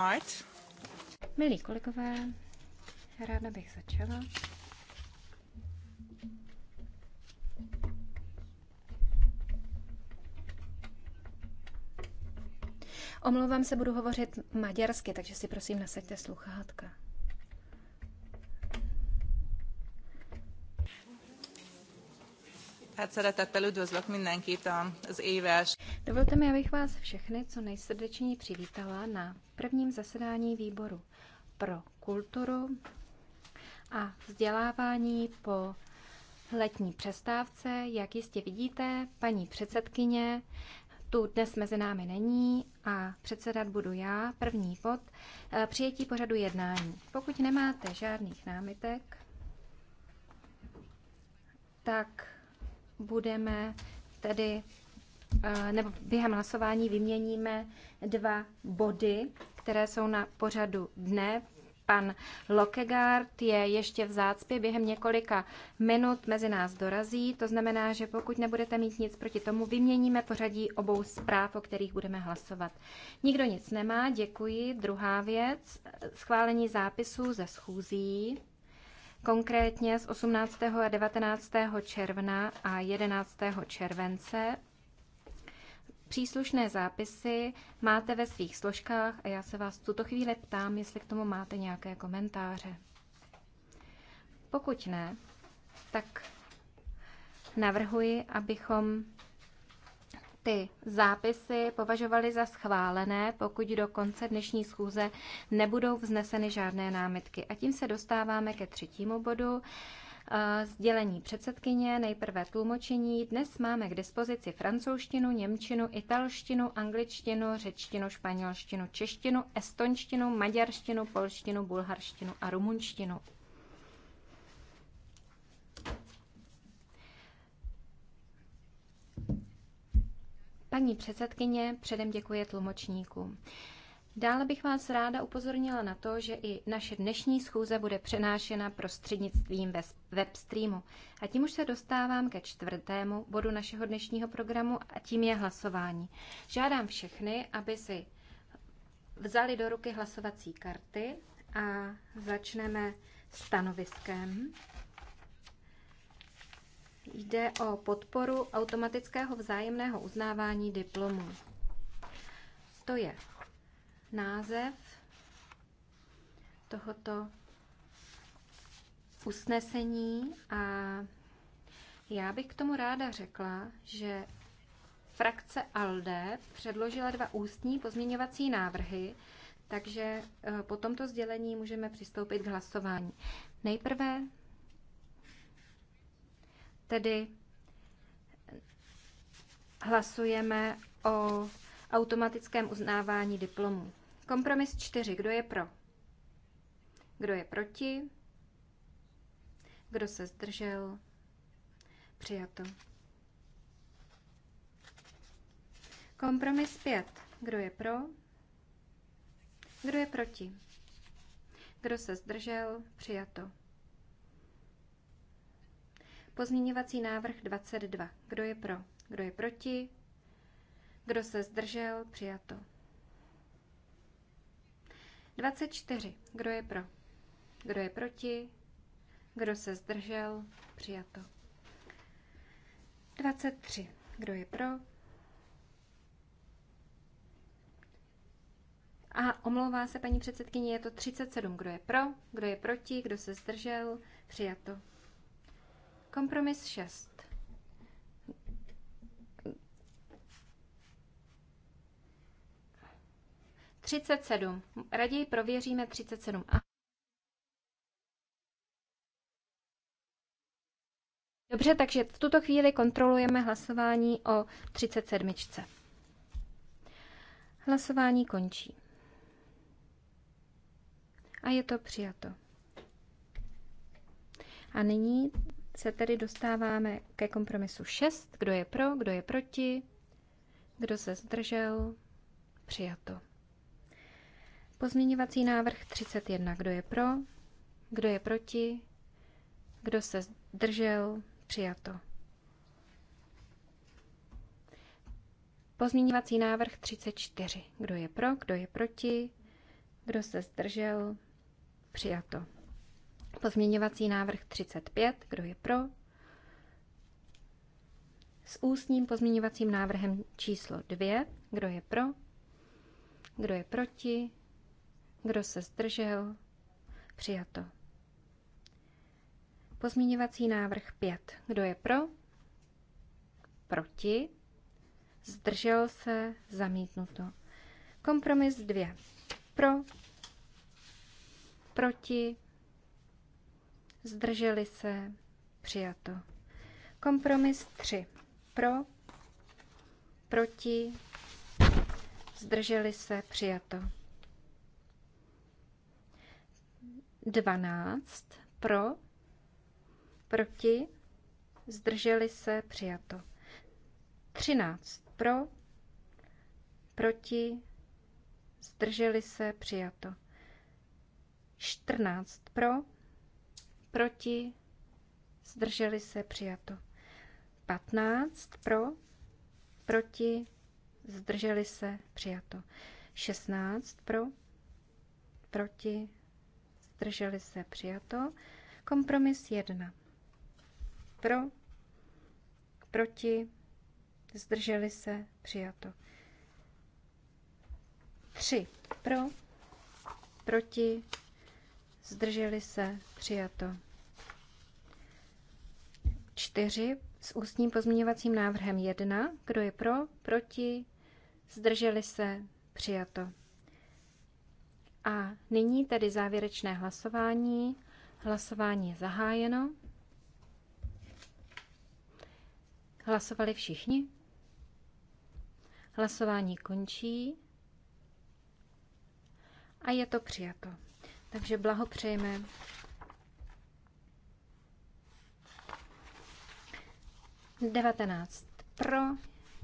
Art. Milí kolegové, ráda bych začala. Omlouvám se, budu hovořit maďarsky, takže si prosím nasaďte sluchátka. Hát szeretettel üdvözlök mindenkit az éves. Dovolte mi, abych vás všechny co nejsrdečněji přivítala na prvním zasedání výboru pro kulturu a vzdělávání po letní přestávce. Jak jistě vidíte, paní předsedkyně tu dnes mezi námi není a předsedat budu já, první bod, eh, přijetí pořadu jednání. Pokud nemáte žádných námitek, tak budeme tedy, eh, nebo během hlasování vyměníme dva body, které jsou na pořadu dne. Pan Lokegard je ještě v zácpě, během několika minut mezi nás dorazí. To znamená, že pokud nebudete mít nic proti tomu, vyměníme pořadí obou zpráv, o kterých budeme hlasovat. Nikdo nic nemá, děkuji. Druhá věc, schválení zápisů ze schůzí konkrétně z 18. a 19. června a 11. července. Příslušné zápisy máte ve svých složkách a já se vás v tuto chvíli ptám, jestli k tomu máte nějaké komentáře. Pokud ne, tak navrhuji, abychom ty zápisy považovali za schválené, pokud do konce dnešní schůze nebudou vzneseny žádné námitky. A tím se dostáváme ke třetímu bodu. Eh, sdělení předsedkyně, nejprve tlumočení. Dnes máme k dispozici francouzštinu, němčinu, italštinu, angličtinu, řečtinu, španělštinu, češtinu, estonštinu, maďarštinu, polštinu, bulharštinu a rumunštinu. Paní předsedkyně, předem děkuje tlumočníkům. Dále bych vás ráda upozornila na to, že i naše dnešní schůze bude přenášena prostřednictvím webstreamu. A tím už se dostávám ke čtvrtému bodu našeho dnešního programu a tím je hlasování. Žádám všechny, aby si vzali do ruky hlasovací karty a začneme stanoviskem. Jde o podporu automatického vzájemného uznávání diplomů. To je název tohoto usnesení a já bych k tomu ráda řekla, že frakce ALDE předložila dva ústní pozměňovací návrhy, takže eh, po tomto sdělení můžeme přistoupit k hlasování. Nejprve Tedy hlasujeme o automatickém uznávání diplomů. Kompromis 4. Kdo je pro? Kdo je proti? Kdo se zdržel? Přijato. Kompromis 5. Kdo je pro? Kdo je proti? Kdo se zdržel? Přijato. Pozměňovací návrh 22. Kdo je pro? Kdo je proti? Kdo se zdržel? Přijato. 24. Kdo je pro? Kdo je proti? Kdo se zdržel? Přijato. 23. Kdo je pro? A omlouvá se paní předsedkyně, je to 37. Kdo je pro? Kdo je proti? Kdo se zdržel? Přijato. Kompromis 6. Třicet sedm. Raději prověříme třicet sedm. Dobře, takže v tuto chvíli kontrolujeme hlasování o 37. Hlasování končí. A je to přijato. A nyní se tedy dostáváme ke kompromisu 6. Kdo je pro, kdo je proti, kdo se zdržel, přijato. Pozměňovací návrh 31. Kdo je pro, kdo je proti, kdo se zdržel, přijato. Pozměňovací návrh 34. Kdo je pro, kdo je proti, kdo se zdržel, přijato. Pozměňovací návrh 35, kdo je pro? S ústním pozměňovacím návrhem číslo 2, kdo je pro? Kdo je proti? Kdo se zdržel? Přijato. Pozměňovací návrh 5. Kdo je pro? Proti? Zdržel se? Zamítnuto. Kompromis 2. Pro? Proti? zdrželi se, přijato. Kompromis 3. Pro, proti, zdrželi se, přijato. 12. Pro, proti, zdrželi se, přijato. 13. Pro, proti, zdrželi se, přijato. 14. Pro, proti, zdrželi se přijato. 15 pro, proti, zdrželi se přijato. 16 pro, proti, zdrželi se přijato. Kompromis 1 pro, proti, zdrželi se přijato. 3 pro, proti, zdrželi se, přijato. čtyři s ústním pozměňovacím návrhem jedna kdo je pro, proti, zdrželi se, přijato. A nyní tedy závěrečné hlasování. Hlasování je zahájeno. Hlasovali všichni? Hlasování končí a je to přijato. Takže blahopřejme. Devatenáct pro,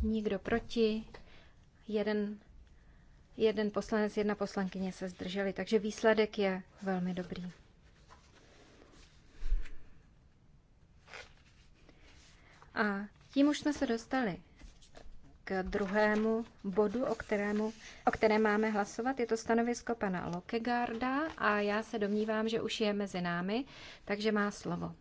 nikdo proti, jeden, jeden poslanec, jedna poslankyně se zdrželi, takže výsledek je velmi dobrý. A tím už jsme se dostali k druhému bodu, o, kterému, o kterém máme hlasovat. Je to stanovisko pana Lokegarda a já se domnívám, že už je mezi námi, takže má slovo.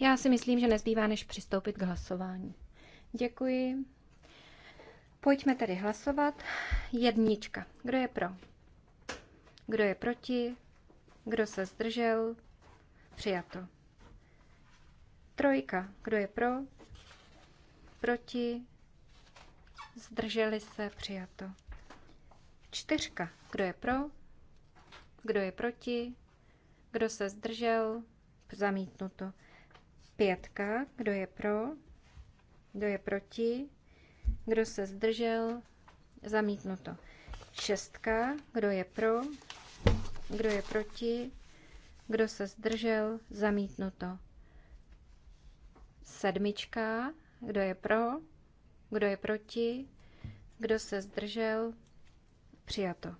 Já si myslím, že nezbývá, než přistoupit k hlasování. Děkuji. Pojďme tedy hlasovat. Jednička. Kdo je pro? Kdo je proti? Kdo se zdržel? Přijato. Trojka. Kdo je pro? Proti? Zdrželi se? Přijato. Čtyřka. Kdo je pro? Kdo je proti? Kdo se zdržel? Zamítnuto. Pětka. Kdo je pro? Kdo je proti? Kdo se zdržel? Zamítnuto. Šestka. Kdo je pro? Kdo je proti? Kdo se zdržel? Zamítnuto. Sedmička, kdo je pro, kdo je proti, kdo se zdržel, přijato.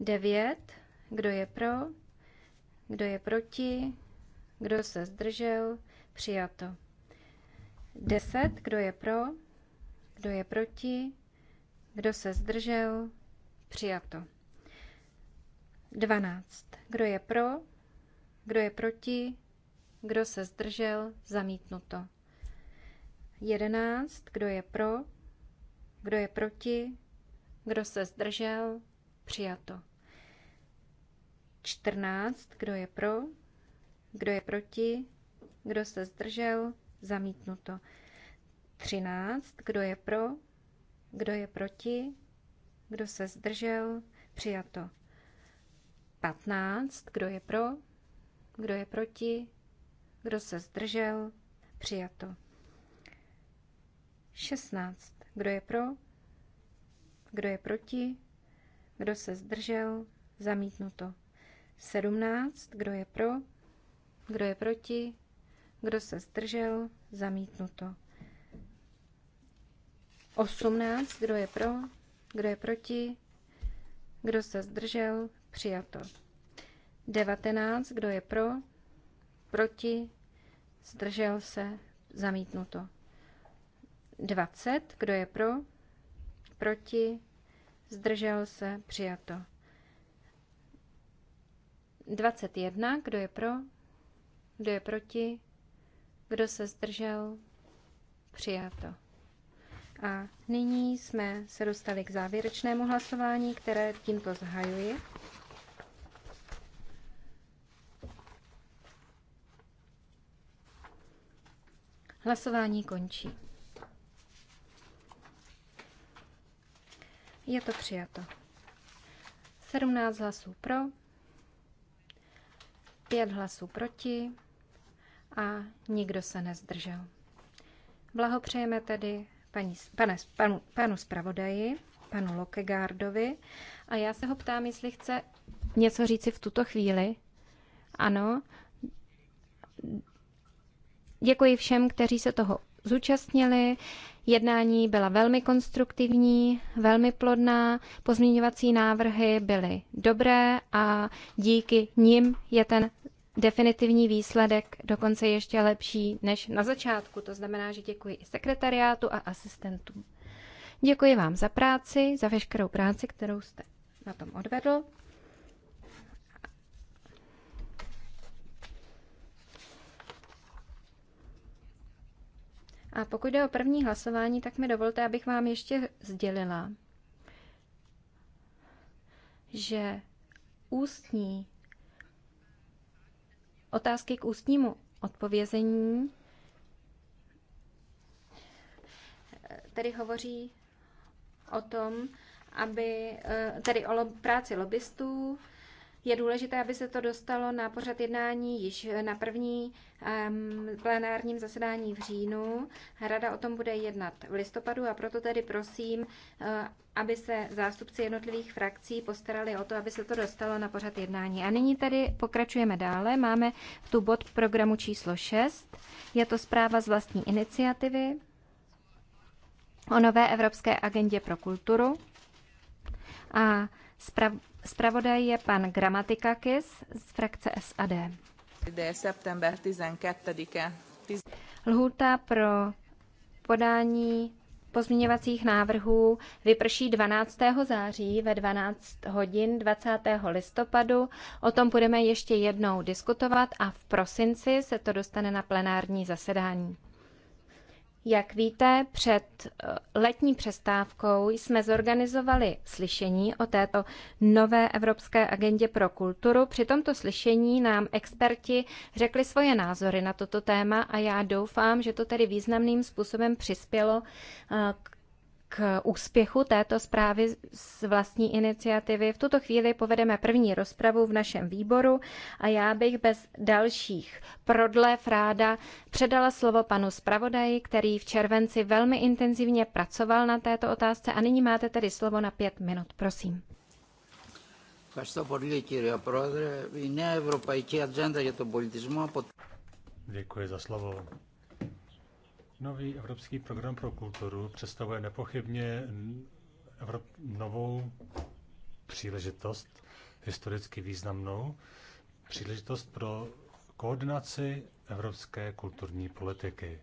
Devět, kdo je pro, kdo je proti, kdo se zdržel, přijato. Deset, kdo je pro, kdo je proti, kdo se zdržel, přijato. 12. Kdo je pro? Kdo je proti? kdo se zdržel, zamítnuto. 11, kdo je pro, kdo je proti, kdo se zdržel, přijato. 14, kdo je pro, kdo je proti, kdo se zdržel, zamítnuto. 13, kdo je pro, kdo je proti, kdo se zdržel, přijato. 15, kdo je pro, kdo je proti, kdo se zdržel? Přijato. 16. Kdo je pro? Kdo je proti? Kdo se zdržel? Zamítnuto. 17. Kdo je pro? Kdo je proti? Kdo se zdržel? Zamítnuto. 18. Kdo je pro? Kdo je proti? Kdo se zdržel? Přijato. 19. Kdo je pro? Proti? zdržel se, zamítnuto. 20, kdo je pro, proti, zdržel se, přijato. 21, kdo je pro, kdo je proti, kdo se zdržel, přijato. A nyní jsme se dostali k závěrečnému hlasování, které tímto zahajuji. Hlasování končí. Je to přijato. 17 hlasů pro, 5 hlasů proti a nikdo se nezdržel. Blahopřejeme tedy paní, pane, panu, panu zpravodaji, panu Lokegardovi a já se ho ptám, jestli chce něco říci v tuto chvíli. Ano, Děkuji všem, kteří se toho zúčastnili. Jednání byla velmi konstruktivní, velmi plodná, pozměňovací návrhy byly dobré a díky nim je ten definitivní výsledek dokonce ještě lepší než na začátku. To znamená, že děkuji i sekretariátu a asistentům. Děkuji vám za práci, za veškerou práci, kterou jste na tom odvedl. A pokud jde o první hlasování, tak mi dovolte, abych vám ještě sdělila, že ústní otázky k ústnímu odpovězení tedy hovoří o tom, aby eh, tedy o práci lobbystů, je důležité, aby se to dostalo na pořad jednání již na první um, plenárním zasedání v říjnu. Rada o tom bude jednat v listopadu a proto tedy prosím, uh, aby se zástupci jednotlivých frakcí postarali o to, aby se to dostalo na pořad jednání. A nyní tady pokračujeme dále. Máme tu bod programu číslo 6. Je to zpráva z vlastní iniciativy o nové evropské agendě pro kulturu. A Sprav- spravodaj je pan Gramatikakis z frakce SAD. Lhůta pro podání pozměňovacích návrhů vyprší 12. září ve 12 hodin 20. listopadu. O tom budeme ještě jednou diskutovat a v prosinci se to dostane na plenární zasedání. Jak víte, před eh, letní přestávkou jsme zorganizovali slyšení o této nové Evropské agendě pro kulturu. Při tomto slyšení nám experti řekli svoje názory na toto téma a já doufám, že to tedy významným způsobem přispělo eh, k k úspěchu této zprávy z vlastní iniciativy. V tuto chvíli povedeme první rozpravu v našem výboru a já bych bez dalších prodlev ráda předala slovo panu zpravodaji, který v červenci velmi intenzivně pracoval na této otázce a nyní máte tedy slovo na pět minut. Prosím. Děkuji za slovo. Nový Evropský program pro kulturu představuje nepochybně Evrop- novou příležitost, historicky významnou, příležitost pro koordinaci evropské kulturní politiky.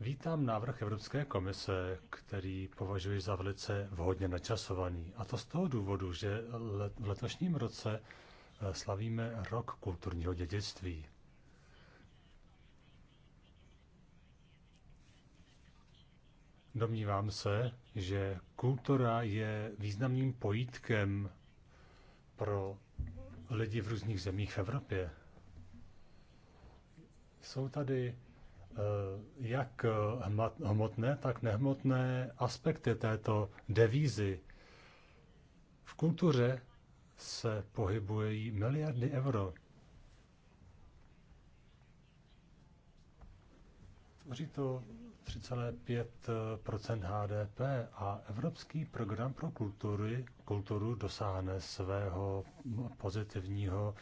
Vítám návrh Evropské komise, který považuji za velice vhodně načasovaný. A to z toho důvodu, že v letošním roce e, slavíme rok kulturního dědictví. Domnívám se, že kultura je významným pojítkem pro lidi v různých zemích v Evropě. Jsou tady eh, jak hmotné, tak nehmotné aspekty této devízy. V kultuře se pohybují miliardy euro. Tvoří to 3,5 HDP a Evropský program pro kultury, kulturu dosáhne svého pozitivního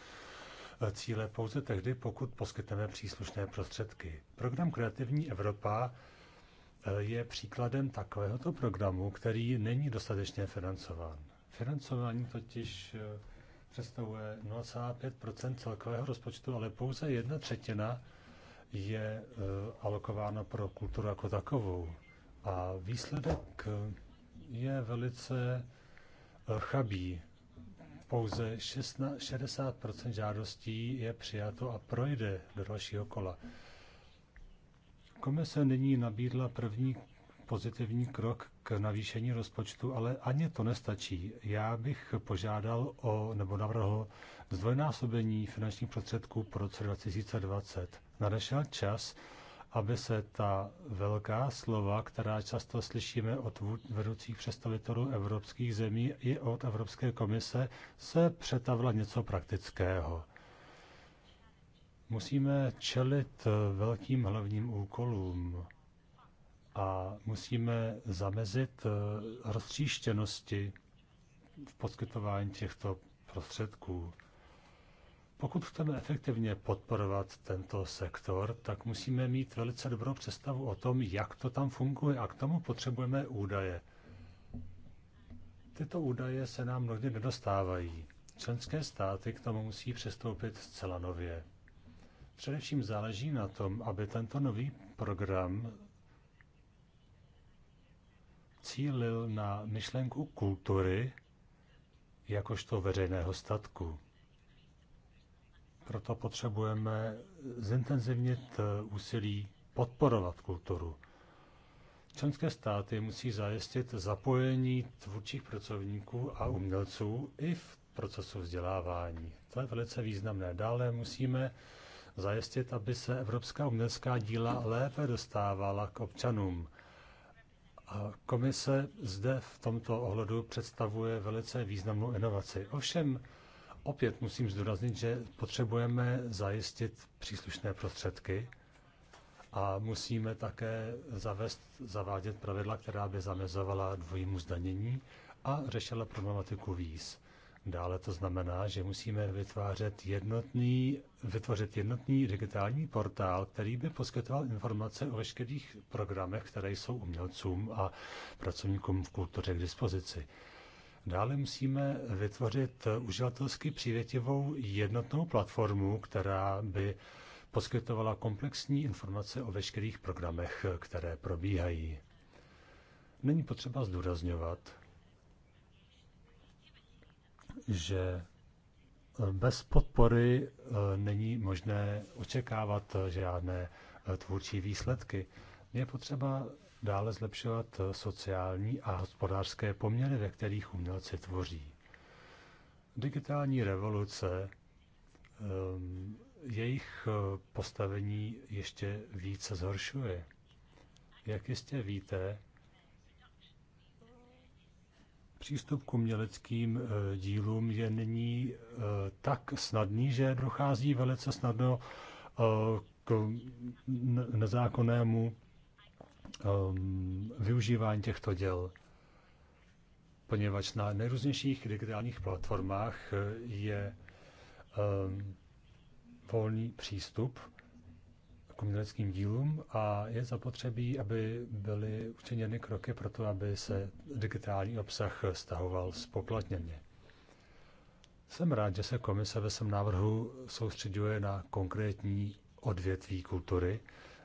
eh, cíle pouze tehdy, pokud poskytneme příslušné prostředky. Program Kreativní Evropa eh, je příkladem takovéhoto programu, který není dostatečně financován. Financování totiž eh, představuje 0,5 celkového rozpočtu, ale pouze jedna třetina je eh, alokována pro kulturu jako takovou. A výsledek eh, je velice eh, chabý. Pouze 16, 60 žádostí je přijato a projde do dalšího kola. Komise nyní nabídla první pozitivní krok k navýšení rozpočtu, ale ani to nestačí. Já bych požádal o, nebo navrhl zdvojnásobení finančních prostředků pro roce 2020. Nadešel čas, aby se ta velká slova, která často slyšíme od vedoucích představitelů evropských zemí i od Evropské komise, se přetavila něco praktického. Musíme čelit velkým hlavním úkolům a musíme zamezit eh, roztříštěnosti v poskytování těchto prostředků. Pokud chceme efektivně podporovat tento sektor, tak musíme mít velice dobrou představu o tom, jak to tam funguje a k tomu potřebujeme údaje. Tyto údaje se nám mnohdy nedostávají. Členské státy k tomu musí přistoupit zcela nově. Především záleží na tom, aby tento nový program cílil na myšlenku kultury jakožto veřejného statku. Proto potřebujeme zintenzivnit eh, úsilí podporovat kulturu. Členské státy musí zajistit zapojení tvůrčích pracovníků a umělců i v procesu vzdělávání. To je velice významné. Dále musíme zajistit, aby se evropská umělecká díla lépe dostávala k občanům komise zde v tomto ohledu představuje velice významnou inovaci. Ovšem, opět musím zdůraznit, že potřebujeme zajistit příslušné prostředky a musíme také zavést, zavádět pravidla, která by zamezovala dvojímu zdanění a řešila problematiku víz. Dále to znamená, že musíme vytvářet jednotný, vytvořit jednotný digitální portál, který by poskytoval informace o veškerých programech, které jsou umělcům a pracovníkům v kultuře k dispozici. Dále musíme vytvořit uživatelsky přívětivou jednotnou platformu, která by poskytovala komplexní informace o veškerých programech, které probíhají. Není potřeba zdůrazňovat, že eh, bez podpory eh, není možné očekávat eh, žádné tvůrčí výsledky. Je potřeba dále zlepšovat sociální a hospodářské poměry, ve kterých umělci tvoří. Digitální revoluce ehm, jejich postavení ještě více zhoršuje. Jak jistě víte, Přístup k uměleckým eh, dílům je nyní eh, tak snadný, že dochází velice snadno eh, k nezákonnému ehm, využívání těchto děl poněvadž na nejrůznějších digitálních platformách je ehm, volný přístup k uměleckým dílům a je zapotřebí, aby byly učiněny kroky pro to, aby se digitální obsah stahoval spoplatněně. Jsem rád, že se komise ve svém návrhu soustředuje na konkrétní odvětví kultury.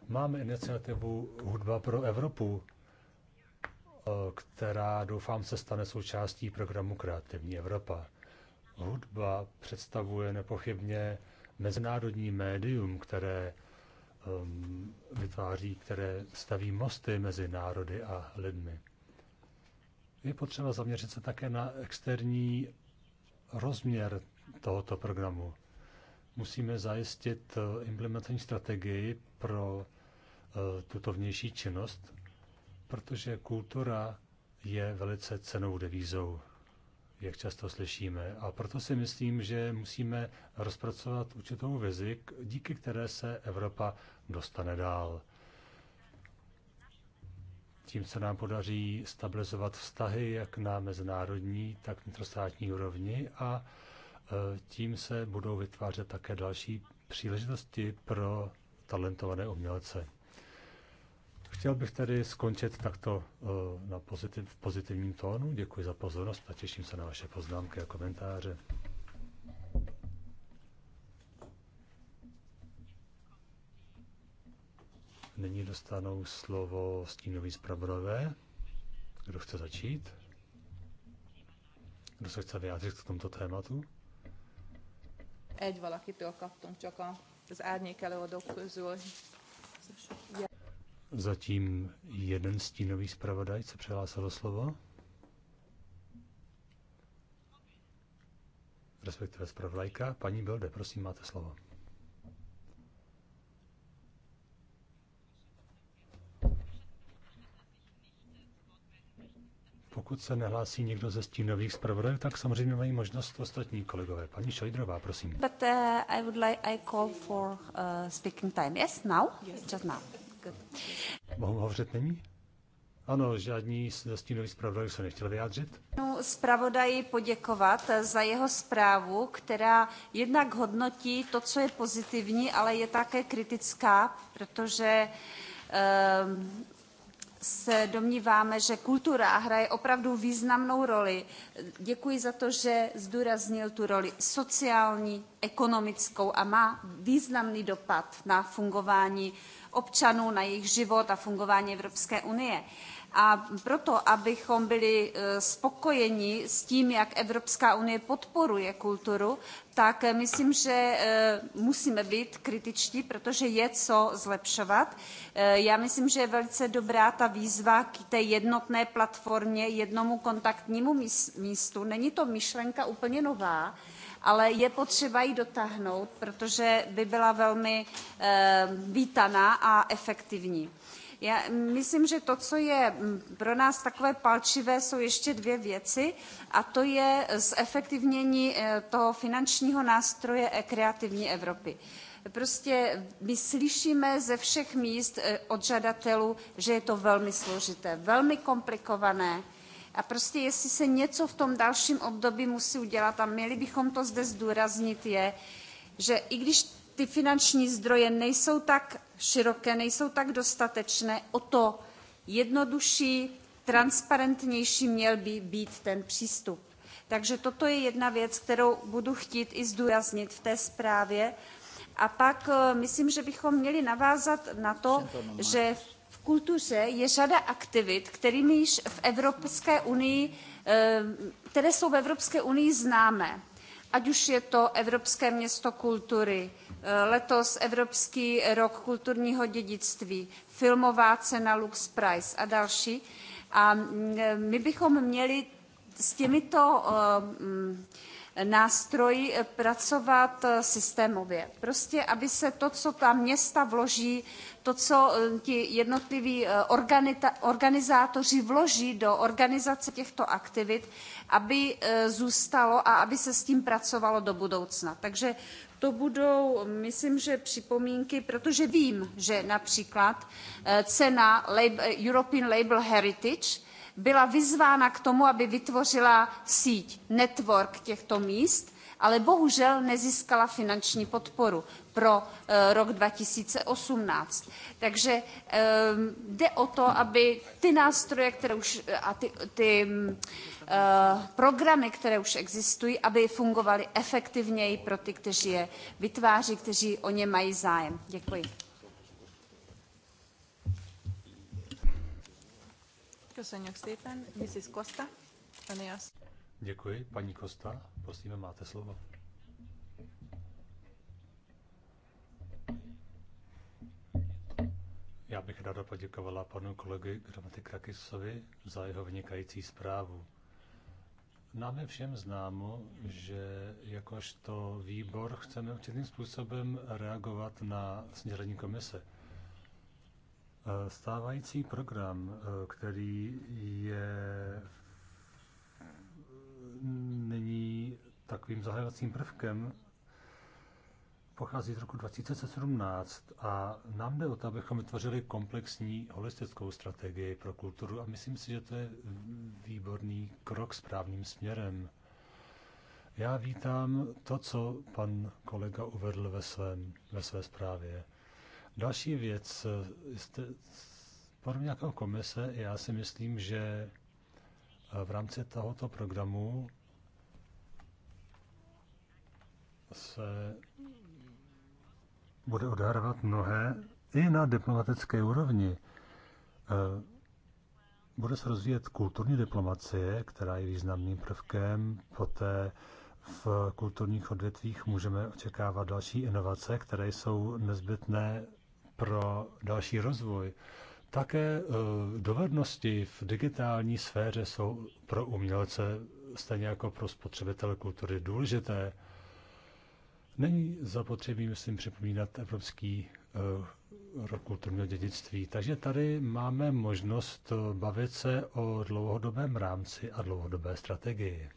Máme iniciativu Hudba pro Evropu, eh, která doufám se stane součástí programu Kreativní Evropa. Hudba představuje nepochybně mezinárodní médium, které Um, vytváří, které staví mosty mezi národy a lidmi. Je potřeba zaměřit se také na externí rozměr tohoto programu. Musíme zajistit uh, implementační strategii pro uh, tuto vnější činnost, protože kultura je velice cenou devízou jak často slyšíme. A proto si myslím, že musíme rozpracovat určitou vizi, díky které se Evropa dostane dál. Tím se nám podaří stabilizovat vztahy jak na mezinárodní, tak vnitrostátní úrovni a e, tím se budou vytvářet také další příležitosti pro talentované umělce. Chtěl bych tady skončit takto uh, na pozitiv, v pozitivním tónu. Děkuji za pozornost a těším se na vaše poznámky a komentáře. Nyní dostanou slovo stínový zpravodové. Kdo chce začít? Kdo se chce vyjádřit k tomuto tématu? Egy valakitől kaptam csak az árnyék előadók közül. Zatím jeden stínový zpravodaj se přihlásil slovo. Respektive zpravodajka. Paní Bilde, prosím, máte slovo. Pokud se nehlásí někdo ze stínových zpravodajů, tak samozřejmě mají možnost ostatní kolegové. Paní Šojdrová, prosím. But uh, I would like I call for uh, speaking time. Yes, now? Yes. Just now. Mohu hovořit nyní? Ano, žádní stínový zpravodaj se nechtěl vyjádřit. Zpravodaji poděkovat za jeho zprávu, která jednak hodnotí to, co je pozitivní, ale je také kritická, protože um, se domníváme, že kultura hraje opravdu významnou roli. Děkuji za to, že zdůraznil tu roli sociální, ekonomickou a má významný dopad na fungování občanů, na jejich život a fungování Evropské unie. A proto, abychom byli e, spokojeni s tím, jak Evropská unie podporuje kulturu, tak e, myslím, že e, musíme být kritičtí, protože je co zlepšovat. Já myslím, že je velice dobrá ta výzva k té jednotné platformě, jednomu kontaktnímu místu. Není to myšlenka úplně nová, ale je potřeba ji dotáhnout, protože by byla velmi eh, vítaná a efektivní. Já myslím, že to, co je mm, pro nás takové palčivé, jsou ještě dvě věci a to je zefektivnění eh, toho finančního nástroje kreativní Evropy. Prostě my slyšíme ze všech míst eh, od žadatelů, že je to velmi složité, velmi komplikované, a prostě jestli se něco v tom dalším období musí udělat, a měli bychom to zde zdůraznit, je, že i když ty finanční zdroje nejsou tak široké, nejsou tak dostatečné, o to jednodušší, transparentnější měl by být ten přístup. Takže toto je jedna věc, kterou budu chtít i zdůraznit v té zprávě. A pak eh, myslím, že bychom měli navázat na to, že v kultuře je řada aktivit, kterými již v Evropské unii, eh, které jsou v Evropské unii známé. Ať už je to Evropské město kultury, eh, letos Evropský rok kulturního dědictví, filmová cena Lux Prize a další. A mm, eh, my bychom měli s těmito mm, nástroj eh, pracovat eh, systémově. Prostě, aby se to, co ta města vloží, to, co eh, ti jednotliví organizátoři vloží do organizace těchto aktivit, aby zůstalo a aby se s tím pracovalo do budoucna. Takže to budou, myslím, že připomínky, protože vím, že například cena European Label Heritage byla vyzvána k tomu, aby vytvořila síť, network těchto míst, ale bohužel nezískala finanční podporu pro eh, rok 2018. Takže eh, jde o to, aby ty nástroje které už, eh, a ty, ty mm, programy, které už existují, aby fungovaly efektivněji pro ty, kteří je vytváří, kteří o ně mají zájem. Děkuji. Köszönjük szépen. Mrs. Costa, öné az. Děkuji. Paní Kosta, prosím, máte slovo. Já bych ráda poděkovala panu kolegy Krakisovi za jeho vynikající zprávu. Nám je všem známo, že jakožto výbor chceme určitým způsobem reagovat na sdělení komise. Eh, stávající program, eh, který je nyní takovým zahajovacím prvkem, pochází z roku 2017 a nám jde o to, abychom vytvořili komplexní holistickou strategii pro kulturu a myslím si, že to je výborný krok správným směrem. Já vítám to, co pan kolega uvedl ve, svém, ve své zprávě. Další věc, jste, podobně jako komise, já si myslím, že eh, v rámci tohoto programu se bude odehrávat mnohé i na diplomatické úrovni. Eh, bude se rozvíjet kulturní diplomacie, která je významným prvkem. Poté v kulturních odvětvích můžeme očekávat další inovace, které jsou nezbytné pro další rozvoj. Také eh, dovednosti v digitální sféře jsou pro umělce, stejně jako pro spotřebitele kultury, důležité. Není zapotřebí, myslím, připomínat Evropský eh, rok kulturního dědictví. Takže tady máme možnost eh, bavit se o dlouhodobém rámci a dlouhodobé strategii.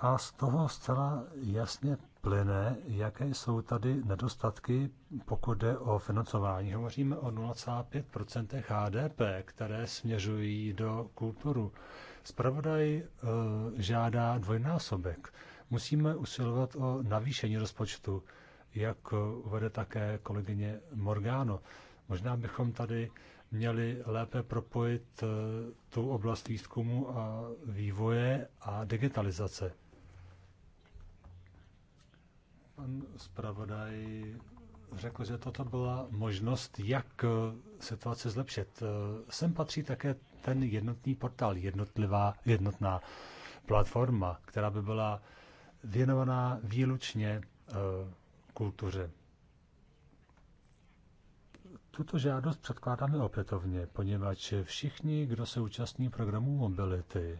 a z toho zcela jasně plyne, jaké jsou tady nedostatky, pokud jde o financování. Hovoříme o 0,5 HDP, které směřují do kulturu. Spravodaj e, žádá dvojnásobek. Musíme usilovat o navýšení rozpočtu, jak uvede také kolegyně Morgano. Možná bychom tady měli lépe propojit e, tu oblast výzkumu a vývoje a digitalizace. Pan zpravodaj řekl, že toto byla možnost, jak situace zlepšit. Sem patří také ten jednotný portál, jednotlivá, jednotná platforma, která by byla věnovaná výlučně eh, kultuře. Tuto žádost předkládáme opětovně, poněvadž všichni, kdo se účastní programu mobility,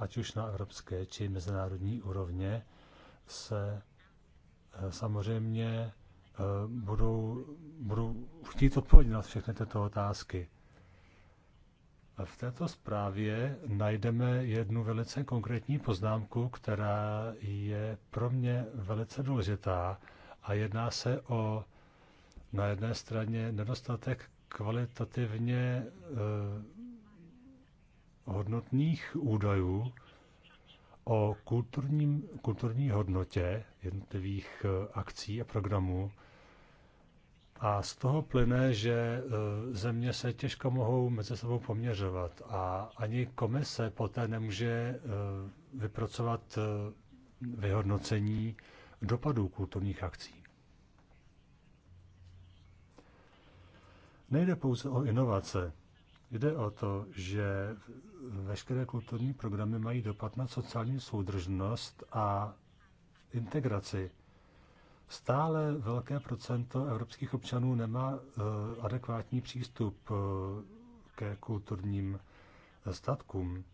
ať už na evropské či mezinárodní úrovně, se eh, samozřejmě eh, budou, budou chtít odpovědět na všechny tyto otázky. V této zprávě najdeme jednu velice konkrétní poznámku, která je pro mě velice důležitá a jedná se o na jedné straně nedostatek kvalitativně eh, hodnotných údajů o kulturním, kulturní hodnotě jednotlivých eh, akcí a programů. A z toho plyne, že eh, země se těžko mohou mezi sebou poměřovat a ani komise poté nemůže eh, vypracovat vyhodnocení dopadů kulturních akcí. Nejde pouze o inovace. Jde o to, že veškeré kulturní programy mají dopad na sociální soudržnost a integraci. Stále velké procento evropských občanů nemá eh, adekvátní přístup eh, ke kulturním eh, statkům.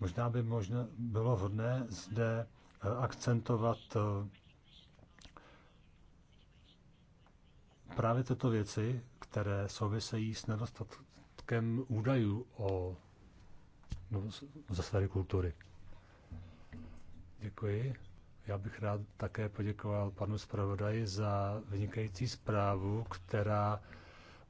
Možná by možná bylo vhodné zde akcentovat právě tyto věci, které souvisejí s nedostatkem celkem údajů o no, zasadě kultury. Děkuji. Já bych rád také poděkoval panu zpravodaji za vynikající zprávu, která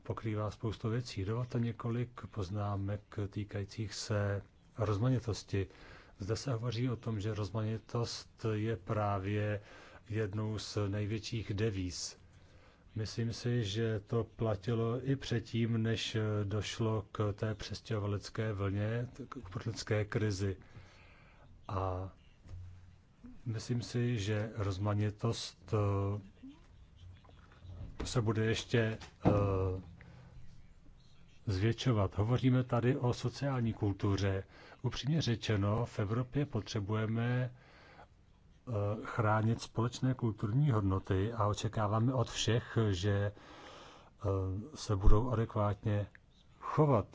pokrývá spoustu věcí. Dovolte několik poznámek týkajících se rozmanitosti. Zde se hovoří o tom, že rozmanitost je právě jednou z největších devíz Myslím si, že to platilo i předtím, než došlo k té přestěhovalecké vlně, k uprchlické krizi. A myslím si, že rozmanitost eh, se bude ještě eh, zvětšovat. Hovoříme tady o sociální kultuře. Upřímně řečeno, v Evropě potřebujeme Eh, chránit společné kulturní hodnoty a očekáváme od všech, že eh, se budou adekvátně chovat.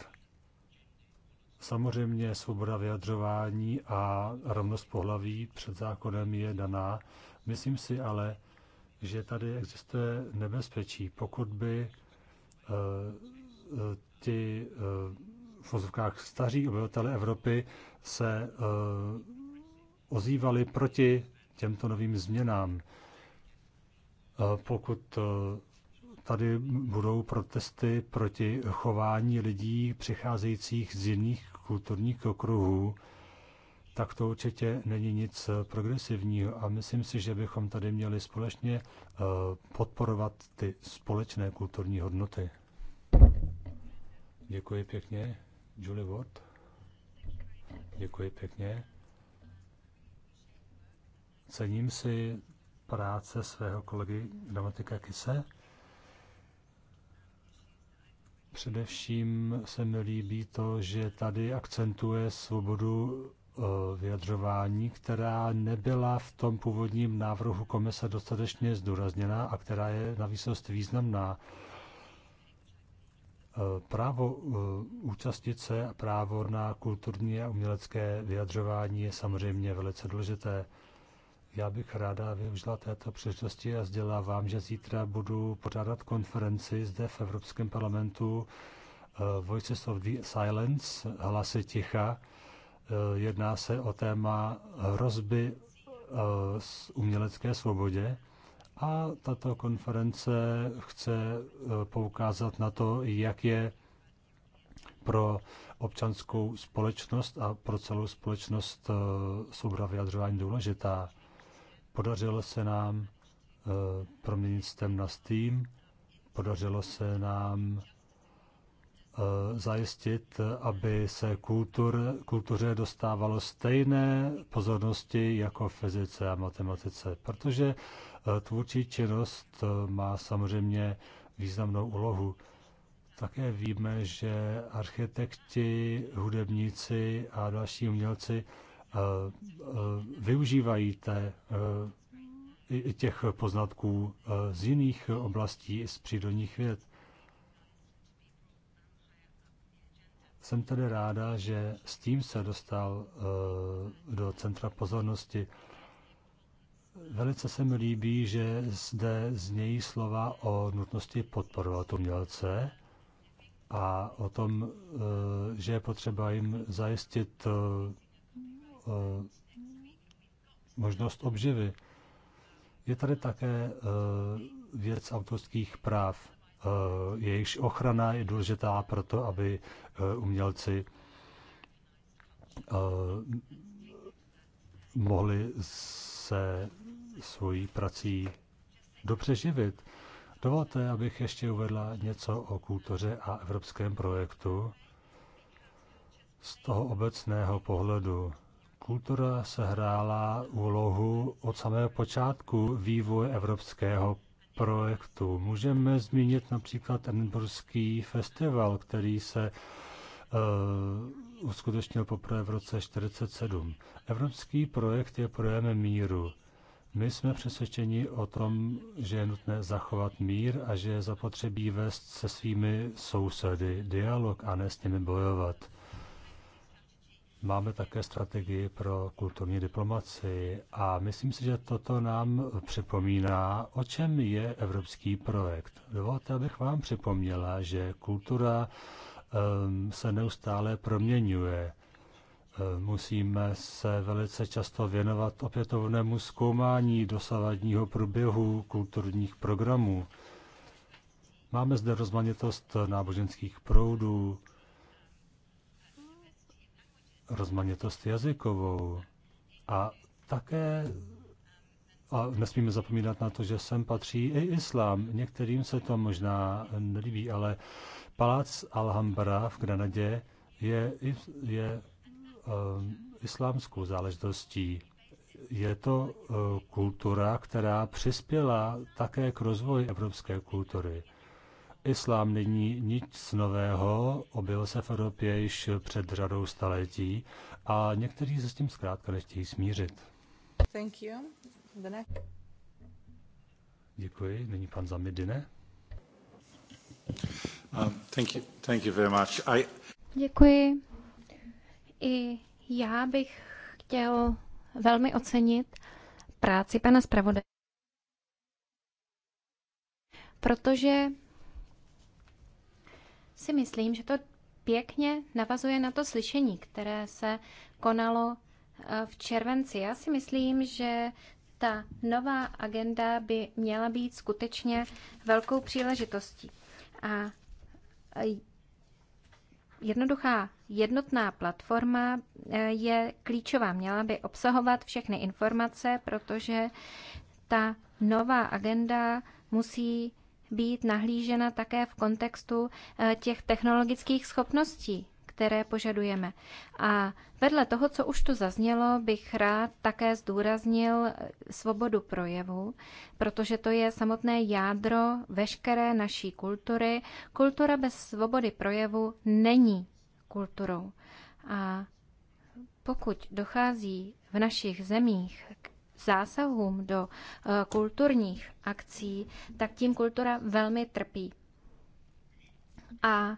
Samozřejmě svoboda vyjadřování a rovnost pohlaví před zákonem je daná. Myslím si ale, že tady existuje nebezpečí, pokud by eh, ti v ozvukách staří obyvatele Evropy se ozývali proti těmto novým změnám. Eh, pokud eh, tady budou protesty proti chování lidí přicházejících z jiných kulturních okruhů, tak to určitě není nic eh, progresivního a myslím si, že bychom tady měli společně podporovat ty společné kulturní hodnoty. Děkuji pěkně. Julie Ward. Děkuji pěkně. Cením si práce svého kolegy Dramatika Kise. Především se mi líbí to, že tady akcentuje svobodu eh, vyjadřování, která nebyla v tom původním návrhu komise dostatečně zdůrazněna a která je na výsost významná. Eh, právo eh, účastnit se a právo na kulturní a umělecké vyjadřování je samozřejmě velice důležité. Já bych ráda využila této příležitosti a sdělila vám, že zítra budu pořádat konferenci zde v Evropském parlamentu eh, Voices of the Silence, hlasy ticha. Eh, jedná se o téma hrozby eh, umělecké svobodě. A tato konference chce poukázat na to, jak je pro občanskou společnost a pro celou společnost svoboda vyjadřování důležitá. Podařilo se nám eh, proměnit STEM na STEAM, podařilo se nám eh, zajistit, aby se kultur, kultuře dostávalo stejné pozornosti jako fyzice a matematice, protože eh, tvůrčí činnost má samozřejmě významnou úlohu. Také víme, že architekti, hudebníci a další umělci Eh, eh, využívají té, eh, těch poznatků z jiných oblastí, z přírodních věd. Jsem tedy ráda, že s tím se dostal do centra pozornosti. Velice se mi líbí, že zde znějí slova o nutnosti podporovat umělce a o tom, že je potřeba jim zajistit Eh, možnost obživy. Je tady také eh, věc autorských práv. Eh, jejichž ochrana je důležitá proto, aby umělci mohli se svojí prací dobře živit. Dovolte, abych ještě uvedla něco o kultuře a evropském projektu z toho obecného pohledu. Kultura sehrála úlohu od samého počátku vývoje evropského projektu. Můžeme zmínit například Edinburghský festival, který se uh, uskutečnil poprvé v roce 1947. Evropský projekt je projem míru. My jsme přesvědčeni o tom, že je nutné zachovat mír a že je zapotřebí vést se svými sousedy dialog a ne s nimi bojovat. Máme také strategii pro kulturní diplomaci a myslím si, že toto nám připomíná, o čem je evropský projekt. Dovolte, abych vám připomněla, že kultura um, se neustále proměňuje. Ehm, musíme se velice často věnovat opětovnému zkoumání dosavadního průběhu kulturních programů. Máme zde rozmanitost náboženských proudů, rozmanitost jazykovou a také a nesmíme zapomínat na to, že sem patří i islám. Některým se to možná nelíbí, ale palác Alhambra v Granadě je, je um, islámskou záležitostí. Je to uh, kultura, která přispěla také k rozvoji evropské kultury. Islám není nic nového, objevil se v Evropě již před řadou staletí a někteří se s tím zkrátka nechtějí smířit. Thank you. The next... Děkuji. Není pan Zamidine? Um, thank you. Thank you very much. I... Děkuji. I já bych chtěl velmi ocenit práci pana zpravodaje, protože si myslím, že to pěkně navazuje na to slyšení, které se konalo eh, v červenci. Já si myslím, že ta nová agenda by měla být skutečně velkou příležitostí. A eh, jednoduchá jednotná platforma eh, je klíčová. Měla by obsahovat všechny informace, protože ta nová agenda musí být nahlížena také v kontextu eh, těch technologických schopností, které požadujeme. A vedle toho, co už tu zaznělo, bych rád také zdůraznil eh, svobodu projevu, protože to je samotné jádro veškeré naší kultury. Kultura bez svobody projevu není kulturou. A pokud dochází v našich zemích k zásahům do eh, kulturních akcí, tak tím kultura velmi trpí. A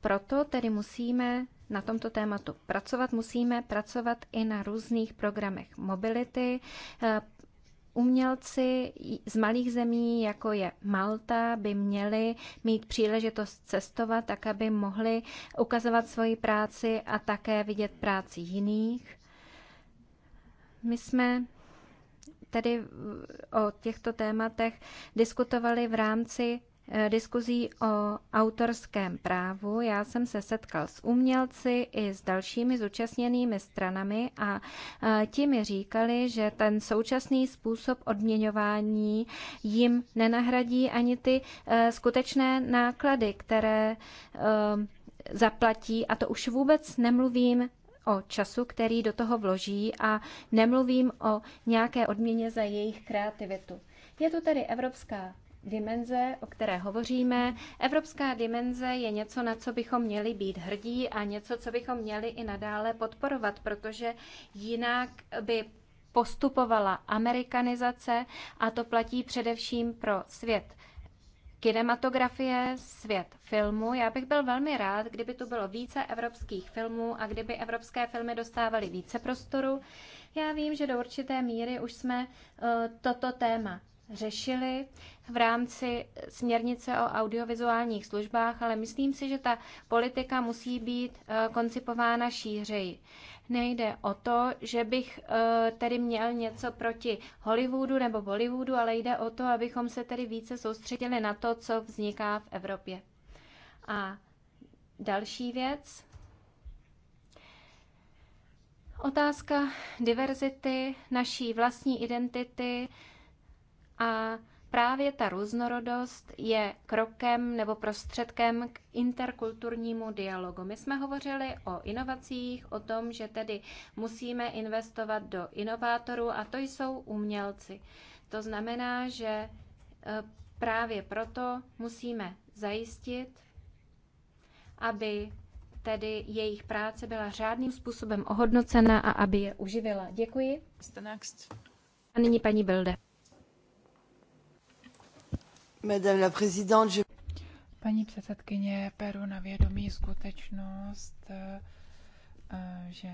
proto tedy musíme na tomto tématu pracovat. Musíme pracovat i na různých programech mobility. Eh, umělci z malých zemí, jako je Malta, by měli mít příležitost cestovat, tak aby mohli ukazovat svoji práci a také vidět práci jiných. My jsme tedy o těchto tématech diskutovali v rámci eh, diskuzí o autorském právu. Já jsem se setkal s umělci i s dalšími zúčastněnými stranami a eh, ti mi říkali, že ten současný způsob odměňování jim nenahradí ani ty eh, skutečné náklady, které zaplatí, a to už vůbec nemluvím o času, který do toho vloží a nemluvím o nějaké odměně za jejich kreativitu. Je tu tedy evropská dimenze, o které hovoříme. Evropská dimenze je něco, na co bychom měli být hrdí a něco, co bychom měli i nadále podporovat, protože jinak by postupovala amerikanizace a to platí především pro svět kinematografie, svět filmu. Já bych byl velmi rád, kdyby tu bylo více evropských filmů a kdyby evropské filmy dostávaly více prostoru. Já vím, že do určité míry už jsme e, toto téma řešili v rámci směrnice o audiovizuálních službách, ale myslím si, že ta politika musí být e, koncipována šířeji. Nejde o to, že bych eh, tedy měl něco proti Hollywoodu nebo Bollywoodu, ale jde o to, abychom se tedy více soustředili na to, co vzniká v Evropě. A další věc. Otázka diverzity, naší vlastní identity a právě ta různorodost je krokem nebo prostředkem k interkulturnímu dialogu. My jsme hovořili o inovacích, o tom, že tedy musíme investovat do inovátorů a to jsou umělci. To znamená, že e, právě proto musíme zajistit, aby tedy jejich práce byla řádným způsobem ohodnocena a aby je uživila. Děkuji. A nyní paní Bilde. Paní předsedkyně, peru na vědomí skutečnost, eh, eh, že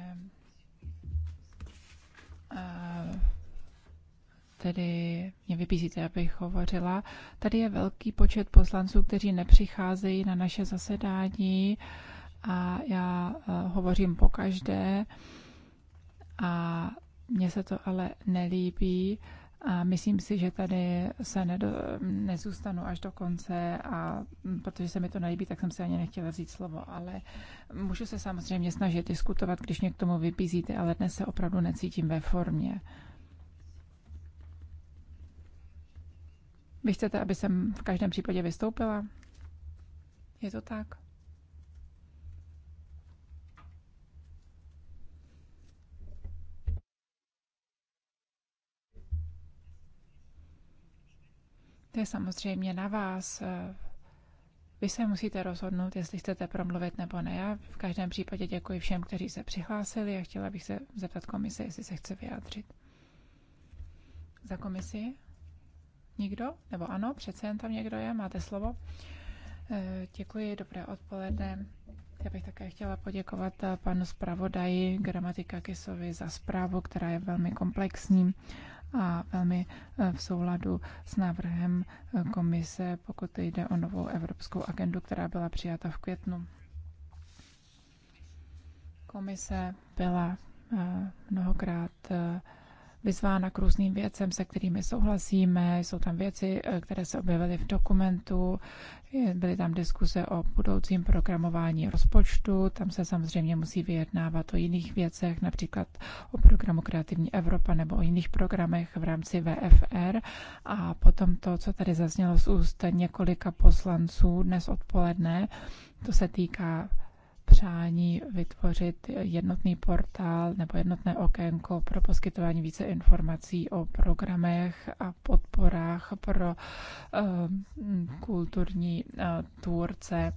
eh, tedy mě vybízíte, abych hovořila. Tady je velký počet poslanců, kteří nepřicházejí na naše zasedání a já hovořím po každé a mně se to ale nelíbí. A myslím si, že tady se nedo, nezůstanu až do konce a protože se mi to nelíbí, tak jsem si ani nechtěla vzít slovo, ale můžu se samozřejmě snažit diskutovat, když mě k tomu vypízíte, ale dnes se opravdu necítím ve formě. Vy chcete, aby jsem v každém případě vystoupila? Je to tak? To je samozřejmě na vás. Vy se musíte rozhodnout, jestli chcete promluvit nebo ne. Já v každém případě děkuji všem, kteří se přihlásili a chtěla bych se zeptat komise, jestli se chce vyjádřit. Za komisi? Nikdo? Nebo ano, přece jen tam někdo je, máte slovo. Eh, děkuji, dobré odpoledne. Já bych také chtěla poděkovat eh, panu zpravodaji Gramatika Kisovi za zprávu, která je velmi komplexní a velmi eh, v souladu s návrhem eh, komise, pokud jde o novou evropskou agendu, která byla přijata v květnu. Komise byla eh, mnohokrát vyzvána k různým věcem, se kterými souhlasíme. Jsou tam věci, eh, které se objevily v dokumentu, byly tam diskuze o budoucím programování rozpočtu, tam se samozřejmě musí vyjednávat o jiných věcech, například o programu Kreativní Evropa nebo o jiných programech v rámci VFR. A potom to, co tady zaznělo z úst několika poslanců dnes odpoledne, to se týká přání vytvořit jednotný portál nebo jednotné okénko pro poskytování více informací o programech a podporách pro eh, kulturní eh, tvůrce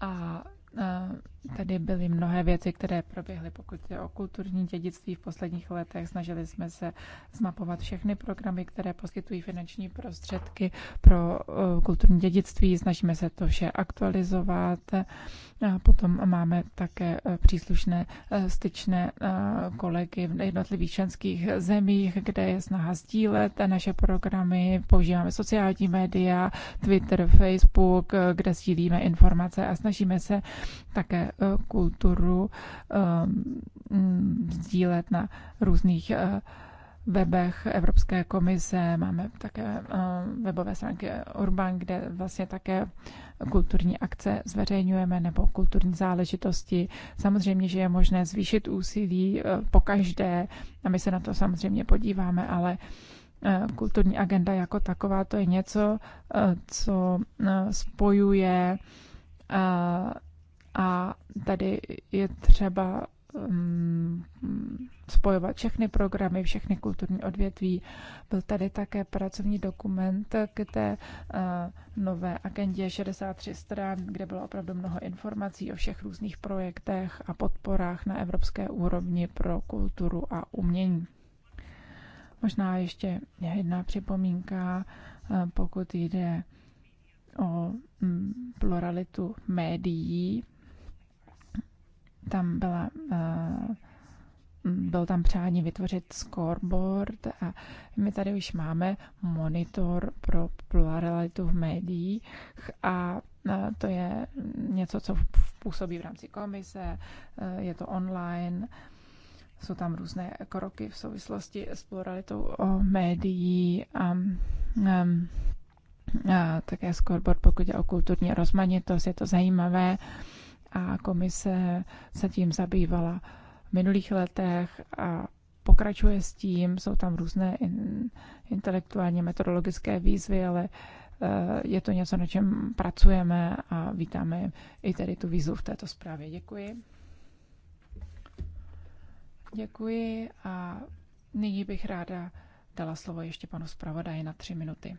a eh, Tady byly mnohé věci, které proběhly, pokud je o kulturní dědictví v posledních letech. Snažili jsme se zmapovat všechny programy, které poskytují finanční prostředky pro eh, kulturní dědictví. Snažíme se to vše aktualizovat. A potom máme také eh, příslušné eh, styčné kolegy v jednotlivých členských zemích, kde je snaha sdílet naše programy. Používáme sociální média, Twitter, Facebook, kde sdílíme informace a snažíme se také kulturu ehm, mm, sdílet na různých eh, webech Evropské komise, máme také ehm, webové stránky Urban, kde vlastně také kulturní akce zveřejňujeme nebo kulturní záležitosti. Samozřejmě, že je možné zvýšit úsilí eh, po každé a my se na to samozřejmě podíváme, ale eh, kulturní agenda jako taková to je něco, co spojuje a tady je třeba mm, spojovat všechny programy, všechny kulturní odvětví. Byl tady také pracovní dokument k té eh, nové agendě 63 stran, kde bylo opravdu mnoho informací o všech různých projektech a podporách na evropské úrovni pro kulturu a umění. Možná ještě jedna připomínka, eh, pokud jde o mm, pluralitu médií, tam byla eh, byl tam přání vytvořit scoreboard a my tady už máme monitor pro pluralitu v médiích a eh, to je něco, co působí v rámci komise, eh, je to online, jsou tam různé kroky v souvislosti s pluralitou o médií a, a, a také scoreboard, pokud je o kulturní rozmanitost, je to zajímavé a komise se tím zabývala v minulých letech a pokračuje s tím. Jsou tam různé in, intelektuálně metodologické výzvy, ale eh, je to něco, na čem pracujeme a vítáme i tedy tu výzvu v této zprávě. Děkuji. Děkuji a nyní bych ráda dala slovo ještě panu zpravodaji na tři minuty.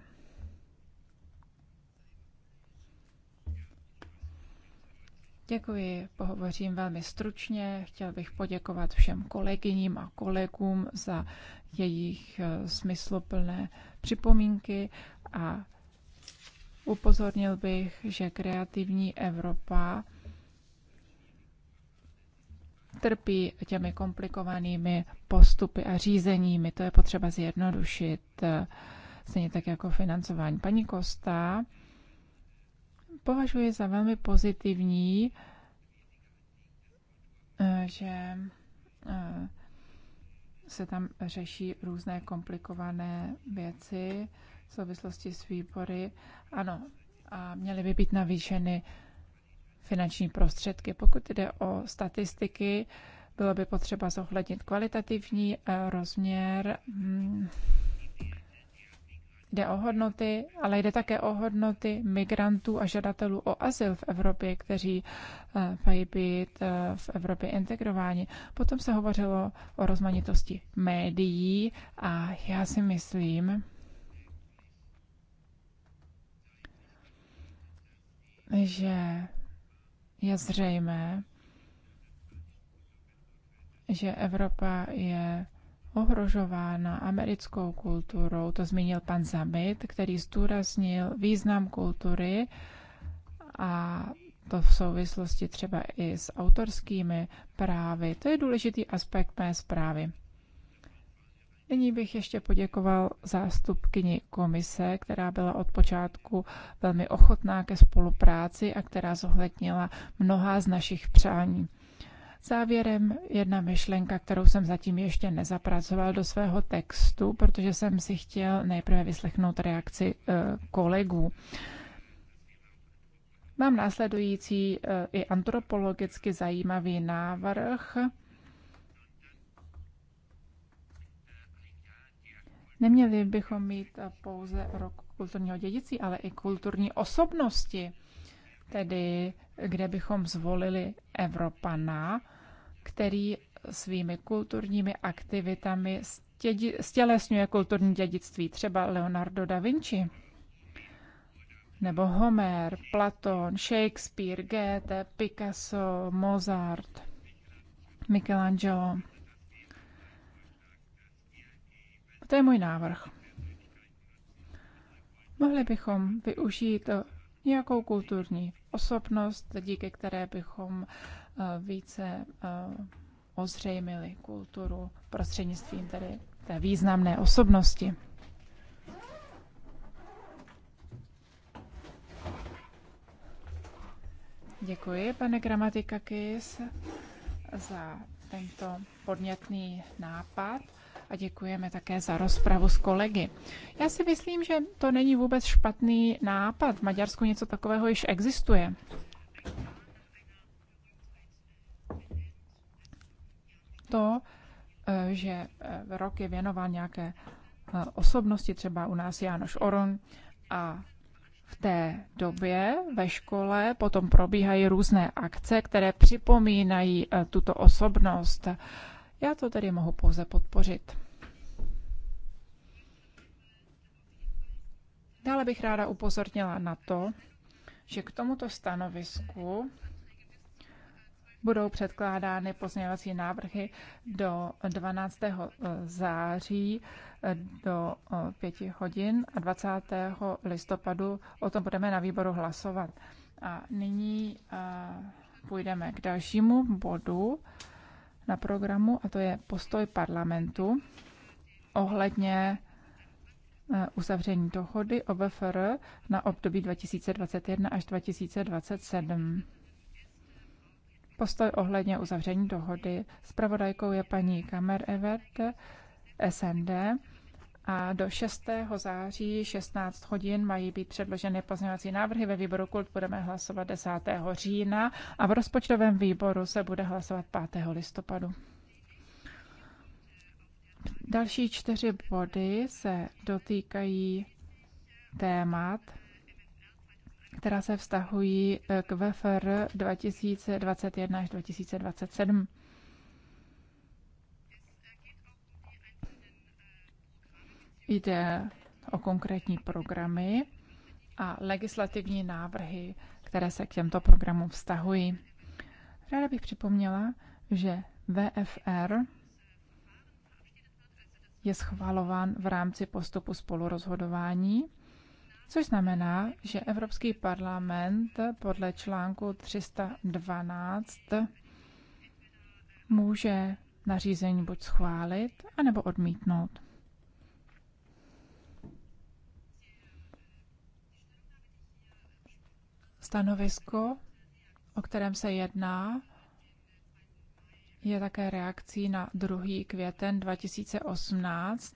Děkuji, pohovořím velmi stručně. Chtěl bych poděkovat všem kolegyním a kolegům za jejich eh, smysluplné připomínky a upozornil bych, že kreativní Evropa trpí těmi komplikovanými postupy a řízeními. To je potřeba zjednodušit, eh, stejně tak jako financování. Paní Kosta považuji za velmi pozitivní, eh, že eh, se tam řeší různé komplikované věci v souvislosti s výbory. Ano, a měly by být navýšeny finanční prostředky. Pokud jde o statistiky, bylo by potřeba zohlednit kvalitativní eh, rozměr hm, Jde o hodnoty, ale jde také o hodnoty migrantů a žadatelů o azyl v Evropě, kteří eh, mají být eh, v Evropě integrováni. Potom se hovořilo o rozmanitosti médií a já si myslím, že je zřejmé, že Evropa je ohrožována americkou kulturou. To zmínil pan Zamit, který zdůraznil význam kultury a to v souvislosti třeba i s autorskými právy. To je důležitý aspekt mé zprávy. Nyní bych ještě poděkoval zástupkyni komise, která byla od počátku velmi ochotná ke spolupráci a která zohlednila mnoha z našich přání. Závěrem jedna myšlenka, kterou jsem zatím ještě nezapracoval do svého textu, protože jsem si chtěl nejprve vyslechnout reakci eh, kolegů. Mám následující eh, i antropologicky zajímavý návrh. Neměli bychom mít pouze rok kulturního dědictví, ale i kulturní osobnosti tedy kde bychom zvolili Evropana, který svými kulturními aktivitami stědi, stělesňuje kulturní dědictví, třeba Leonardo da Vinci, nebo Homer, Platon, Shakespeare, Goethe, Picasso, Mozart, Michelangelo. To je můj návrh. Mohli bychom využít nějakou kulturní osobnost, díky které bychom eh, více eh, ozřejmili kulturu prostřednictvím tedy té významné osobnosti. Děkuji, pane Kis, za tento podnětný nápad a děkujeme také za rozpravu s kolegy. Já si myslím, že to není vůbec špatný nápad. V Maďarsku něco takového již existuje. To, eh, že eh, rok je věnován nějaké eh, osobnosti, třeba u nás Jánoš Oron a v té době ve škole potom probíhají různé akce, které připomínají tuto osobnost já to tedy mohu pouze podpořit. Dále bych ráda upozornila na to, že k tomuto stanovisku budou předkládány pozměňovací návrhy do 12. Eh, září eh, do 5 eh, hodin a 20. listopadu o tom budeme na výboru hlasovat. A nyní půjdeme k dalšímu bodu na programu, a to je postoj parlamentu ohledně eh, uzavření dohody o VFR na období 2021 až 2027. Postoj ohledně uzavření dohody. Spravodajkou je paní Kamer Evert, SND a do 6. září 16 hodin mají být předloženy pozměňovací návrhy. Ve výboru Kult budeme hlasovat 10. října a v rozpočtovém výboru se bude hlasovat 5. listopadu. Další čtyři body se dotýkají témat, která se vztahují k VFR 2021 až 2027. Jde o konkrétní programy a legislativní návrhy, které se k těmto programům vztahují. Ráda bych připomněla, že VFR je schvalován v rámci postupu spolurozhodování, což znamená, že Evropský parlament podle článku 312 může nařízení buď schválit, anebo odmítnout. Stanovisko, o kterém se jedná, je také reakcí na 2. květen 2018,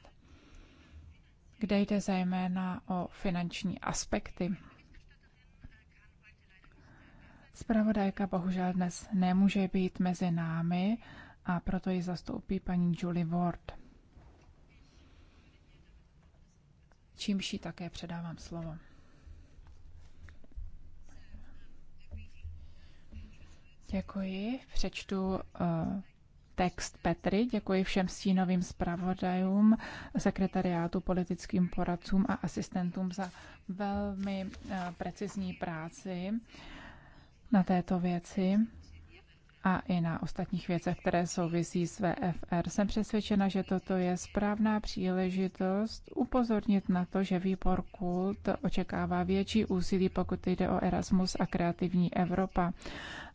kde jde zejména o finanční aspekty. Spravodajka bohužel dnes nemůže být mezi námi a proto ji zastoupí paní Julie Ward. Čímž ji také předávám slovo. Děkuji. Přečtu uh, text Petry. Děkuji všem stínovým zpravodajům, sekretariátu, politickým poradcům a asistentům za velmi uh, precizní práci na této věci a i na ostatních věcech, které souvisí s VFR. Jsem přesvědčena, že toto je správná příležitost upozornit na to, že výbor kult očekává větší úsilí, pokud jde o Erasmus a kreativní Evropa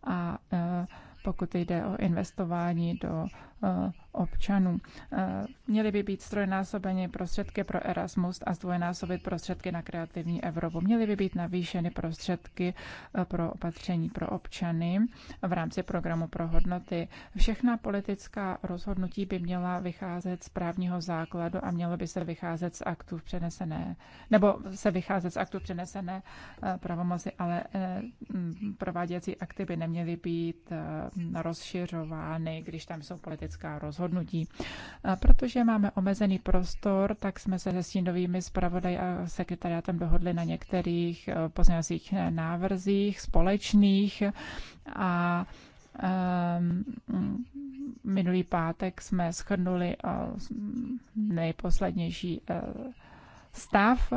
a eh, pokud jde o investování do eh, občanů. Eh, měly by být strojnásobeně prostředky pro Erasmus a zdvojnásobit prostředky na kreativní Evropu. Měly by být navýšeny prostředky eh, pro opatření pro občany v rámci programu pro hodnoty. Všechna politická rozhodnutí by měla vycházet z právního základu a mělo by se vycházet z aktů přenesené, nebo se vycházet z aktů přenesené eh, pravomoci, ale prováděcí akty by neměly být rozšiřovány, když tam jsou politická rozhodnutí rozhodnutí. A protože máme omezený prostor, tak jsme se se stínovými zpravodaj a sekretariátem dohodli na některých eh, pozměňovacích eh, návrzích společných a ehm, mm, minulý pátek jsme schrnuli eh, nejposlednější stav.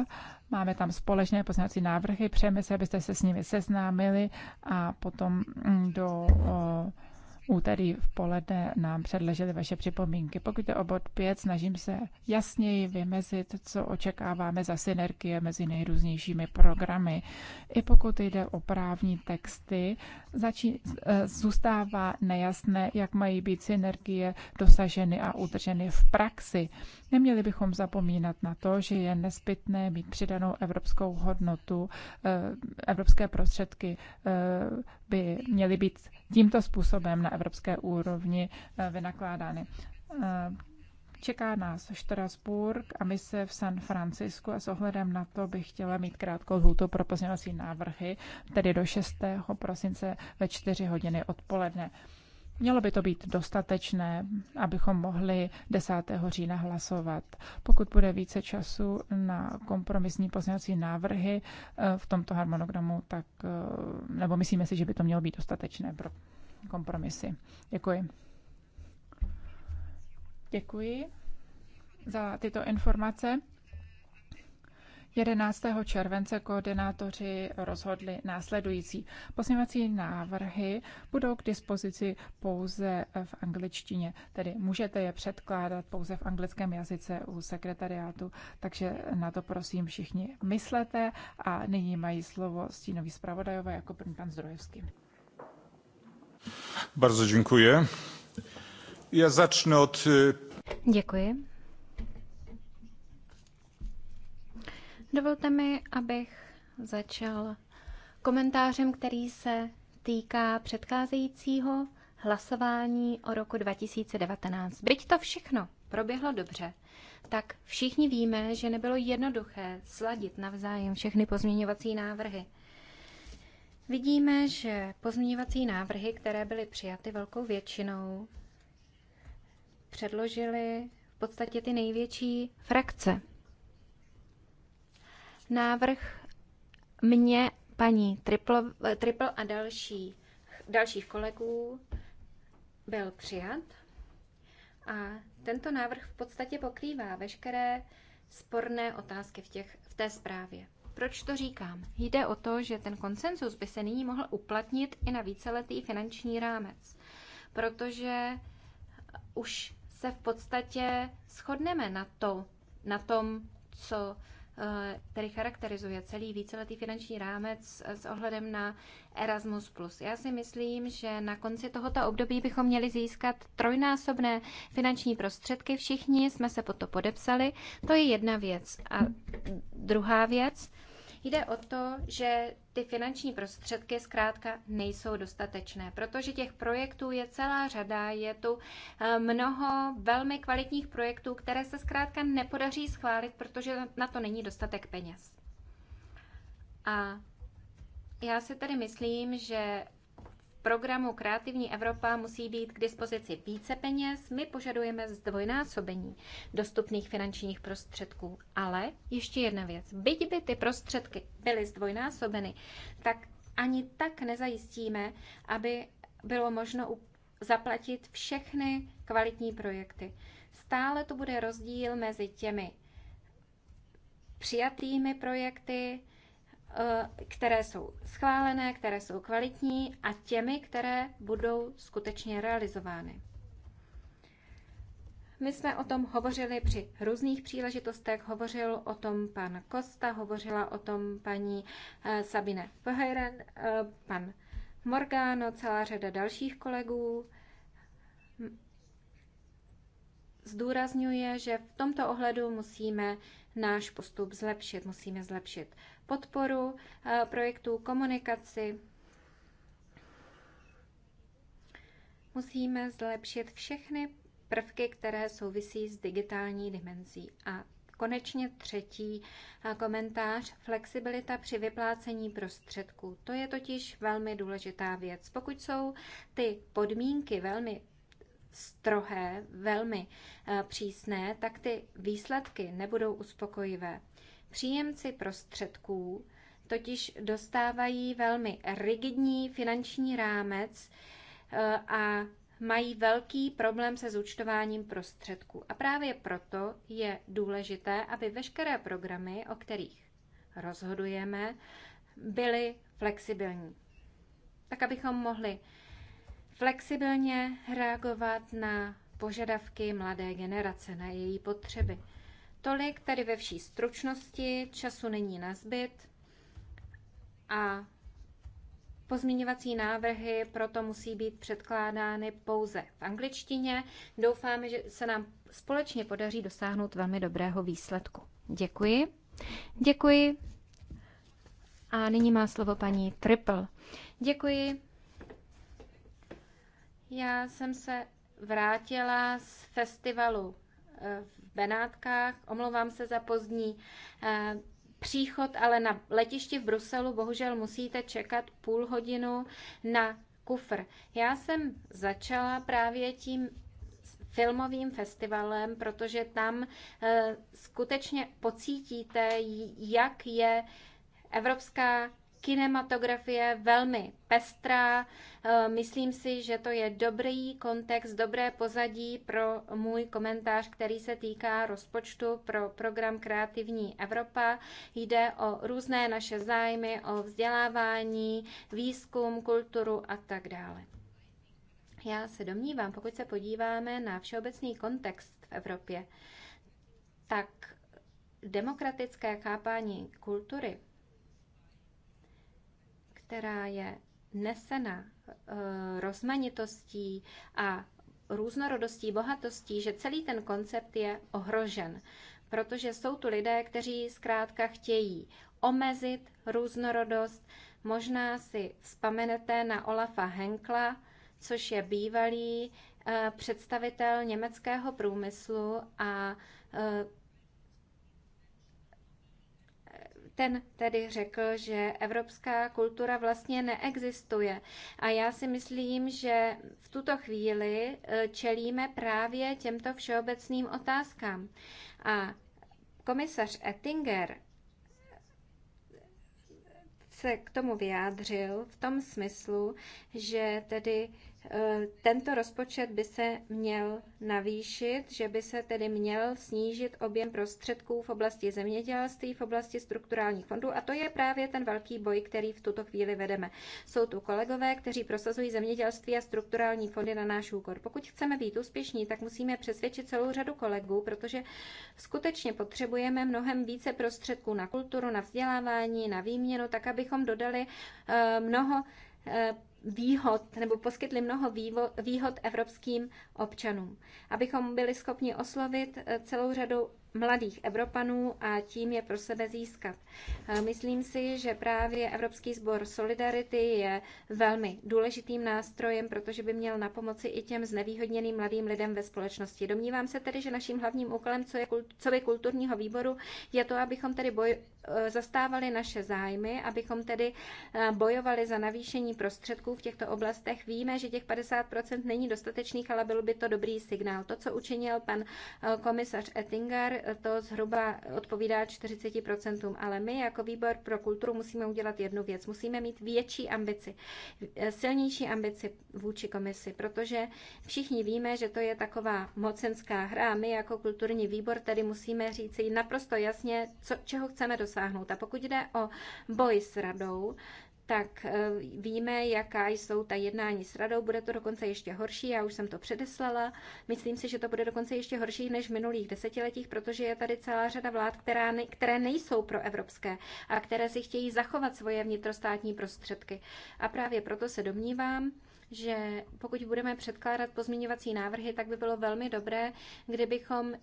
Máme tam společné poznací návrhy, přejeme se, abyste se s nimi seznámili a potom mm, do úterý v poledne nám předleželi vaše připomínky. Pokud je o bod 5, snažím se jasněji vymezit, co očekáváme za synergie mezi nejrůznějšími programy. I pokud jde o právní texty, začí, e, zůstává nejasné, jak mají být synergie dosaženy a udrženy v praxi. Neměli bychom zapomínat na to, že je nezbytné mít přidanou evropskou hodnotu. Eh, evropské prostředky eh, by měly být tímto způsobem na evropské úrovni eh, vynakládány. Čeká nás Štrasburg a my se v San Francisku a s ohledem na to bych chtěla mít krátkou lhůtu pro pozměnovací návrhy, tedy do 6. prosince ve 4 hodiny odpoledne. Mělo by to být dostatečné, abychom mohli 10. října hlasovat. Pokud bude více času na kompromisní pozměňovací návrhy eh, v tomto harmonogramu, tak eh, nebo myslíme si, že by to mělo být dostatečné pro kompromisy. Děkuji. Děkuji za tyto informace. 11. července koordinátoři rozhodli následující. Poslímací návrhy budou k dispozici pouze v angličtině, tedy můžete je předkládat pouze v anglickém jazyce u sekretariátu, takže na to prosím všichni myslete a nyní mají slovo stínový zpravodajové jako první pan Zdrojevský. Bardzo dziękuję. Ja zacznę od... Děkuji. Dovolte mi, abych začal komentářem, který se týká předcházejícího hlasování o roku 2019. Byť to všechno proběhlo dobře, tak všichni víme, že nebylo jednoduché sladit navzájem všechny pozměňovací návrhy. Vidíme, že pozměňovací návrhy, které byly přijaty velkou většinou, předložily v podstatě ty největší frakce. Návrh mě, paní Triple, Triple a další, dalších kolegů byl přijat. A tento návrh v podstatě pokrývá veškeré sporné otázky v, těch, v té zprávě. Proč to říkám? Jde o to, že ten konsenzus by se nyní mohl uplatnit i na víceletý finanční rámec, protože už se v podstatě shodneme na, to, na tom, co který eh, charakterizuje celý víceletý finanční rámec s ohledem na Erasmus+. Já si myslím, že na konci tohoto období bychom měli získat trojnásobné finanční prostředky. Všichni jsme se po to podepsali. To je jedna věc. A druhá věc, jde o to, že ty finanční prostředky zkrátka nejsou dostatečné, protože těch projektů je celá řada, je tu eh, mnoho velmi kvalitních projektů, které se zkrátka nepodaří schválit, protože na to není dostatek peněz. A já si tedy myslím, že programu Kreativní Evropa musí být k dispozici více peněz. My požadujeme zdvojnásobení dostupných finančních prostředků. Ale ještě jedna věc. Byť by ty prostředky byly zdvojnásobeny, tak ani tak nezajistíme, aby bylo možno zaplatit všechny kvalitní projekty. Stále to bude rozdíl mezi těmi přijatými projekty, Eh, které jsou schválené, které jsou kvalitní a těmi, které budou skutečně realizovány. My jsme o tom hovořili při různých příležitostech, hovořil o tom pan Kosta, hovořila o tom paní eh, Sabine Pohajren, eh, pan Morgano, celá řada dalších kolegů zdůrazňuje, že v tomto ohledu musíme náš postup zlepšit, musíme zlepšit podporu eh, projektů, komunikaci. Musíme zlepšit všechny prvky, které souvisí s digitální dimenzí. A konečně třetí eh, komentář flexibilita při vyplácení prostředků. To je totiž velmi důležitá věc. Pokud jsou ty podmínky velmi strohé, velmi eh, přísné, tak ty výsledky nebudou uspokojivé. Příjemci prostředků totiž dostávají velmi rigidní finanční rámec eh, a mají velký problém se zúčtováním prostředků. A právě proto je důležité, aby veškeré programy, o kterých rozhodujeme, byly flexibilní. Tak, abychom mohli flexibilně reagovat na požadavky mladé generace, na její potřeby. Tolik tady ve vší stručnosti, času není na zbyt a Pozměňovací návrhy proto musí být předkládány pouze v angličtině. Doufáme, že se nám společně podaří dosáhnout velmi dobrého výsledku. Děkuji. Děkuji. A nyní má slovo paní Triple. Děkuji. Já jsem se vrátila z festivalu v Benátkách. Omlouvám se za pozdní eh, příchod, ale na letišti v Bruselu bohužel musíte čekat půl hodinu na kufr. Já jsem začala právě tím filmovým festivalem, protože tam eh, skutečně pocítíte, jak je Evropská kinematografie velmi pestrá. Eh, myslím si, že to je dobrý kontext, dobré pozadí pro můj komentář, který se týká rozpočtu pro program Kreativní Evropa. Jde o různé naše zájmy, o vzdělávání, výzkum, kulturu a tak dále. Já se domnívám, pokud se podíváme na všeobecný kontext v Evropě, tak demokratické chápání kultury která je nesena eh, rozmanitostí a různorodostí, bohatostí, že celý ten koncept je ohrožen, protože jsou tu lidé, kteří zkrátka chtějí omezit různorodost. Možná si vzpomenete na Olafa Henkla, což je bývalý eh, představitel německého průmyslu a eh, Ten tedy řekl, že evropská kultura vlastně neexistuje. A já si myslím, že v tuto chvíli e, čelíme právě těmto všeobecným otázkám. A komisař Ettinger se k tomu vyjádřil v tom smyslu, že tedy Eh, tento rozpočet by se měl navýšit, že by se tedy měl snížit objem prostředků v oblasti zemědělství, v oblasti strukturálních fondů a to je právě ten velký boj, který v tuto chvíli vedeme. Jsou tu kolegové, kteří prosazují zemědělství a strukturální fondy na náš úkor. Pokud chceme být úspěšní, tak musíme přesvědčit celou řadu kolegů, protože skutečně potřebujeme mnohem více prostředků na kulturu, na vzdělávání, na výměnu, tak abychom dodali eh, mnoho eh, výhod nebo poskytli mnoho vývo, výhod evropským občanům, abychom byli schopni oslovit eh, celou řadu mladých Evropanů a tím je pro sebe získat. Myslím si, že právě Evropský sbor Solidarity je velmi důležitým nástrojem, protože by měl na pomoci i těm znevýhodněným mladým lidem ve společnosti. Domnívám se tedy, že naším hlavním úkolem co, je, co by kulturního výboru je to, abychom tedy boj, e, zastávali naše zájmy, abychom tedy e, bojovali za navýšení prostředků v těchto oblastech. Víme, že těch 50% není dostatečných, ale byl by to dobrý signál. To, co učinil pan e, komisař Ettinger, to zhruba odpovídá 40%, ale my jako výbor pro kulturu musíme udělat jednu věc. Musíme mít větší ambici, silnější ambici vůči komisi, protože všichni víme, že to je taková mocenská hra a my jako kulturní výbor tady musíme říci naprosto jasně, co, čeho chceme dosáhnout. A pokud jde o boj s radou, tak eh, víme, jaká jsou ta jednání s radou. Bude to dokonce ještě horší, já už jsem to předeslala. Myslím si, že to bude dokonce ještě horší než v minulých desetiletích, protože je tady celá řada vlád, která ne, které nejsou proevropské a které si chtějí zachovat svoje vnitrostátní prostředky. A právě proto se domnívám, že pokud budeme předkládat pozměňovací návrhy, tak by bylo velmi dobré, kdybychom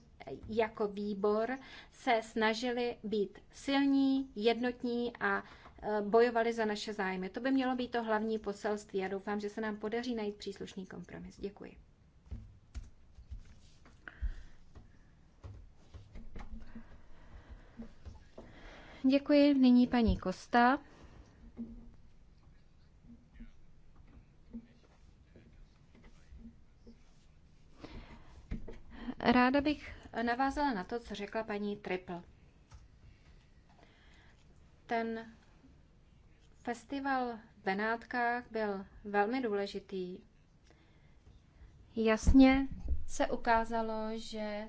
jako výbor se snažili být silní, jednotní a Eh, bojovali za naše zájmy. To by mělo být to hlavní poselství a doufám, že se nám podaří najít příslušný kompromis. Děkuji. Děkuji. Nyní paní Kosta. Ráda bych navázala na to, co řekla paní Triple. Ten Festival v Benátkách byl velmi důležitý. Jasně se ukázalo, že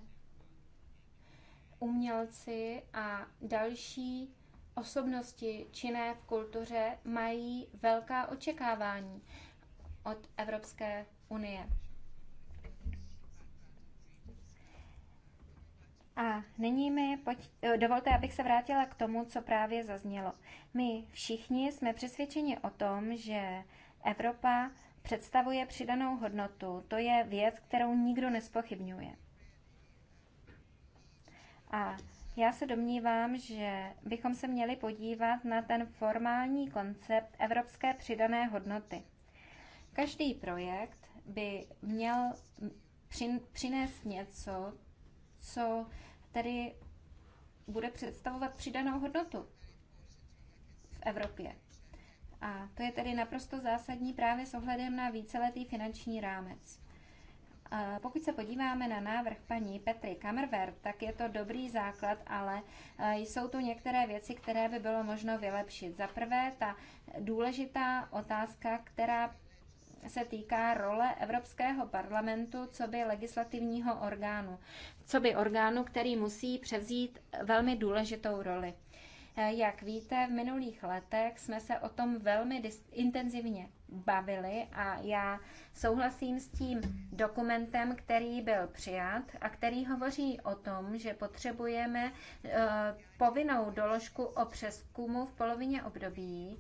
umělci a další osobnosti činné v kultuře mají velká očekávání od Evropské unie. A nyní mi pojď, eh, dovolte, abych se vrátila k tomu, co právě zaznělo. My všichni jsme přesvědčeni o tom, že Evropa představuje přidanou hodnotu. To je věc, kterou nikdo nespochybňuje. A já se domnívám, že bychom se měli podívat na ten formální koncept evropské přidané hodnoty. Každý projekt by měl přinést něco, co tedy bude představovat přidanou hodnotu v Evropě. A to je tedy naprosto zásadní právě s ohledem na víceletý finanční rámec. Pokud se podíváme na návrh paní Petry Kamerver, tak je to dobrý základ, ale e, jsou tu některé věci, které by bylo možno vylepšit. Za prvé, ta důležitá otázka, která se týká role Evropského parlamentu co by legislativního orgánu, co by orgánu, který musí převzít velmi důležitou roli. Eh, jak víte, v minulých letech jsme se o tom velmi intenzivně bavili a já souhlasím s tím dokumentem, který byl přijat a který hovoří o tom, že potřebujeme eh, povinnou doložku o přeskumu v polovině období,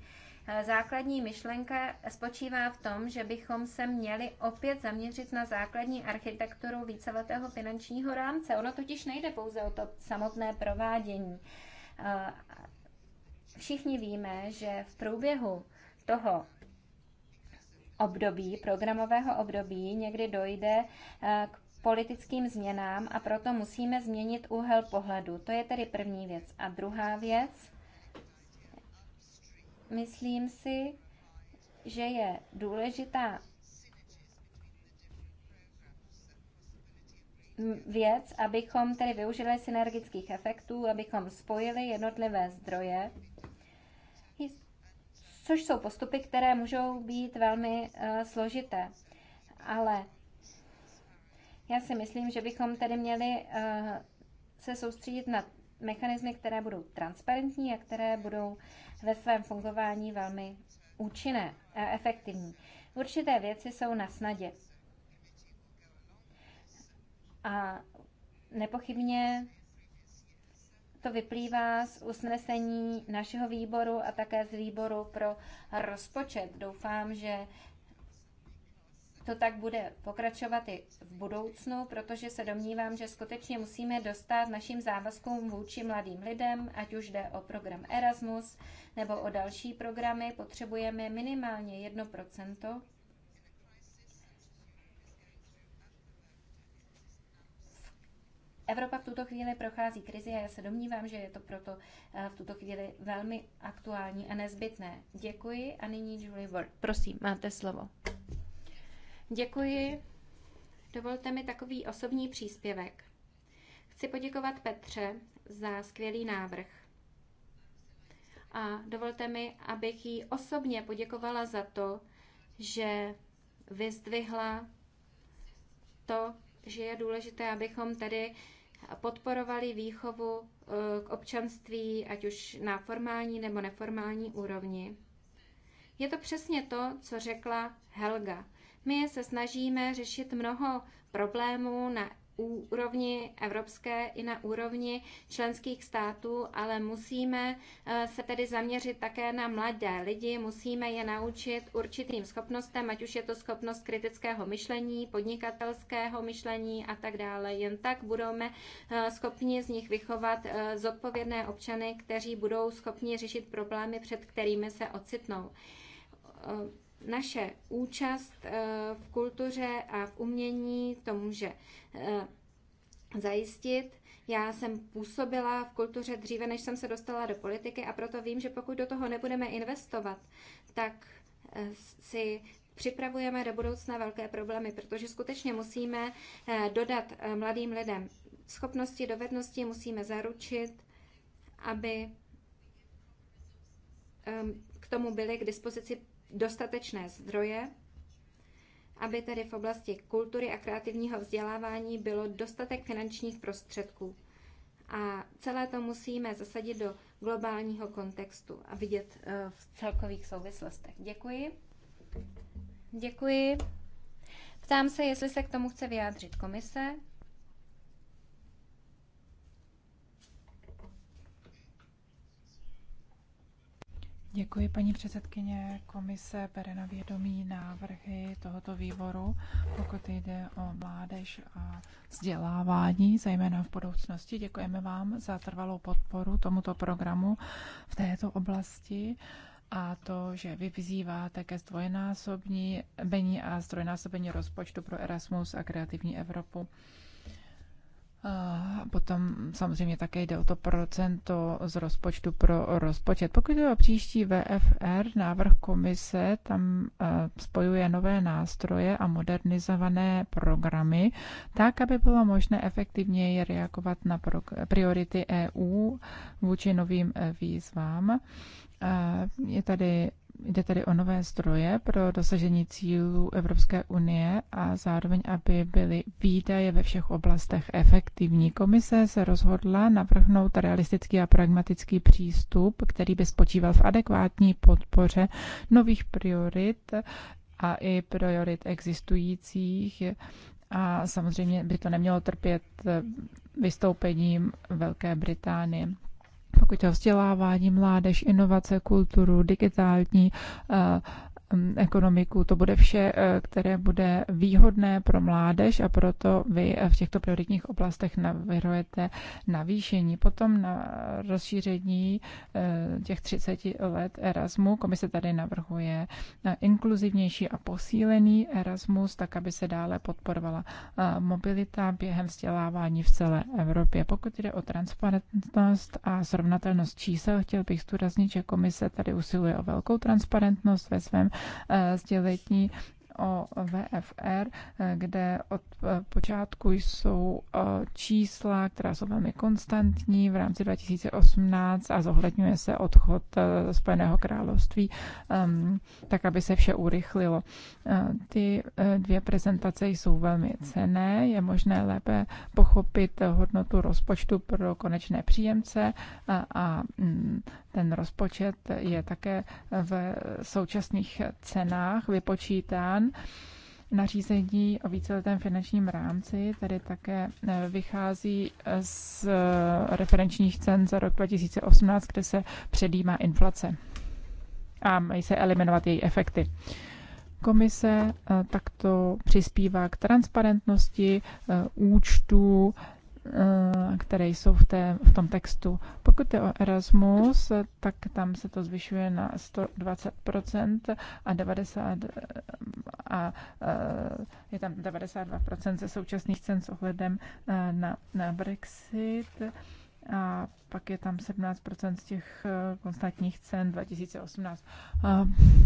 Eh, základní myšlenka spočívá v tom, že bychom se měli opět zaměřit na základní architekturu víceletého finančního rámce. Ono totiž nejde pouze o to samotné provádění. Eh, všichni víme, že v průběhu toho období, programového období, někdy dojde eh, k politickým změnám a proto musíme změnit úhel pohledu. To je tedy první věc. A druhá věc, myslím si, že je důležitá věc, abychom tedy využili synergických efektů, abychom spojili jednotlivé zdroje, což jsou postupy, které můžou být velmi uh, složité. Ale já si myslím, že bychom tedy měli uh, se soustředit na mechanismy, které budou transparentní a které budou ve svém fungování velmi účinné a efektivní. Určité věci jsou na snadě. A nepochybně to vyplývá z usnesení našeho výboru a také z výboru pro rozpočet. Doufám, že to tak bude pokračovat i v budoucnu, protože se domnívám, že skutečně musíme dostat našim závazkům vůči mladým lidem, ať už jde o program Erasmus nebo o další programy, potřebujeme minimálně 1%. Evropa v tuto chvíli prochází krizi a já se domnívám, že je to proto eh, v tuto chvíli velmi aktuální a nezbytné. Děkuji a nyní Julie Ward. Prosím, máte slovo. Děkuji. Dovolte mi takový osobní příspěvek. Chci poděkovat Petře za skvělý návrh. A dovolte mi, abych jí osobně poděkovala za to, že vyzdvihla to, že je důležité, abychom tedy podporovali výchovu eh, k občanství, ať už na formální nebo neformální úrovni. Je to přesně to, co řekla Helga. My se snažíme řešit mnoho problémů na úrovni evropské i na úrovni členských států, ale musíme eh, se tedy zaměřit také na mladé lidi, musíme je naučit určitým schopnostem, ať už je to schopnost kritického myšlení, podnikatelského myšlení a tak dále. Jen tak budeme eh, schopni z nich vychovat eh, zodpovědné občany, kteří budou schopni řešit problémy, před kterými se ocitnou naše účast eh, v kultuře a v umění to může eh, zajistit. Já jsem působila v kultuře dříve, než jsem se dostala do politiky a proto vím, že pokud do toho nebudeme investovat, tak eh, si připravujeme do budoucna velké problémy, protože skutečně musíme dodat mladým lidem schopnosti, dovednosti, musíme zaručit, aby ehm, k tomu byly k dispozici dostatečné zdroje, aby tedy v oblasti kultury a kreativního vzdělávání bylo dostatek finančních prostředků. A celé to musíme zasadit do globálního kontextu a vidět eh, v celkových souvislostech. Děkuji. Děkuji. Ptám se, jestli se k tomu chce vyjádřit komise. Děkuji, paní předsedkyně. Komise bere na vědomí návrhy tohoto výboru, pokud jde o mládež a vzdělávání, zejména v budoucnosti. Děkujeme vám za trvalou podporu tomuto programu v této oblasti a to, že vy vyzýváte ke zdvojnásobní bení a zdvojnásobení rozpočtu pro Erasmus a kreativní Evropu. Potom samozřejmě také jde o to procento z rozpočtu pro rozpočet. Pokud je o příští VFR, návrh komise tam e, spojuje nové nástroje a modernizované programy, tak, aby bylo možné efektivněji reagovat na priority EU vůči novým e, výzvám. Je tady Jde tedy o nové zdroje pro dosažení cílů Evropské unie a zároveň, aby byly výdaje ve všech oblastech efektivní. Komise se rozhodla navrhnout realistický a pragmatický přístup, který by spočíval v adekvátní podpoře nových priorit a i priorit existujících. A samozřejmě by to nemělo trpět vystoupením Velké Británie pokud je o vzdělávání, mládež, inovace, kulturu, digitální eh, Mm, ekonomiku. To bude vše, eh, které bude výhodné pro mládež a proto vy eh, v těchto prioritních oblastech navrhujete navýšení. Potom na rozšíření eh, těch 30 let Erasmu. Komise tady navrhuje inkluzivnější a posílený Erasmus, tak aby se dále podporovala mobilita během vzdělávání v celé Evropě. Pokud jde o transparentnost a srovnatelnost čísel, chtěl bych zdůraznit, že komise tady usiluje o velkou transparentnost ve svém Eh, sdělení o VFR, eh, kde od eh, počátku jsou čísla, která jsou velmi konstantní v rámci 2018 a zohledňuje se odchod Spojeného království, ehm, tak aby se vše urychlilo. Ty dvě prezentace jsou velmi cené, je možné lépe pochopit hodnotu rozpočtu pro konečné příjemce a mm, ten rozpočet je také v současných cenách vypočítán. Nařízení o víceletém finančním rámci tedy také eh, vychází z eh, referenčních cen za rok 2018, kde se předjímá inflace a mají se eliminovat její efekty. Komise eh, takto přispívá k transparentnosti účtů Eh, které jsou v, té, v tom textu. Pokud je o Erasmus, tak tam se to zvyšuje na 120% a, 90, eh, a eh, je tam 92% ze současných cen s ohledem na, na Brexit a pak je tam 17% z těch konstantních cen 2018.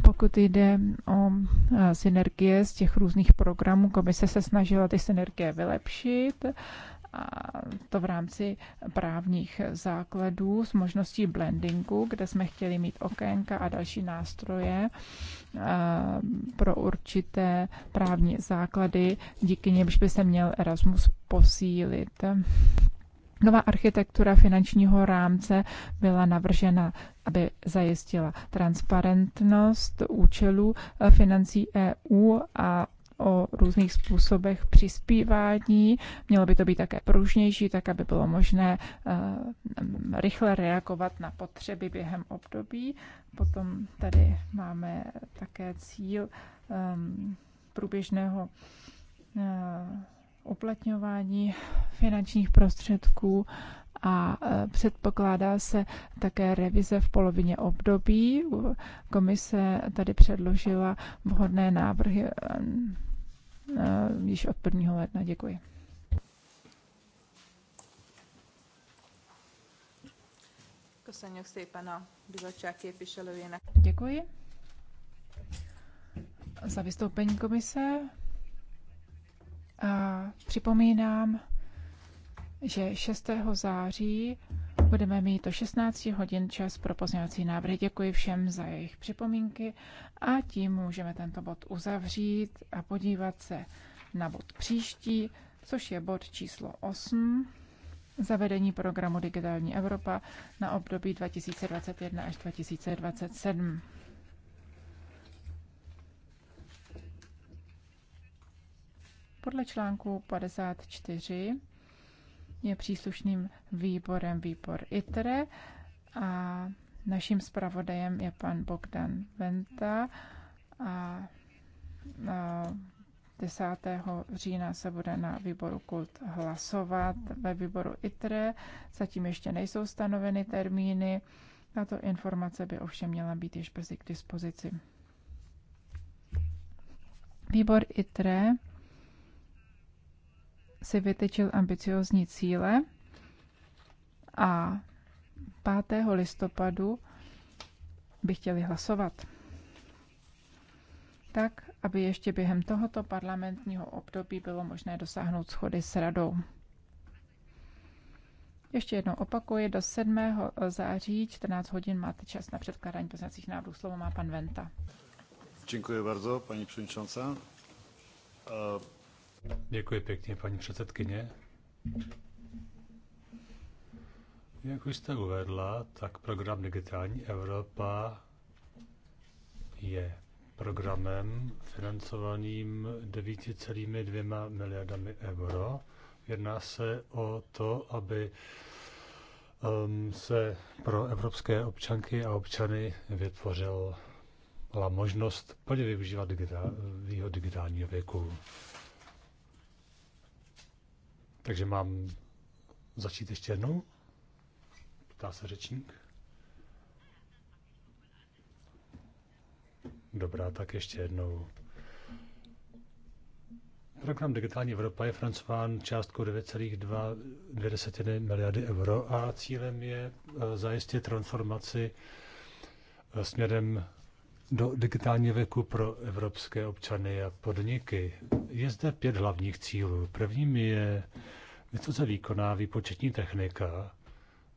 Pokud jde o synergie z těch různých programů, komise se snažila ty synergie vylepšit to v rámci právních základů s možností blendingu, kde jsme chtěli mít okénka a další nástroje pro určité právní základy, díky němž by se měl Erasmus posílit. Nová architektura finančního rámce byla navržena, aby zajistila transparentnost účelů e, financí EU a o různých způsobech přispívání. Mělo by to být také pružnější, tak aby bylo možné eh, mm, rychle reagovat na potřeby během období. Potom tady máme také cíl ehm, průběžného eh, uplatňování finančních prostředků a e, předpokládá se také revize v polovině období. Komise tady předložila vhodné návrhy e, e, již od 1. ledna. Děkuji. Děkuji za vystoupení komise. A připomínám, že 6. září budeme mít to 16 hodin čas pro pozměňovací návrhy. Děkuji všem za jejich připomínky a tím můžeme tento bod uzavřít a podívat se na bod příští, což je bod číslo 8. Zavedení programu Digitální Evropa na období 2021 až 2027. Podle článku 54 je příslušným výborem výbor ITRE a naším zpravodajem je pan Bogdan Venta a, a 10. října se bude na výboru kult hlasovat ve výboru ITRE. Zatím ještě nejsou stanoveny termíny. Tato informace by ovšem měla být již brzy k dispozici. Výbor ITRE si vytyčil ambiciozní cíle a 5. listopadu by chtěli hlasovat. Tak, aby ještě během tohoto parlamentního období bylo možné dosáhnout schody s radou. Ještě jednou opakuji, do 7. září 14 hodin máte čas na předkládání poznacích návrhů. Slovo má pan Venta. Děkuji bardzo, paní předsedající. Děkuji pěkně, paní předsedkyně. Jak už jste uvedla, tak program Digitální Evropa je programem financovaným 9,2 miliardami euro. Jedná se o to, aby um, se pro evropské občanky a občany vytvořila možnost plně využívat digitál, výhod digitálního věku. Takže mám začít ještě jednou? Ptá se řečník. Dobrá, tak ještě jednou. Program Digitální Evropa je francován částkou 9,2 miliardy euro a cílem je eh, zajistit transformaci eh, směrem do digitální věku pro evropské občany a podniky. Je zde pět hlavních cílů. Prvním je vysoce výkonná výpočetní technika,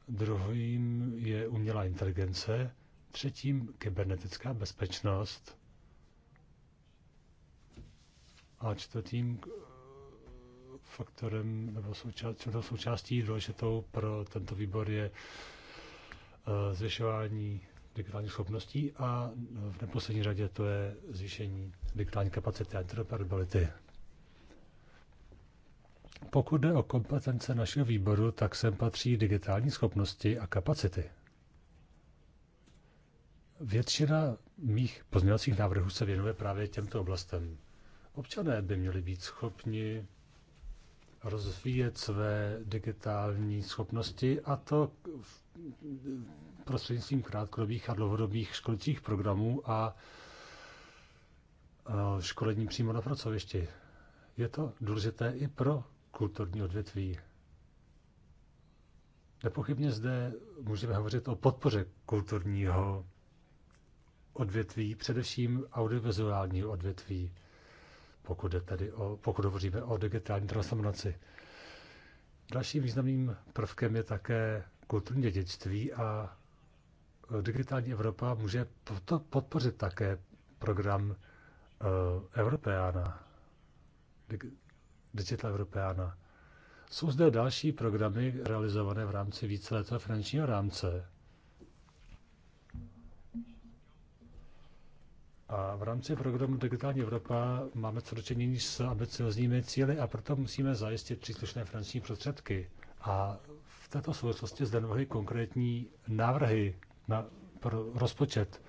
druhým je umělá inteligence, třetím kybernetická bezpečnost a čtvrtým faktorem nebo součástí, součástí důležitou pro tento výbor je eh, zvyšování digitálních schopností a v neposlední řadě to je zvýšení digitální kapacity a interoperability. Pokud jde o kompetence našeho výboru, tak sem patří digitální schopnosti a kapacity. Většina mých pozměňovacích návrhů se věnuje právě těmto oblastem. Občané by měli být schopni rozvíjet své digitální schopnosti a to prostřednictvím krátkodobých a dlouhodobých školicích programů a školení přímo na pracovišti. Je to důležité i pro kulturní odvětví. Nepochybně zde můžeme hovořit o podpoře kulturního odvětví, především audiovizuálního odvětví, pokud, je tady o, pokud hovoříme o digitální transformaci. Dalším významným prvkem je také kulturní dědictví a e, digitální Evropa může to podpořit také program Evropeána, Digital Europeana. Jsou zde další programy realizované v rámci víceletého finančního rámce. A v rámci programu Digitální Evropa máme co dočinění s ambiciozními cíly a proto musíme zajistit příslušné finanční prostředky. A v této souvislosti zde navrhuji konkrétní návrhy na pro rozpočet.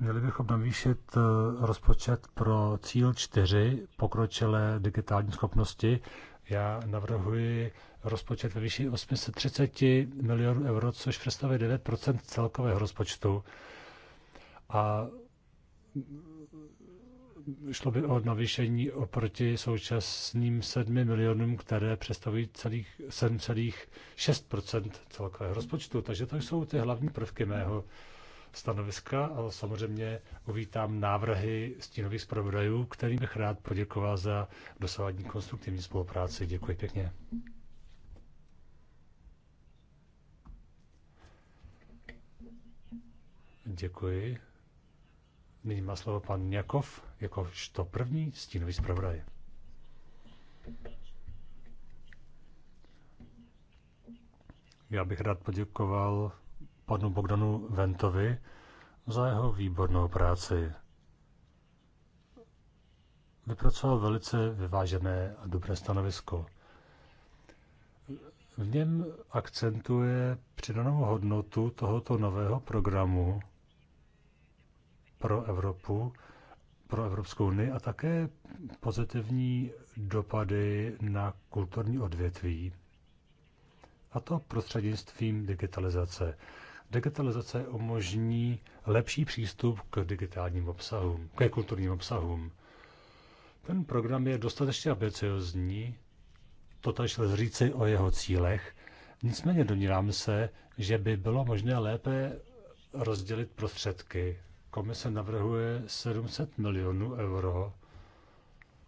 Měli bychom navýšit eh, rozpočet pro cíl 4 pokročilé digitální schopnosti. Já navrhuji rozpočet ve výši 830 milionů euro, což představuje 9 celkového rozpočtu. A šlo by o navýšení oproti současným 7 milionům, které představují celých 7,6 celkového rozpočtu. Takže to jsou ty hlavní prvky mého stanoviska a samozřejmě uvítám návrhy stínových zpravodajů, kterým bych rád poděkoval za dosavadní konstruktivní spolupráci. Děkuji pěkně. Děkuji. Nyní má slovo pan Jakov, jakožto první stínový zpravodaj. Já bych rád poděkoval panu Bogdanu Ventovi za jeho výbornou práci. Vypracoval velice vyvážené a dobré stanovisko. V něm akcentuje přidanou hodnotu tohoto nového programu pro Evropu, pro Evropskou unii a také pozitivní dopady na kulturní odvětví, a to prostřednictvím digitalizace. Digitalizace umožní lepší přístup k digitálním obsahům, k kulturním obsahům. Ten program je dostatečně ambiciozní, totaž lze říci o jeho cílech, nicméně domnívám se, že by bylo možné lépe rozdělit prostředky. Komise navrhuje 700 milionů euro,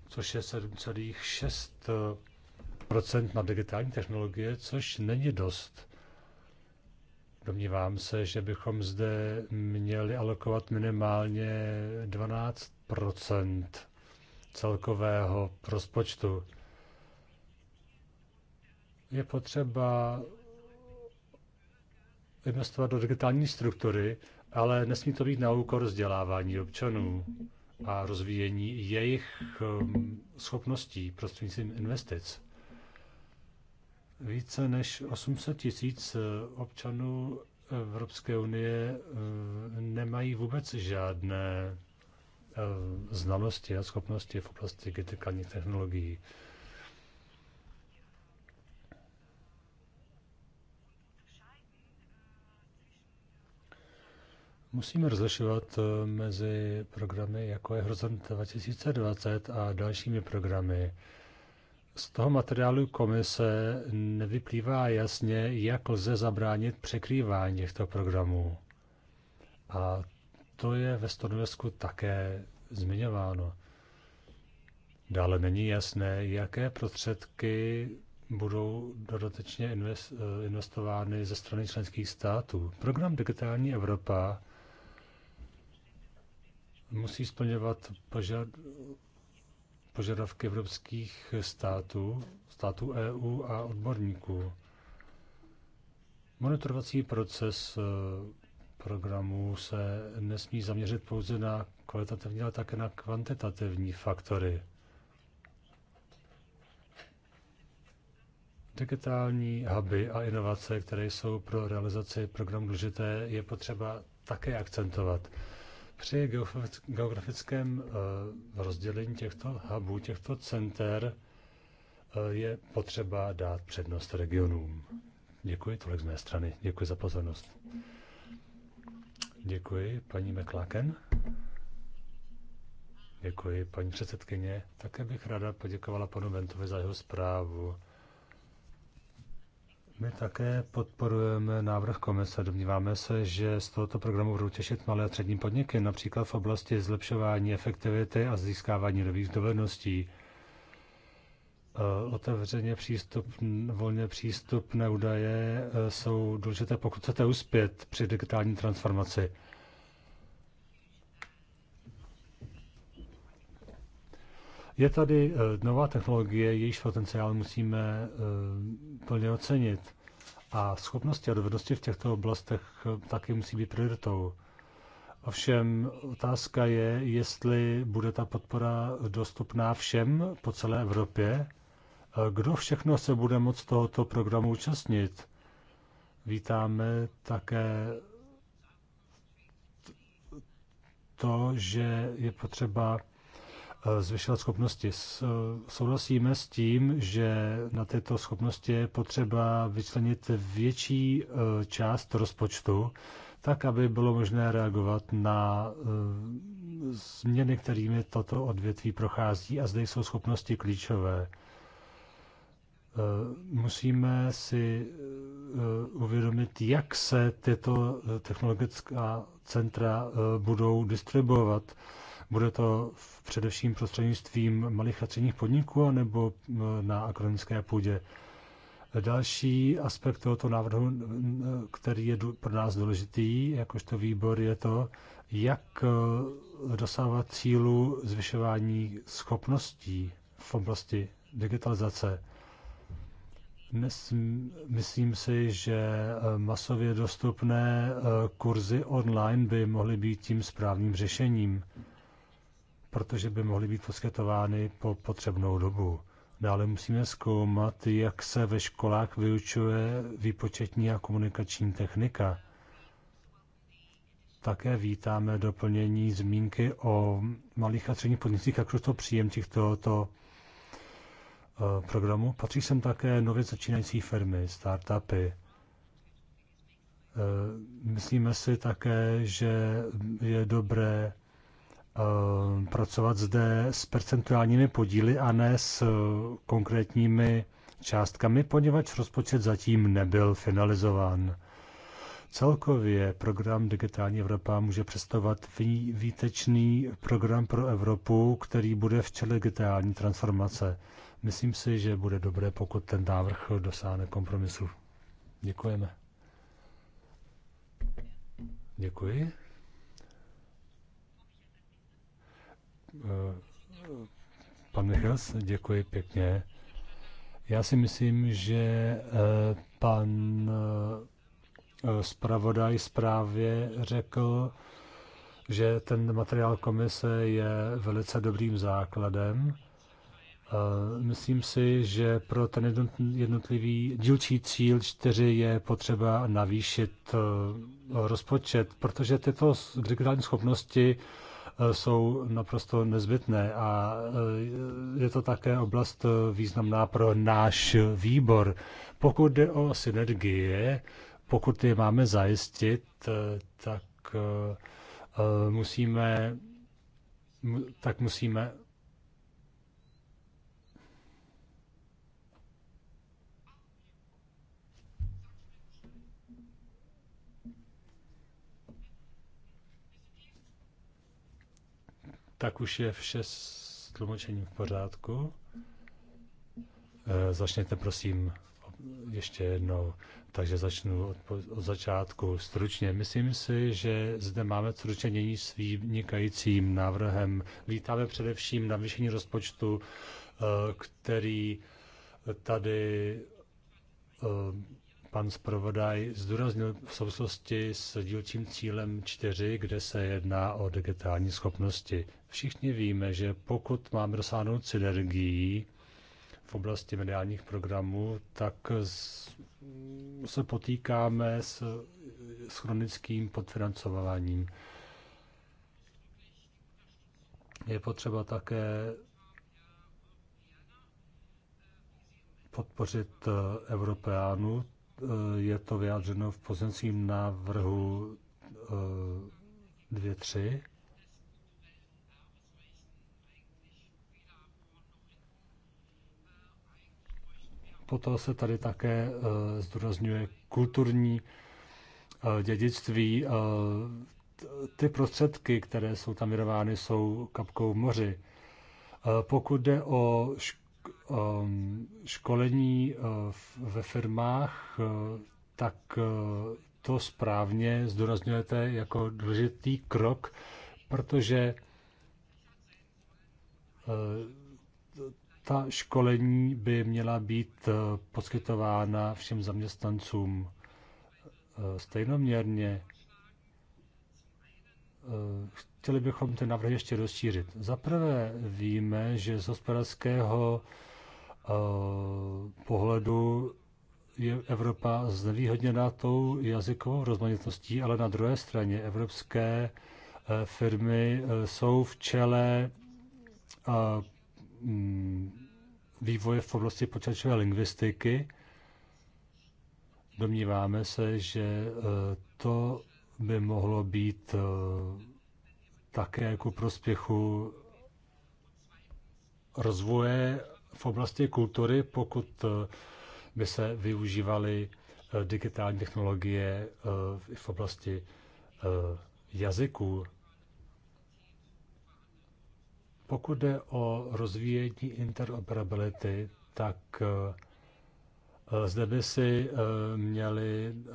což je 7,6 na digitální technologie, což není dost. Domnívám se, že bychom zde měli alokovat minimálně 12 celkového rozpočtu. Je potřeba investovat do digitální struktury, ale nesmí to být na úkor vzdělávání občanů a rozvíjení jejich um, schopností prostřednictvím investic. Více než 800 tisíc eh, občanů Evropské unie eh, nemají vůbec žádné eh, znalosti a schopnosti v oblasti digitálních technologií. Musíme rozlišovat mezi programy, jako je Horizont 2020 a dalšími programy. Z toho materiálu komise nevyplývá jasně, jak lze zabránit překrývání těchto programů. A to je ve stanovisku také zmiňováno. Dále není jasné, jaké prostředky budou dodatečně eh, investovány ze strany členských států. Program Digitální Evropa musí splňovat požad, požadavky evropských států, států EU a odborníků. Monitorovací proces eh, programu se nesmí zaměřit pouze na kvalitativní, ale také na kvantitativní faktory. Digitální huby a inovace, které jsou pro realizaci programu důležité, je potřeba také akcentovat. Při geografickém eh, rozdělení těchto hubů, těchto center, eh, je potřeba dát přednost regionům. Děkuji, tolik z mé strany. Děkuji za pozornost. Děkuji, paní McLaken. Děkuji, paní předsedkyně. Také bych ráda poděkovala panu Ventovi za jeho zprávu. My také podporujeme návrh komise. Domníváme se, že z tohoto programu budou těšit malé a střední podniky, například v oblasti zlepšování efektivity a získávání nových dovedností. E, otevřeně přístup, volně přístupné údaje e, jsou důležité, pokud chcete uspět při digitální transformaci. Je tady eh, nová technologie, jejíž potenciál musíme eh, plně ocenit. A schopnosti a dovednosti v těchto oblastech eh, taky musí být prioritou. Ovšem otázka je, jestli bude ta podpora dostupná všem po celé Evropě. Kdo všechno se bude moct tohoto programu účastnit? Vítáme také to, že je potřeba Eh, zvyšovat schopnosti. Eh, souhlasíme s tím, že na této schopnosti je potřeba vyčlenit větší eh, část rozpočtu, tak, aby bylo možné reagovat na změny, kterými toto odvětví prochází a zde jsou schopnosti klíčové. Musíme si uvědomit, jak se tyto technologická centra budou distribuovat bude to v především prostřednictvím malých a středních podniků nebo na akademické půdě? Další aspekt tohoto návrhu, který je pro nás důležitý, jakožto výbor, je to, jak e, dosávat cílu zvyšování schopností v oblasti digitalizace. myslím si, že e, masově dostupné e, kurzy online by mohly být tím správným řešením protože by mohly být poskytovány po potřebnou dobu. Dále no, musíme zkoumat, jak se ve školách vyučuje výpočetní a komunikační technika. Také vítáme doplnění zmínky o malých a středních podnicích, jak to příjemcích tohoto eh, programu. Patří sem také nově začínající firmy, startupy. Eh, myslíme si také, že je dobré Eh, pracovat zde s percentuálními podíly a ne s eh, konkrétními částkami, poněvadž rozpočet zatím nebyl finalizován. Celkově program Digitální Evropa může představovat výtečný program pro Evropu, který bude v čele digitální transformace. Myslím si, že bude dobré, pokud ten návrh dosáhne kompromisu. Děkujeme. Děkuji. Eh, pan Michals, děkuji pěkně. Já si myslím, že eh, pan eh, zpravodaj zprávě řekl, že ten materiál komise je velice dobrým základem. Myslím si, že pro ten jednotlivý dílčí cíl 4 je potřeba navýšit rozpočet, protože tyto digitální schopnosti Eh, jsou naprosto nezbytné a eh, je to také oblast eh, významná pro náš výbor. Pokud jde o synergie, pokud je máme zajistit, tak musíme tak musíme tak už je vše s tlumočením v pořádku. E, začněte prosím ještě jednou. Takže začnu od, od začátku stručně. Myslím si, že zde máme stručenění s vynikajícím návrhem. Vítáme především na vyšení rozpočtu, eh, který tady eh, pan zpravodaj zdůraznil v souvislosti s dílčím cílem 4, kde se jedná o digitální schopnosti. Všichni víme, že pokud máme dosáhnout synergií v oblasti mediálních programů, tak se potýkáme s, s chronickým podfinancováním. Je potřeba také podpořit Evropeánu. Eh, eh, je to vyjádřeno v pozemském návrhu 2.3. Eh, Potom se tady také eh, zdůrazňuje kulturní eh, dědictví. Eh, ty prostředky, které jsou tam vyrovány, jsou kapkou v moři. Pokud jde o ehm, školení ve firmách, tak to správně zdůrazňujete jako důležitý krok, protože ta školení by měla být eh, poskytována všem zaměstnancům eh, stejnoměrně. Eh, chtěli bychom ten návrh ještě rozšířit. Za prvé víme, že z hospodářského pohledu je Evropa znevýhodněná tou jazykovou rozmanitostí, ale na druhé straně evropské firmy jsou v čele Mm, vývoje v oblasti počítačové lingvistiky. Domníváme se, že e, to by mohlo být e, také jako prospěchu rozvoje v oblasti kultury, pokud e, by se využívaly digitální technologie v oblasti jazyků. Pokud jde o rozvíjení interoperability, tak eh, zde by si eh, měli eh,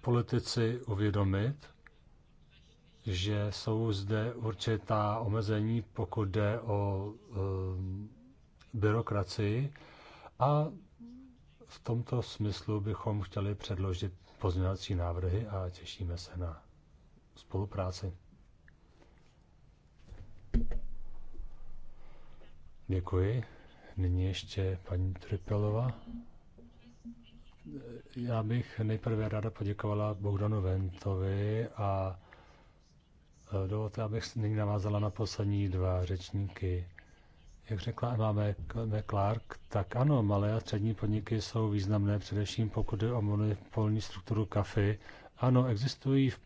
politici uvědomit, že jsou zde určitá omezení, pokud jde o byrokracii a v tomto smyslu bychom chtěli předložit pozměňovací návrhy a těšíme se na spolupráci. Děkuji. Nyní ještě paní Tripelová. Já bych nejprve ráda poděkovala Bohdanu Ventovi a e, dovolte, abych nyní navázala na poslední dva řečníky. Jak řekla Emma Clark, tak ano, malé a střední podniky jsou významné, především pokud je o monopolní strukturu kafy. Ano, existují v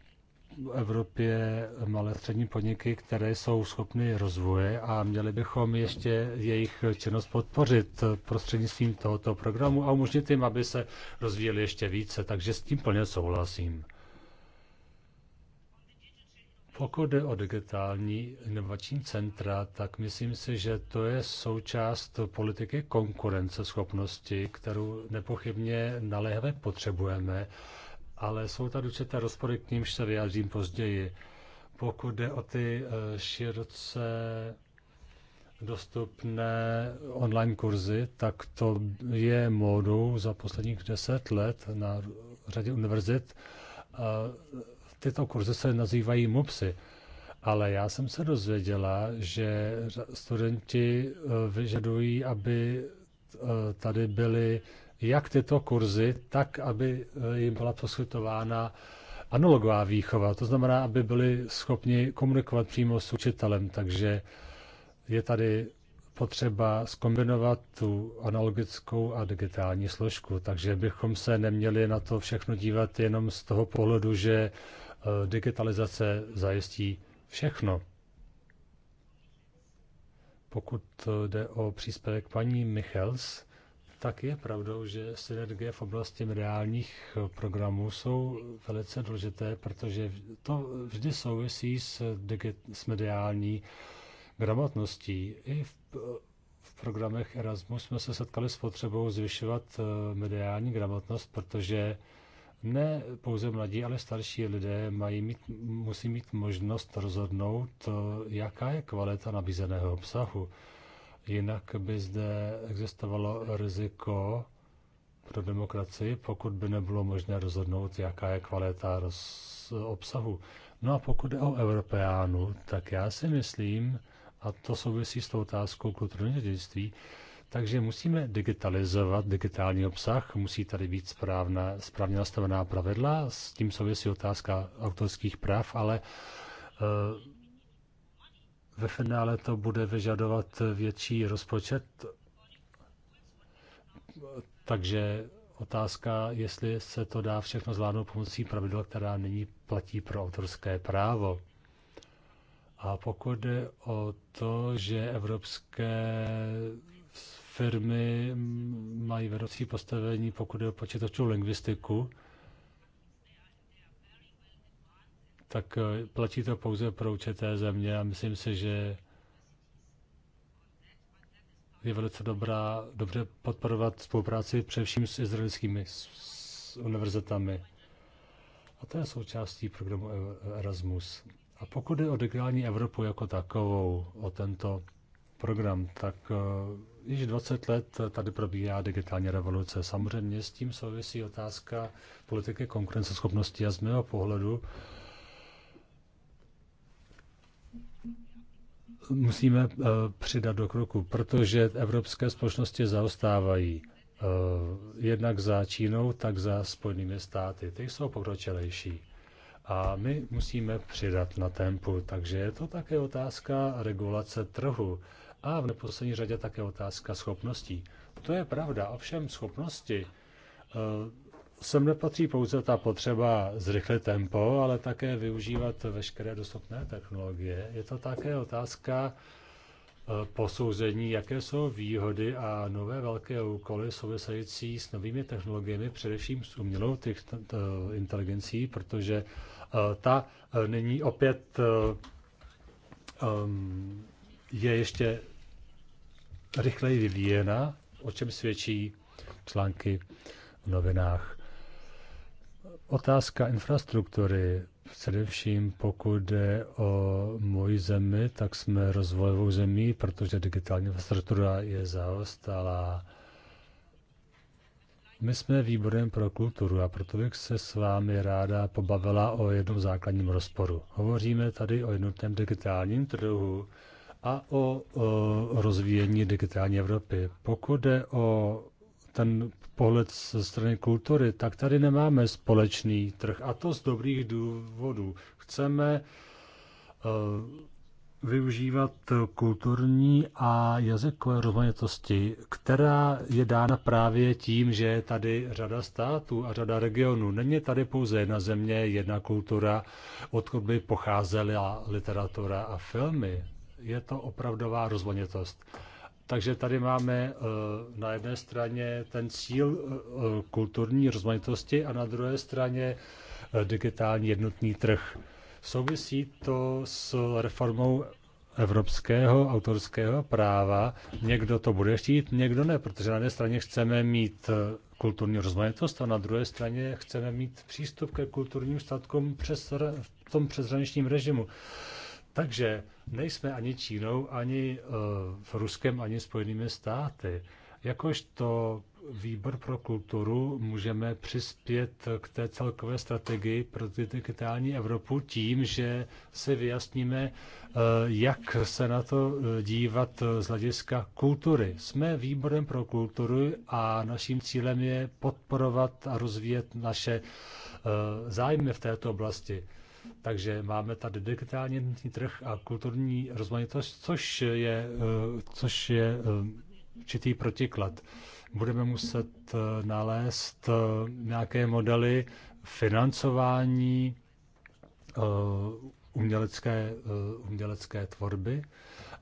v Evropě malé střední podniky, které jsou schopny rozvoje a měli bychom ještě jejich činnost podpořit prostřednictvím tohoto programu a umožnit jim, aby se rozvíjeli ještě více. Takže s tím plně souhlasím. Pokud jde o digitální inovační centra, tak myslím si, že to je součást politiky konkurenceschopnosti, kterou nepochybně naléhavě potřebujeme ale jsou tady určité rozpory, k nímž se vyjádřím později. Pokud jde o ty e, široce dostupné online kurzy, tak to je módou za posledních deset let na řadě univerzit. E, tyto kurzy se nazývají MUPSy, ale já jsem se dozvěděla, že studenti e, vyžadují, aby tady byly jak tyto kurzy, tak aby eh, jim byla poskytována analogová výchova, to znamená, aby byli schopni komunikovat přímo s učitelem, takže je tady potřeba skombinovat tu analogickou a digitální složku, takže bychom se neměli na to všechno dívat jenom z toho pohledu, že eh, digitalizace zajistí všechno. Pokud eh, jde o příspěvek paní Michels, tak je pravdou, že synergie v oblasti reálních programů jsou velice důležité, protože to vždy souvisí s, digit, s mediální gramotností. I v, v programech Erasmus jsme se setkali s potřebou zvyšovat eh, mediální gramotnost, protože ne pouze mladí, ale starší lidé mají mít, musí mít možnost rozhodnout, eh, jaká je kvalita nabízeného obsahu. Jinak by zde existovalo riziko pro demokracii, pokud by nebylo možné rozhodnout, jaká je kvalita roz, obsahu. No a pokud je o Evropeánu, tak já si myslím, a to souvisí s tou otázkou kulturního dědictví, takže musíme digitalizovat digitální obsah, musí tady být správná, správně nastavená pravidla, s tím souvisí otázka autorských práv, ale eh, ve finále to bude vyžadovat větší rozpočet, takže otázka, jestli se to dá všechno zvládnout pomocí pravidla, která nyní platí pro autorské právo. A pokud jde o to, že evropské firmy mají vedoucí postavení, pokud jde o počítačovou lingvistiku, tak eh, platí to pouze pro určité země a myslím si, že je velice dobrá, dobře podporovat spolupráci především s izraelskými s univerzitami. A to je součástí programu e- Erasmus. A pokud je o digitální Evropu jako takovou, o tento program, tak eh, již 20 let tady probíhá digitální revoluce. Samozřejmě s tím souvisí otázka politiky konkurenceschopnosti a z mého pohledu musíme eh, přidat do kroku, protože evropské společnosti zaostávají eh, jednak za Čínou, tak za Spojenými státy. Ty jsou pokročilejší. A my musíme přidat na tempu, takže je to také otázka regulace trhu a v neposlední řadě také otázka schopností. To je pravda, ovšem schopnosti eh, sem nepatří pouze ta potřeba zrychlit tempo, ale také využívat veškeré dostupné technologie. Je to také otázka eh, posouzení, jaké jsou výhody a nové velké úkoly související s novými technologiemi, především s umělou inteligencí, protože eh, ta eh, nyní opět ehm, je ještě rychleji vyvíjena, o čem svědčí články v novinách. Otázka infrastruktury, především pokud jde o moji zemi, tak jsme rozvojovou zemí, protože digitální infrastruktura je zaostalá. My jsme výborem pro kulturu a proto bych se s vámi ráda pobavila o jednom základním rozporu. Hovoříme tady o jednotném digitálním trhu a o, o rozvíjení digitální Evropy. Pokud jde o ten pohled ze strany kultury, tak tady nemáme společný trh. A to z dobrých důvodů. Chceme eh, využívat kulturní a jazykové rozmanitosti, která je dána právě tím, že je tady řada států a řada regionů. Není tady pouze jedna země, jedna kultura, odkud by pocházela literatura a filmy. Je to opravdová rozmanitost. Takže tady máme eh, na jedné straně ten cíl eh, eh, kulturní rozmanitosti a na druhé straně digitální jednotný trh. Souvisí to s reformou evropského autorského práva. Někdo to bude chtít, někdo ne, protože na jedné straně chceme mít kulturní rozmanitost a na druhé straně chceme mít přístup ke kulturním statkům přes, v tom přeshraničním režimu. Takže nejsme ani Čínou, ani eh, v Ruskem, ani Spojenými státy. Jakožto výbor pro kulturu můžeme přispět k té celkové strategii pro digitální Evropu tím, že se vyjasníme, eh, jak se na to eh, dívat z hlediska kultury. Jsme výborem pro kulturu a naším cílem je podporovat a rozvíjet naše zájmy v této oblasti. Takže máme tady digitální jednotný trh a kulturní rozmanitost, což je, eh, což je eh, určitý protiklad. Budeme muset eh, nalézt nějaké modely financování umělecké, umělecké tvorby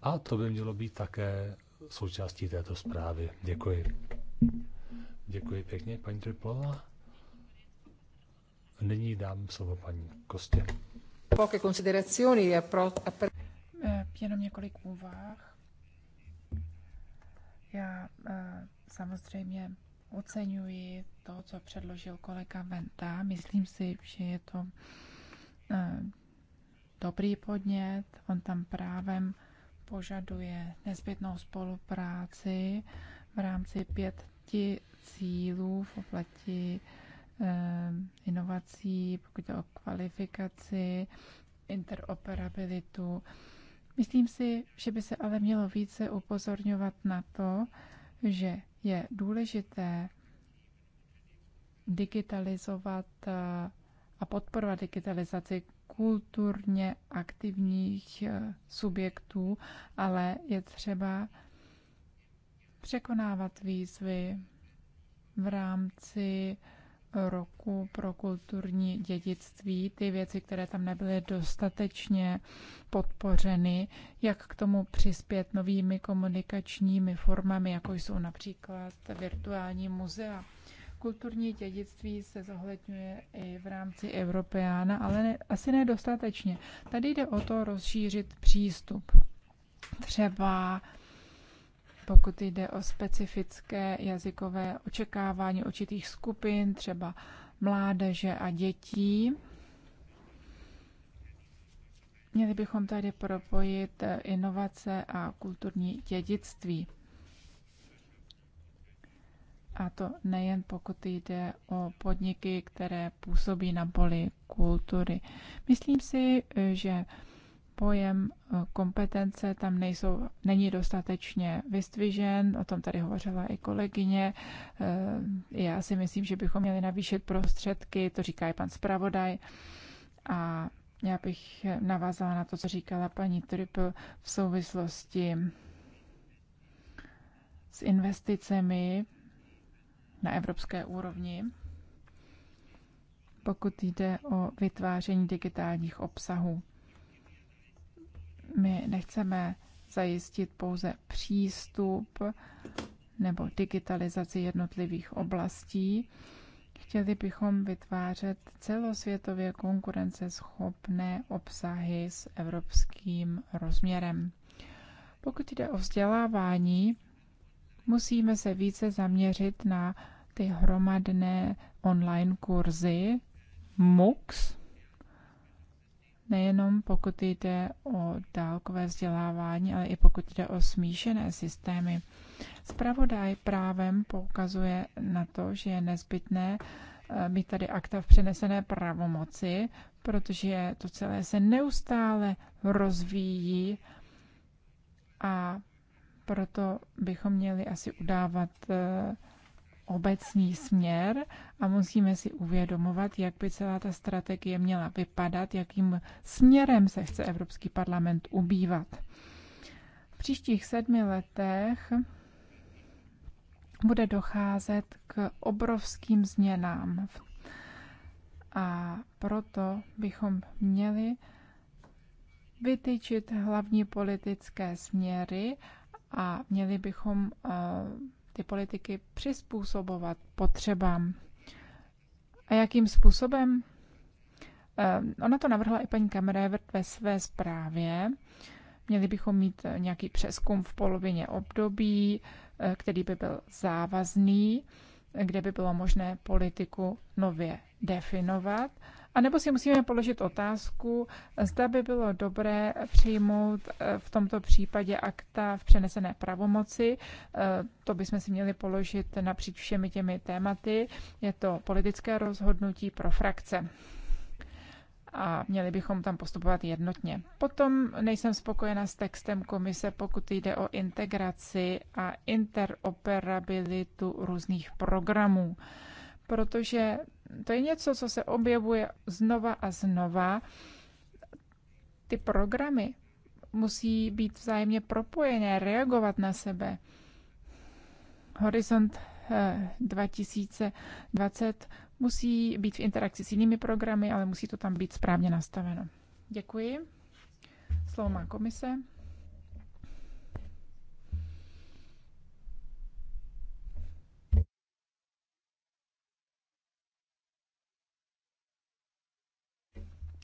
a to by mělo být také součástí této zprávy. Děkuji. Děkuji pěkně, paní Triplova. Nyní dám slovo paní Kostě. Poche considerazioni je pro... Eh, jenom několik úvah. Já eh, samozřejmě oceňuji to, co předložil kolega Venta. Myslím si, že je to eh, dobrý podnět. On tam právem požaduje nezbytnou spolupráci v rámci pěti cílů v oblasti Eh, inovací, pokud jde o kvalifikaci, interoperabilitu. Myslím si, že by se ale mělo více upozorňovat na to, že je důležité digitalizovat eh, a podporovat digitalizaci kulturně aktivních eh, subjektů, ale je třeba překonávat výzvy v rámci roku pro kulturní dědictví, ty věci, které tam nebyly dostatečně podpořeny, jak k tomu přispět novými komunikačními formami, jako jsou například virtuální muzea. Kulturní dědictví se zohledňuje i v rámci Evropeána, ale ne, asi nedostatečně. Tady jde o to rozšířit přístup. Třeba pokud jde o specifické jazykové očekávání určitých skupin, třeba mládeže a dětí. Měli bychom tady propojit eh, inovace a kulturní dědictví. A to nejen pokud jde o podniky, které působí na poli kultury. Myslím si, eh, že pojem eh, kompetence tam nejsou, není dostatečně vystvižen, o tom tady hovořila i kolegyně. Eh, já si myslím, že bychom měli navýšit prostředky, to říká i pan zpravodaj. A já bych navázala na to, co říkala paní Triple v souvislosti s investicemi na evropské úrovni, pokud jde o vytváření digitálních obsahů. My nechceme zajistit pouze přístup nebo digitalizaci jednotlivých oblastí. Chtěli bychom vytvářet celosvětově konkurenceschopné obsahy s evropským rozměrem. Pokud jde o vzdělávání, musíme se více zaměřit na ty hromadné online kurzy MOOCs, nejenom pokud jde o dálkové vzdělávání, ale i pokud jde o smíšené systémy. Spravodaj právem poukazuje na to, že je nezbytné eh, mít tady akta v přenesené pravomoci, protože to celé se neustále rozvíjí a proto bychom měli asi udávat eh, obecný směr a musíme si uvědomovat, jak by celá ta strategie měla vypadat, jakým směrem se chce Evropský parlament ubývat. V příštích sedmi letech bude docházet k obrovským změnám. A proto bychom měli vytyčit hlavní politické směry a měli bychom eh, ty politiky přizpůsobovat potřebám. A jakým způsobem? Ehm, ona to navrhla i paní Kamerevert ve své zprávě. Měli bychom mít eh, nějaký přeskum v polovině období, eh, který by byl závazný, kde by bylo možné politiku nově definovat a nebo si musíme položit otázku, zda by bylo dobré přijmout eh, v tomto případě akta v přenesené pravomoci. Eh, to bychom si měli položit napříč všemi těmi tématy. Je to politické rozhodnutí pro frakce a měli bychom tam postupovat jednotně. Potom nejsem spokojena s textem komise, pokud jde o integraci a interoperabilitu různých programů, protože to je něco, co se objevuje znova a znova. Ty programy musí být vzájemně propojené, reagovat na sebe. Horizont 2020 eh, musí být v interakci s jinými programy, ale musí to tam být správně nastaveno. Děkuji. Slovo má komise.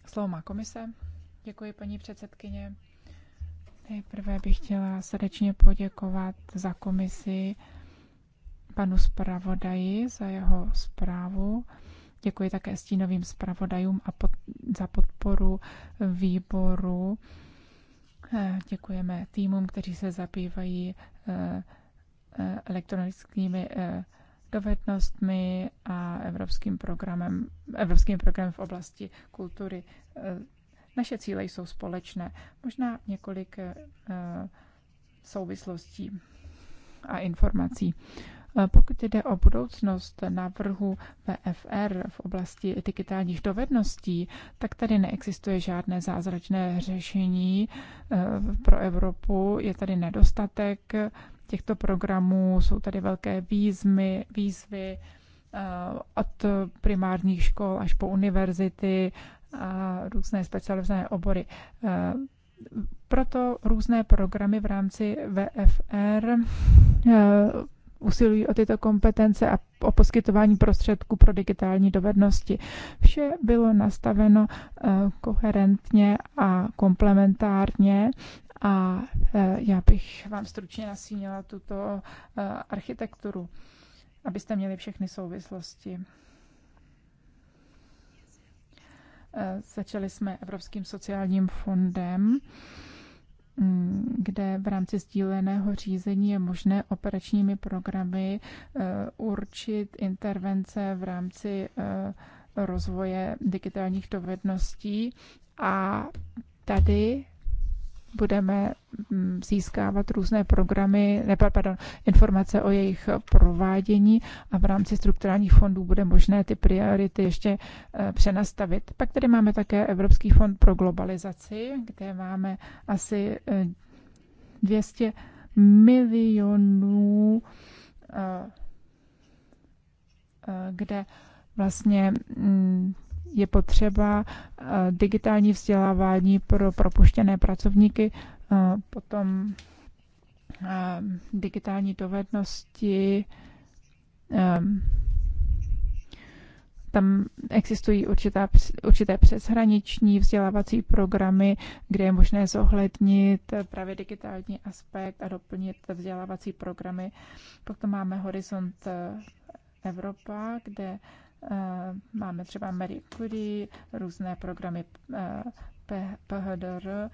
Slovo má komise. Děkuji, paní předsedkyně. Nejprve bych chtěla srdečně poděkovat za komisi panu zpravodaji za jeho zprávu. Děkuji také stínovým zpravodajům a pod, za podporu výboru. Eh, děkujeme týmům, kteří se zabývají eh, eh, elektronickými dovednostmi a evropským programem, evropským programem v oblasti kultury. Eh, naše cíle jsou společné. Možná několik eh, souvislostí a informací. Eh, pokud jde o budoucnost návrhu VFR v oblasti digitálních dovedností, tak tady neexistuje žádné zázračné řešení pro Evropu. Je tady nedostatek těchto programů. Jsou tady velké výzmy, výzvy eh, od primárních škol až po univerzity a různé specializované obory. Eh, proto různé programy v rámci VFR eh, usilují o tyto kompetence a o poskytování prostředků pro digitální dovednosti. Vše bylo nastaveno koherentně a komplementárně a e, já bych vám stručně nasínila tuto e, architekturu, abyste měli všechny souvislosti. E, začali jsme Evropským sociálním fondem, mm, kde v rámci sdíleného řízení je možné operačními programy určit intervence v rámci rozvoje digitálních dovedností a tady budeme mm, získávat různé programy, ne, pardon, informace o jejich provádění a v rámci strukturálních fondů bude možné ty priority ještě eh, přenastavit. Pak tady máme také Evropský fond pro globalizaci, kde máme asi 200 eh, milionů, eh, kde vlastně mm, je potřeba eh, digitální vzdělávání pro propuštěné pracovníky, eh, potom eh, digitální dovednosti. Tam existují určitá, určité přeshraniční vzdělávací programy, kde je možné zohlednit právě digitální aspekt a doplnit vzdělávací programy. Potom máme Horizont Evropa, kde Eh, máme třeba Marie Curie, různé programy eh, PHDR eh,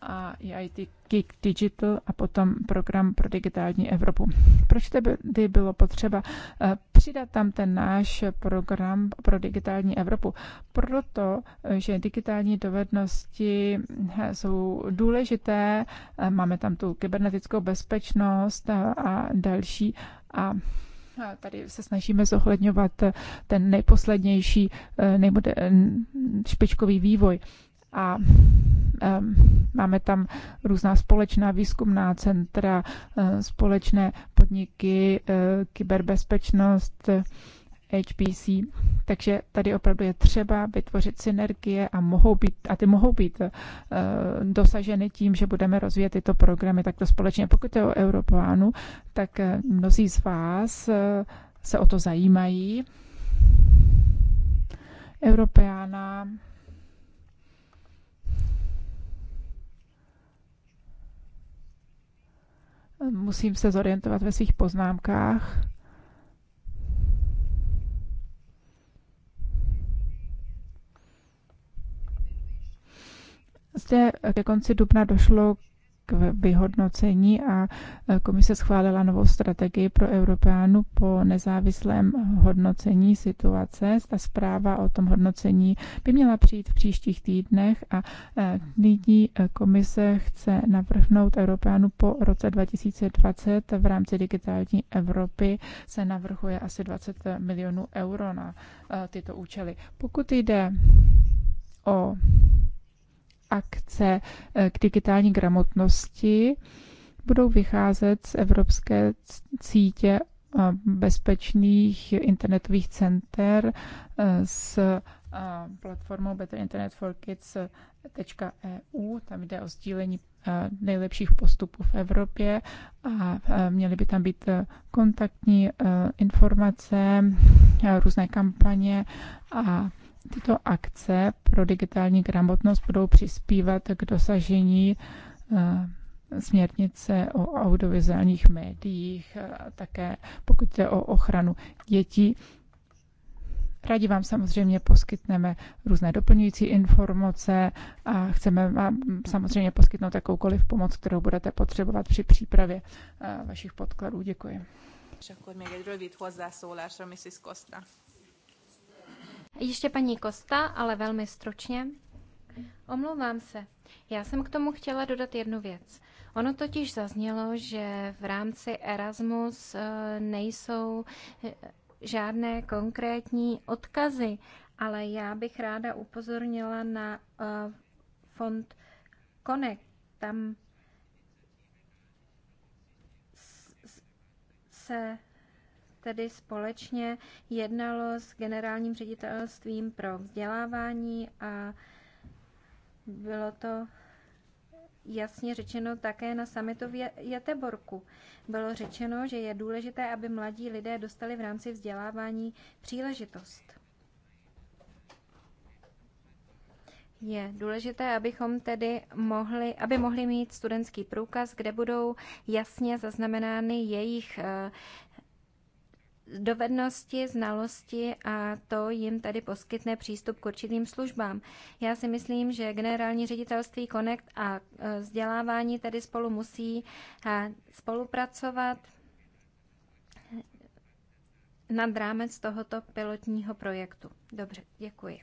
a IT Geek Digital a potom program pro digitální Evropu. Proč tedy bylo potřeba přidat tam ten náš program pro digitální Evropu? Proto, že digitální dovednosti jsou důležité, máme tam tu kybernetickou bezpečnost a další a Tady se snažíme zohledňovat eh, ten nejposlednější, eh, špičkový vývoj. A máme tam různá společná výzkumná centra, eh, společné podniky, kyberbezpečnost, HPC. Takže tady opravdu je třeba vytvořit synergie a, mohou být, a ty mohou být uh, dosaženy tím, že budeme rozvíjet tyto programy takto společně. Pokud je o Europlánu, tak eh, mnozí z vás uh, se o to zajímají. Europeana musím se zorientovat ve svých poznámkách. Zde ke konci dubna došlo k vyhodnocení a e, komise schválila novou strategii pro Europeánu po nezávislém hodnocení situace. Ta zpráva o tom hodnocení by měla přijít v příštích týdnech a e, nyní e, komise chce navrhnout Europeánu po roce 2020 v rámci digitální Evropy se navrhuje asi 20 milionů euro na tyto účely. Pokud jde o akce eh, k digitální gramotnosti budou vycházet z evropské cítě eh, bezpečných internetových center eh, s platformou Better Internet for Tam jde o sdílení nejlepších postupů v Evropě a měly by tam být kontaktní informace, různé kampaně a Tyto akce pro digitální gramotnost budou přispívat k dosažení eh, směrnice o audiovizuálních médiích, eh, také pokud jde o ochranu dětí. Rádi vám samozřejmě poskytneme různé doplňující informace a chceme vám samozřejmě poskytnout jakoukoliv pomoc, kterou budete potřebovat při přípravě eh, vašich podkladů. Děkuji. És akkor még egy rövid hozzászólásra, Mrs. Costa. Ještě paní Kosta, ale velmi stručně. Omlouvám se. Já jsem k tomu chtěla dodat jednu věc. Ono totiž zaznělo, že v rámci Erasmus eh, nejsou eh, žádné konkrétní odkazy, ale já bych ráda upozornila na eh, fond Connect. Tam se tedy společně jednalo s generálním ředitelstvím pro vzdělávání a bylo to jasně řečeno také na summitu v Jeteborku. Bylo řečeno, že je důležité, aby mladí lidé dostali v rámci vzdělávání příležitost. Je důležité, abychom tedy mohli, aby mohli mít studentský průkaz, kde budou jasně zaznamenány jejich eh, dovednosti, znalosti a to jim tady poskytne přístup k určitým službám. Já si myslím, že generální ředitelství Connect a e, vzdělávání tady spolu musí e, spolupracovat nad rámec tohoto pilotního projektu. Dobře, děkuji.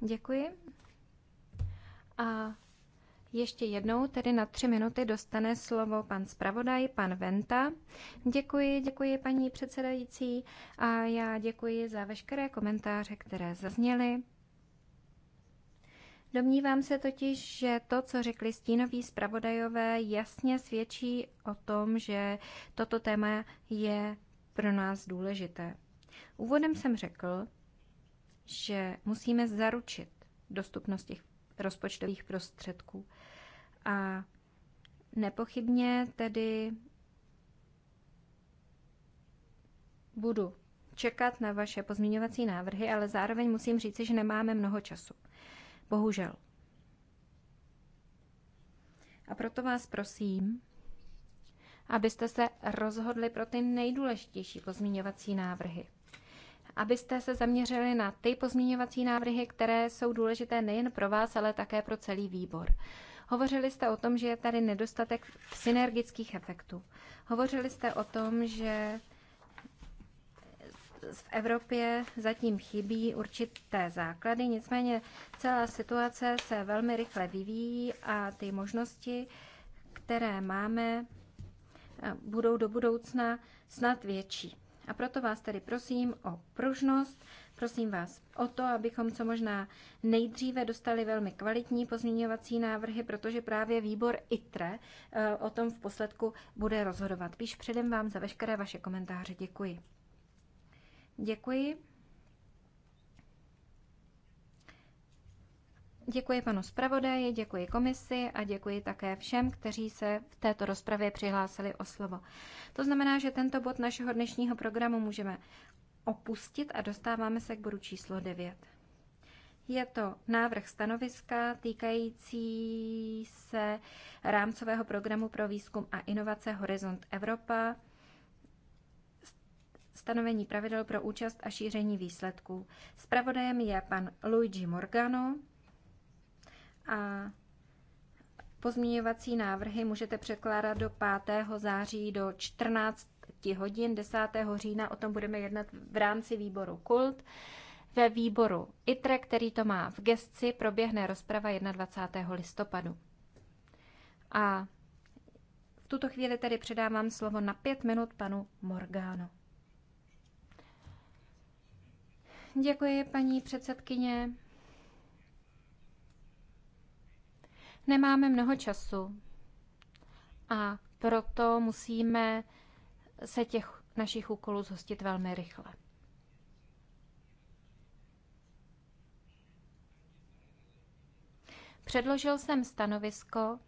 Děkuji. A ještě jednou, tedy na tři minuty, dostane slovo pan zpravodaj, pan Venta. Děkuji, děkuji paní předsedající a já děkuji za veškeré komentáře, které zazněly. Domnívám se totiž, že to, co řekli stínoví zpravodajové, jasně svědčí o tom, že toto téma je pro nás důležité. Úvodem jsem řekl, že musíme zaručit dostupnost těch rozpočtových prostředků. A nepochybně tedy budu čekat na vaše pozměňovací návrhy, ale zároveň musím říci, že nemáme mnoho času. Bohužel. A proto vás prosím, abyste se rozhodli pro ty nejdůležitější pozměňovací návrhy. Abyste se zaměřili na ty pozměňovací návrhy, které jsou důležité nejen pro vás, ale také pro celý výbor. Hovořili jste o tom, že je tady nedostatek synergických efektů. Hovořili jste o tom, že v Evropě zatím chybí určité základy, nicméně celá situace se velmi rychle vyvíjí a ty možnosti, které máme, eh, budou do budoucna snad větší. A proto vás tedy prosím o pružnost Prosím vás o to, abychom co možná nejdříve dostali velmi kvalitní pozměňovací návrhy, protože právě výbor ITRE eh, o tom v posledku bude rozhodovat. Píš předem vám za veškeré vaše komentáře. Děkuji. Děkuji. Děkuji panu zpravodaji, děkuji komisi a děkuji také všem, kteří se v této rozpravě přihlásili o slovo. To znamená, že tento bod našeho dnešního programu můžeme opustit a dostáváme se k bodu číslo 9. Je to návrh stanoviska týkající se rámcového programu pro výzkum a inovace Horizont Evropa, stanovení pravidel pro účast a šíření výsledků. Spravodajem je pan Luigi Morgano a pozměňovací návrhy můžete překládat do 5. září do 14 15 hodin 10. října. O tom budeme jednat v rámci výboru KULT. Ve výboru ITRE, který to má v gesci, proběhne rozprava 21. listopadu. A v tuto chvíli tedy předávám slovo na pět minut panu Morgánu. Děkuji, paní předsedkyně. Nemáme mnoho času a proto musíme se těch našich úkolů zhostit velmi rychle. Předložil jsem stanovisko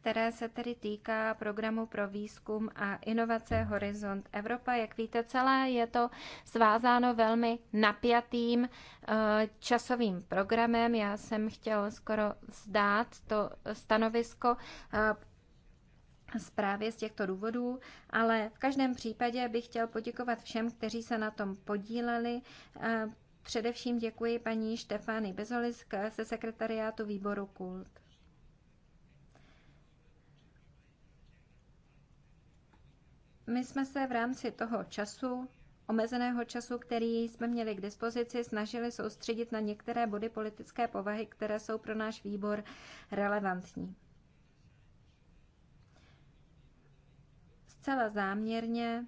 které se tedy týká programu pro výzkum a inovace Horizont Evropa. Jak víte, celé je to svázáno velmi napjatým eh, časovým programem. Já jsem chtěl skoro zdát to stanovisko eh, zprávě z těchto důvodů, ale v každém případě bych chtěl poděkovat všem, kteří se na tom podíleli. Eh, především děkuji paní Štefány Bezolisk ze sekretariátu výboru KULT. My jsme se v rámci toho času, omezeného času, který jsme měli k dispozici, snažili soustředit na některé body politické povahy, které jsou pro náš výbor relevantní. Zcela záměrně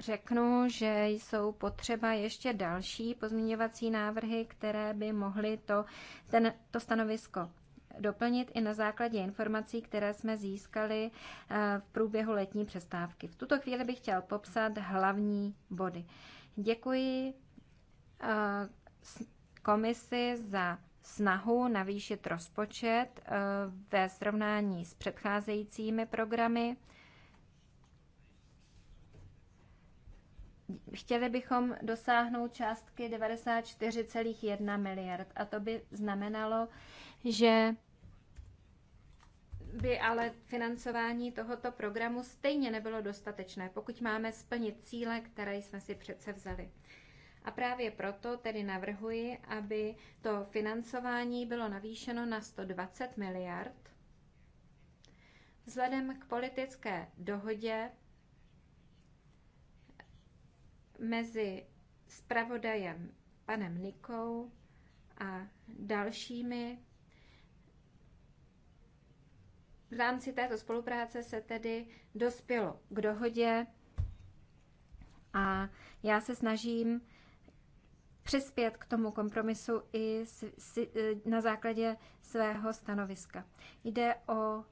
řeknu, že jsou potřeba ještě další pozměňovací návrhy, které by mohly to, ten, to stanovisko doplnit i na základě informací, které jsme získali eh, v průběhu letní přestávky. V tuto chvíli bych chtěl popsat hlavní body. Děkuji eh, komisi za snahu navýšit rozpočet eh, ve srovnání s předcházejícími programy. Chtěli bychom dosáhnout částky 94,1 miliard a to by znamenalo, že by ale financování tohoto programu stejně nebylo dostatečné, pokud máme splnit cíle, které jsme si přece vzali. A právě proto tedy navrhuji, aby to financování bylo navýšeno na 120 miliard. Vzhledem k politické dohodě mezi spravodajem panem Nikou a dalšími v rámci této spolupráce se tedy dospělo k dohodě a já se snažím přispět k tomu kompromisu i na základě svého stanoviska. Jde o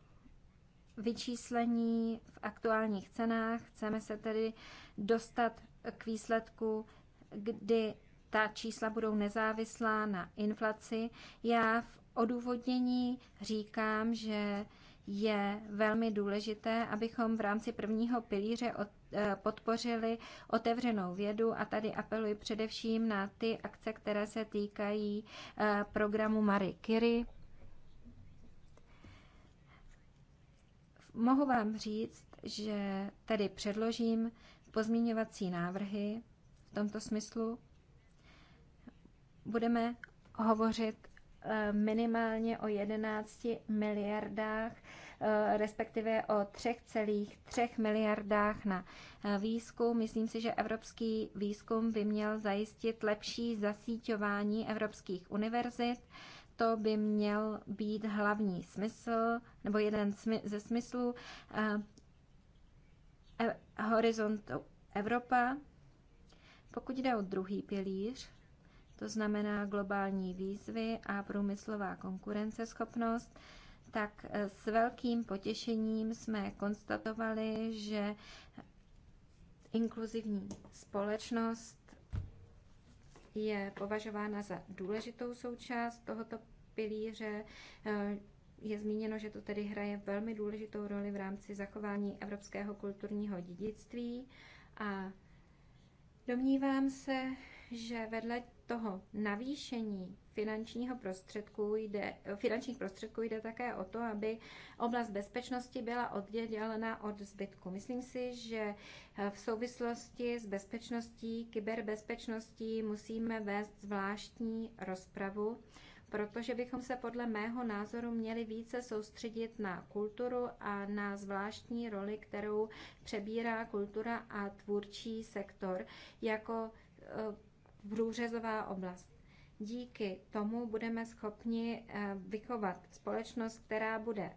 vyčíslení v aktuálních cenách. Chceme se tedy dostat k výsledku, kdy ta čísla budou nezávislá na inflaci. Já v odůvodnění říkám, že je velmi důležité, abychom v rámci prvního pilíře eh, podpořili otevřenou vědu a tady apeluji především na ty akce, které se týkají eh, programu Marie Curie. Mohu vám říct, že tedy předložím pozměňovací návrhy v tomto smyslu. Budeme hovořit Eh, minimálně o 11 miliardách, eh, respektive o 3,3 miliardách na eh, výzkum. Myslím si, že evropský výzkum by měl zajistit lepší zasíťování evropských univerzit. To by měl být hlavní smysl, nebo jeden ze smyslů horizontu Evropa. Pokud jde o druhý pilíř, to znamená globální výzvy a průmyslová konkurenceschopnost, tak eh, s velkým potěšením jsme konstatovali, že inkluzivní společnost je považována za důležitou součást tohoto pilíře. Eh, je zmíněno, že to tedy hraje velmi důležitou roli v rámci zachování evropského kulturního dědictví a domnívám se, že vedle toho navýšení finančního prostředku jde, finančních prostředků jde také o to, aby oblast bezpečnosti byla oddělena od zbytku. Myslím si, že eh, v souvislosti s bezpečností, kyberbezpečností musíme vést zvláštní rozpravu, protože bychom se podle mého názoru měli více soustředit na kulturu a na zvláštní roli, kterou přebírá kultura a tvůrčí sektor jako eh, průřezová oblast. Díky tomu budeme schopni eh, vychovat společnost, která bude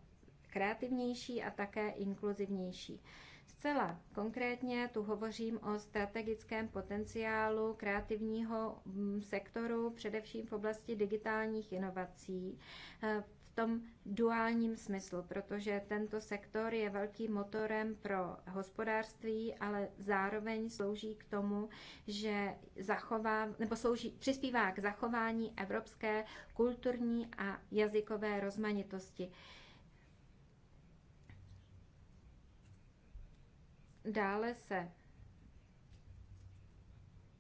kreativnější a také inkluzivnější. Zcela konkrétně tu hovořím o strategickém potenciálu kreativního mm, sektoru, především v oblasti digitálních inovací. Eh, tom duálním smyslu, protože tento sektor je velkým motorem pro hospodářství, ale zároveň slouží k tomu, že zachová, nebo slouží, přispívá k zachování evropské kulturní a jazykové rozmanitosti. Dále se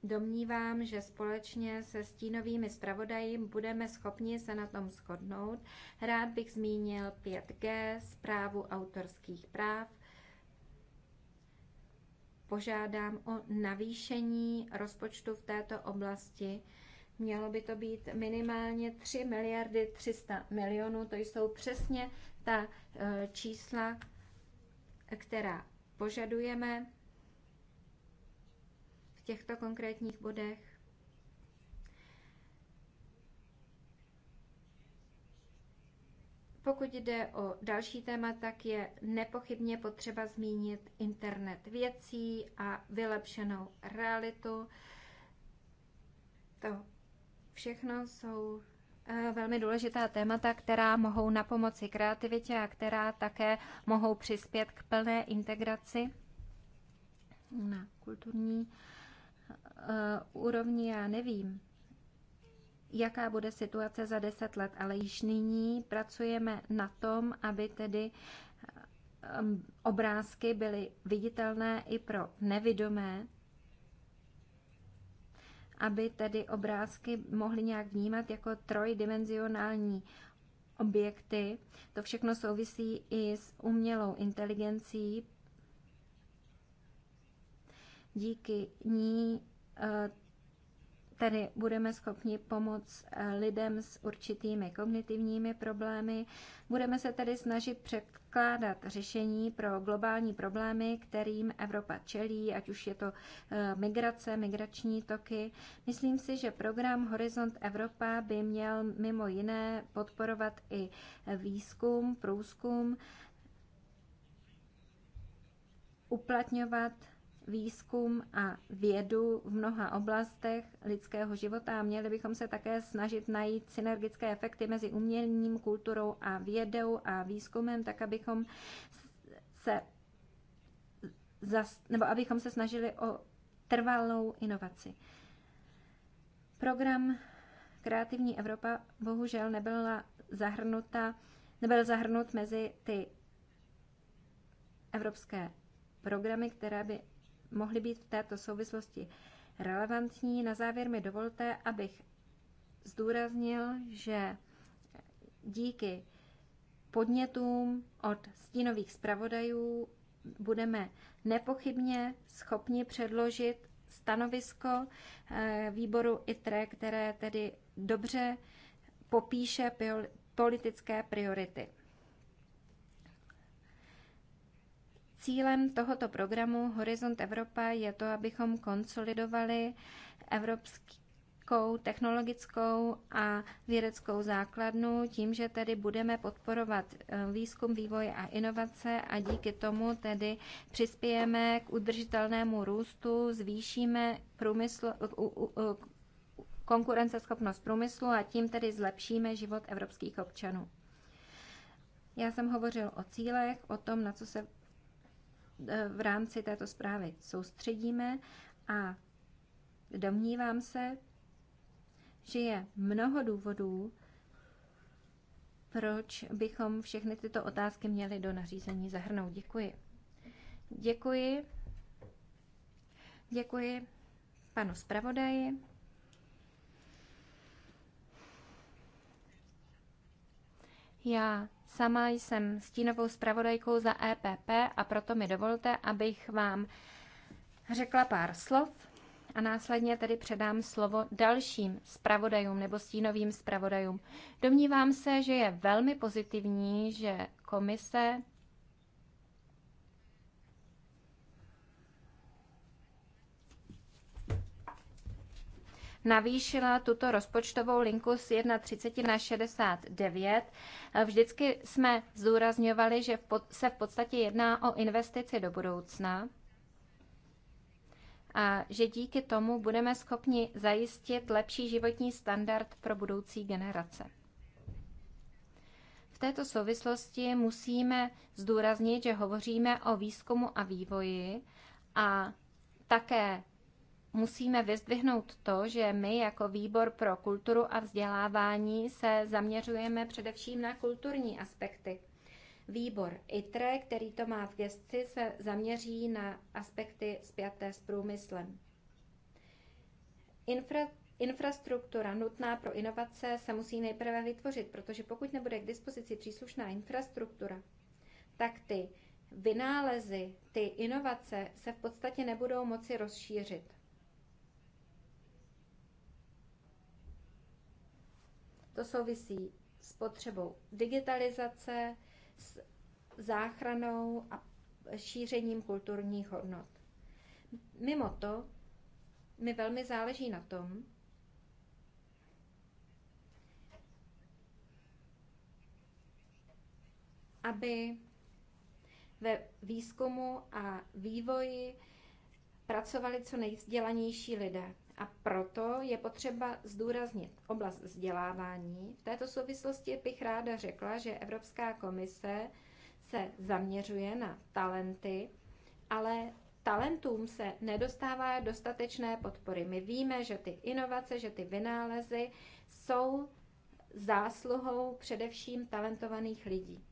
domnívám, že společně se stínovými zpravodaji budeme schopni se na tom shodnout. Rád bych zmínil 5G, zprávu autorských práv, požádám o navýšení rozpočtu v této oblasti. Mělo by to být minimálně 3 miliardy 300 milionů, to jsou přesně ta eh, čísla, která požadujeme těchto konkrétních bodech? Pokud jde o další téma, tak je nepochybně potřeba zmínit internet věcí a vylepšenou realitu. To všechno jsou eh, velmi důležitá témata, která mohou na pomoci kreativitě a která také mohou přispět k plné integraci na kulturní Eh, úrovni já nevím, jaká bude situace za deset let, ale již nyní pracujeme na tom, aby tedy ehm, obrázky byly viditelné i pro nevidomé, aby tedy obrázky mohly nějak vnímat jako trojdimenzionální objekty. To všechno souvisí i s umělou inteligencí. Díky ní Eh, tady budeme schopni pomoct eh, lidem s určitými kognitivními problémy. Budeme se tedy snažit předkládat řešení pro globální problémy, kterým Evropa čelí, ať už je to eh, migrace, migrační toky. Myslím si, že program Horizont Evropa by měl mimo jiné podporovat i výzkum, průzkum, uplatňovat výzkum a vědu v mnoha oblastech lidského života a měli bychom se také snažit najít synergické efekty mezi uměním, kulturou a vědou a výzkumem, tak abychom se, zas, nebo abychom se snažili o trvalou inovaci. Program Kreativní Evropa bohužel nebyla zahrnuta, nebyl zahrnut mezi ty evropské programy, které by mohly být v této souvislosti relevantní. Na závěr mi dovolte, abych zdůraznil, že díky podnětům od stínových zpravodajů budeme nepochybně schopni předložit stanovisko eh, výboru ITRE, které tedy dobře popíše politické priority. Cílem tohoto programu Horizont Evropa je to, abychom konsolidovali evropskou technologickou a vědeckou základnu tím, že tedy budeme podporovat eh, výzkum, vývoj a inovace a díky tomu tedy přispějeme k udržitelnému růstu, zvýšíme průmysl, konkurenceschopnost průmyslu a tím tedy zlepšíme život evropských občanů. Já jsem hovořil o cílech, o tom, na co se v rámci této zprávy soustředíme a domnívám se, že je mnoho důvodů, proč bychom všechny tyto otázky měli do nařízení zahrnout. Děkuji. Děkuji. Děkuji panu zpravodaji. Já Sama jsem stínovou zpravodajkou za EPP a proto mi dovolte, abych vám řekla pár slov a následně tedy předám slovo dalším zpravodajům nebo stínovým zpravodajům. Domnívám se, že je velmi pozitivní, že komise navýšila tuto rozpočtovou linku z 1,30 na 69. Vždycky jsme zdůrazňovali, že se v podstatě jedná o investici do budoucna a že díky tomu budeme schopni zajistit lepší životní standard pro budoucí generace. V této souvislosti musíme zdůraznit, že hovoříme o výzkumu a vývoji a také musíme vyzdvihnout to, že my jako výbor pro kulturu a vzdělávání se zaměřujeme především na kulturní aspekty. Výbor ITRE, který to má v gestci, se zaměří na aspekty spjaté s průmyslem. Infra, infrastruktura nutná pro inovace se musí nejprve vytvořit, protože pokud nebude k dispozici příslušná infrastruktura, tak ty vynálezy, ty inovace se v podstatě nebudou moci rozšířit. To souvisí s potřebou digitalizace, s záchranou a šířením kulturních hodnot. Mimo to, mi velmi záleží na tom, aby ve výzkumu a vývoji pracovali co nejvzdělanější lidé. A proto je potřeba zdůraznit oblast vzdělávání. V této souvislosti bych ráda řekla, že Evropská komise se zaměřuje na talenty, ale talentům se nedostává dostatečné podpory. My víme, že ty inovace, že ty vynálezy jsou zásluhou především talentovaných lidí.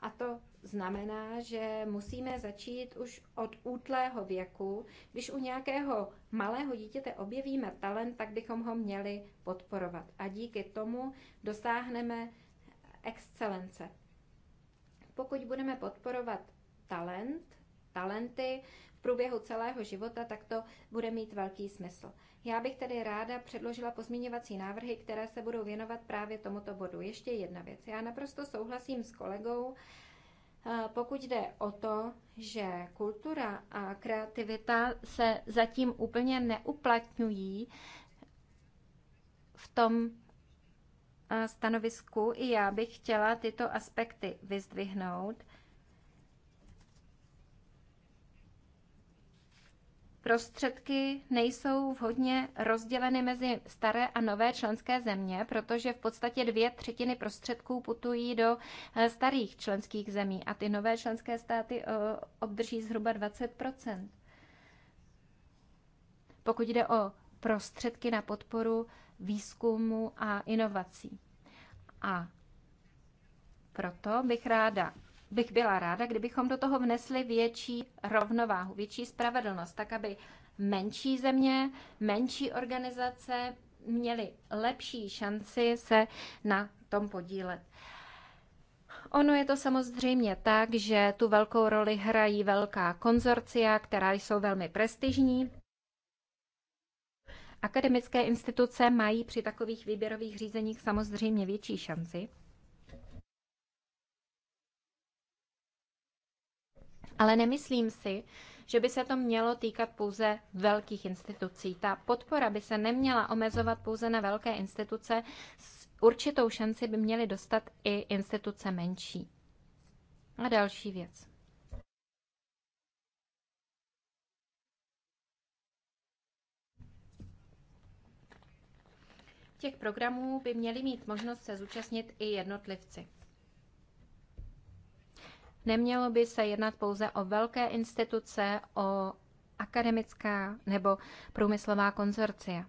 A to znamená, že musíme začít už od útlého věku. Když u nějakého malého dítěte objevíme talent, tak bychom ho měli podporovat. A díky tomu dosáhneme excelence. Pokud budeme podporovat talent, talenty v průběhu celého života, tak to bude mít velký smysl. Já bych tedy ráda předložila pozměňovací návrhy, které se budou věnovat právě tomuto bodu. Ještě jedna věc. Já naprosto souhlasím s kolegou, Eh, pokud jde o to, že kultura a kreativita se zatím úplně neuplatňují v tom eh, stanovisku, i já bych chtěla tyto aspekty vyzdvihnout. prostředky nejsou vhodně rozděleny mezi staré a nové členské země, protože v podstatě dvě třetiny prostředků putují do eh, starých členských zemí a ty nové členské státy eh, obdrží zhruba 20 Pokud jde o prostředky na podporu výzkumu a inovací. A proto bych ráda bych byla ráda, kdybychom do toho vnesli větší rovnováhu, větší spravedlnost, tak aby menší země, menší organizace měly lepší šanci se na tom podílet. Ono je to samozřejmě tak, že tu velkou roli hrají velká konzorcia, která jsou velmi prestižní. Akademické instituce mají při takových výběrových řízeních samozřejmě větší šanci. Ale nemyslím si, že by se to mělo týkat pouze velkých institucí. Ta podpora by se neměla omezovat pouze na velké instituce, s určitou šanci by měly dostat i instituce menší. A další věc. Těch programů by měli mít možnost se zúčastnit i jednotlivci. Nemělo by se jednat pouze o velké instituce, o akademická nebo průmyslová konzorcia.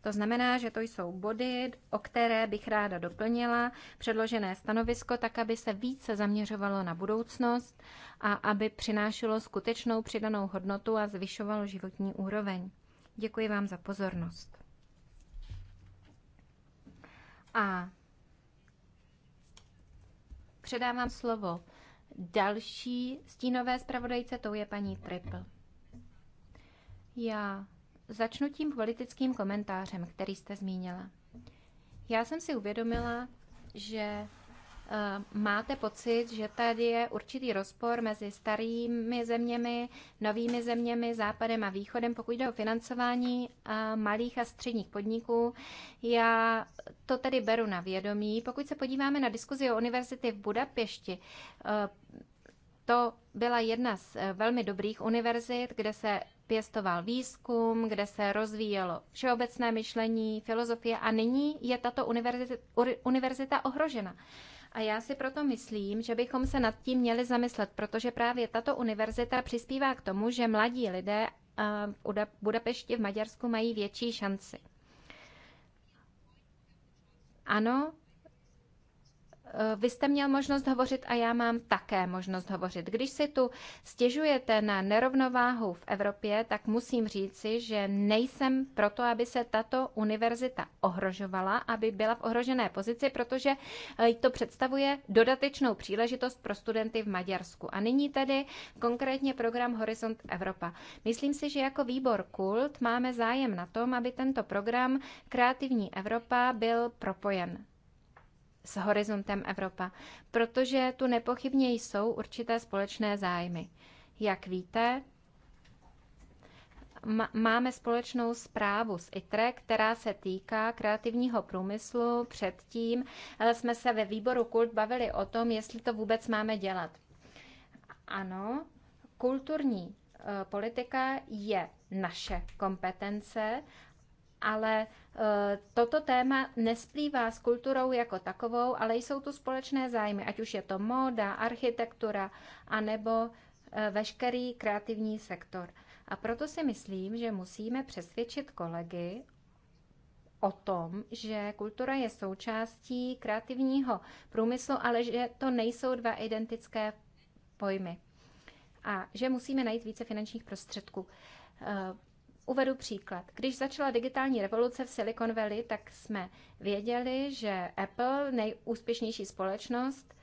To znamená, že to jsou body, o které bych ráda doplnila předložené stanovisko, tak aby se více zaměřovalo na budoucnost a aby přinášelo skutečnou přidanou hodnotu a zvyšovalo životní úroveň. Děkuji vám za pozornost. A předávám slovo další stínové zpravodajce, tou je paní Triple. Já začnu tím politickým komentářem, který jste zmínila. Já jsem si uvědomila, že Eh, máte pocit, že tady je určitý rozpor mezi starými zeměmi, novými zeměmi, západem a východem, pokud jde o financování eh, malých a středních podniků. Já to tedy beru na vědomí. Pokud se podíváme na diskuzi o univerzity v Budapešti, eh, to byla jedna z velmi dobrých univerzit, kde se pěstoval výzkum, kde se rozvíjelo všeobecné myšlení, filozofie a nyní je tato univerzita, univerzita ohrožena. Uh, a já si proto myslím, že bychom se nad tím měli zamyslet, protože právě tato univerzita přispívá k tomu, že mladí lidé eh, v Budapešti v Maďarsku mají větší šanci. Ano, Eh, vy jste měl možnost hovořit a já mám také možnost hovořit. Když si tu stěžujete na nerovnováhu v Evropě, tak musím říci, že nejsem proto, aby se tato univerzita ohrožovala, aby byla v ohrožené pozici, protože eh, to představuje dodatečnou příležitost pro studenty v Maďarsku. A nyní tedy konkrétně program Horizont Evropa. Myslím si, že jako výbor KULT máme zájem na tom, aby tento program Kreativní Evropa byl propojen s horizontem Evropa, protože tu nepochybně jsou určité společné zájmy. Jak víte, máme společnou zprávu z ITRE, která se týká kreativního průmyslu. Předtím eh, jsme se ve výboru Kult bavili o tom, jestli to vůbec máme dělat. Ano, kulturní eh, politika je naše kompetence ale eh, toto téma nesplývá s kulturou jako takovou, ale jsou tu společné zájmy, ať už je to móda, architektura, anebo eh, veškerý kreativní sektor. A proto si myslím, že musíme přesvědčit kolegy o tom, že kultura je součástí kreativního průmyslu, ale že to nejsou dva identické pojmy a že musíme najít více finančních prostředků. Eh, Uvedu příklad. Když začala digitální revoluce v Silicon Valley, tak jsme věděli, že Apple, nejúspěšnější společnost,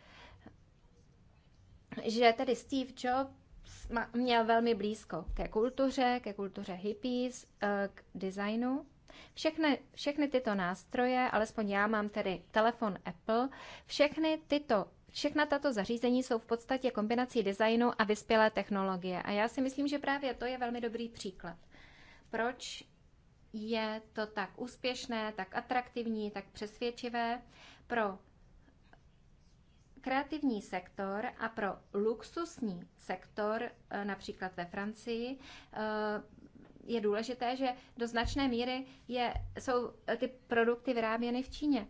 že tedy Steve Jobs měl velmi blízko ke kultuře, ke kultuře hippies, eh, k designu. Všechny, všechny tyto nástroje, alespoň já mám tedy telefon Apple, všechny tyto Všechna tato zařízení jsou v podstatě kombinací designu a vyspělé technologie. A já si myslím, že právě to je velmi dobrý příklad proč je to tak úspěšné, tak atraktivní, tak přesvědčivé pro kreativní sektor a pro luxusní sektor, eh, například ve Francii, eh, je důležité, že do značné míry je, jsou eh, ty produkty vyráběny v Číně.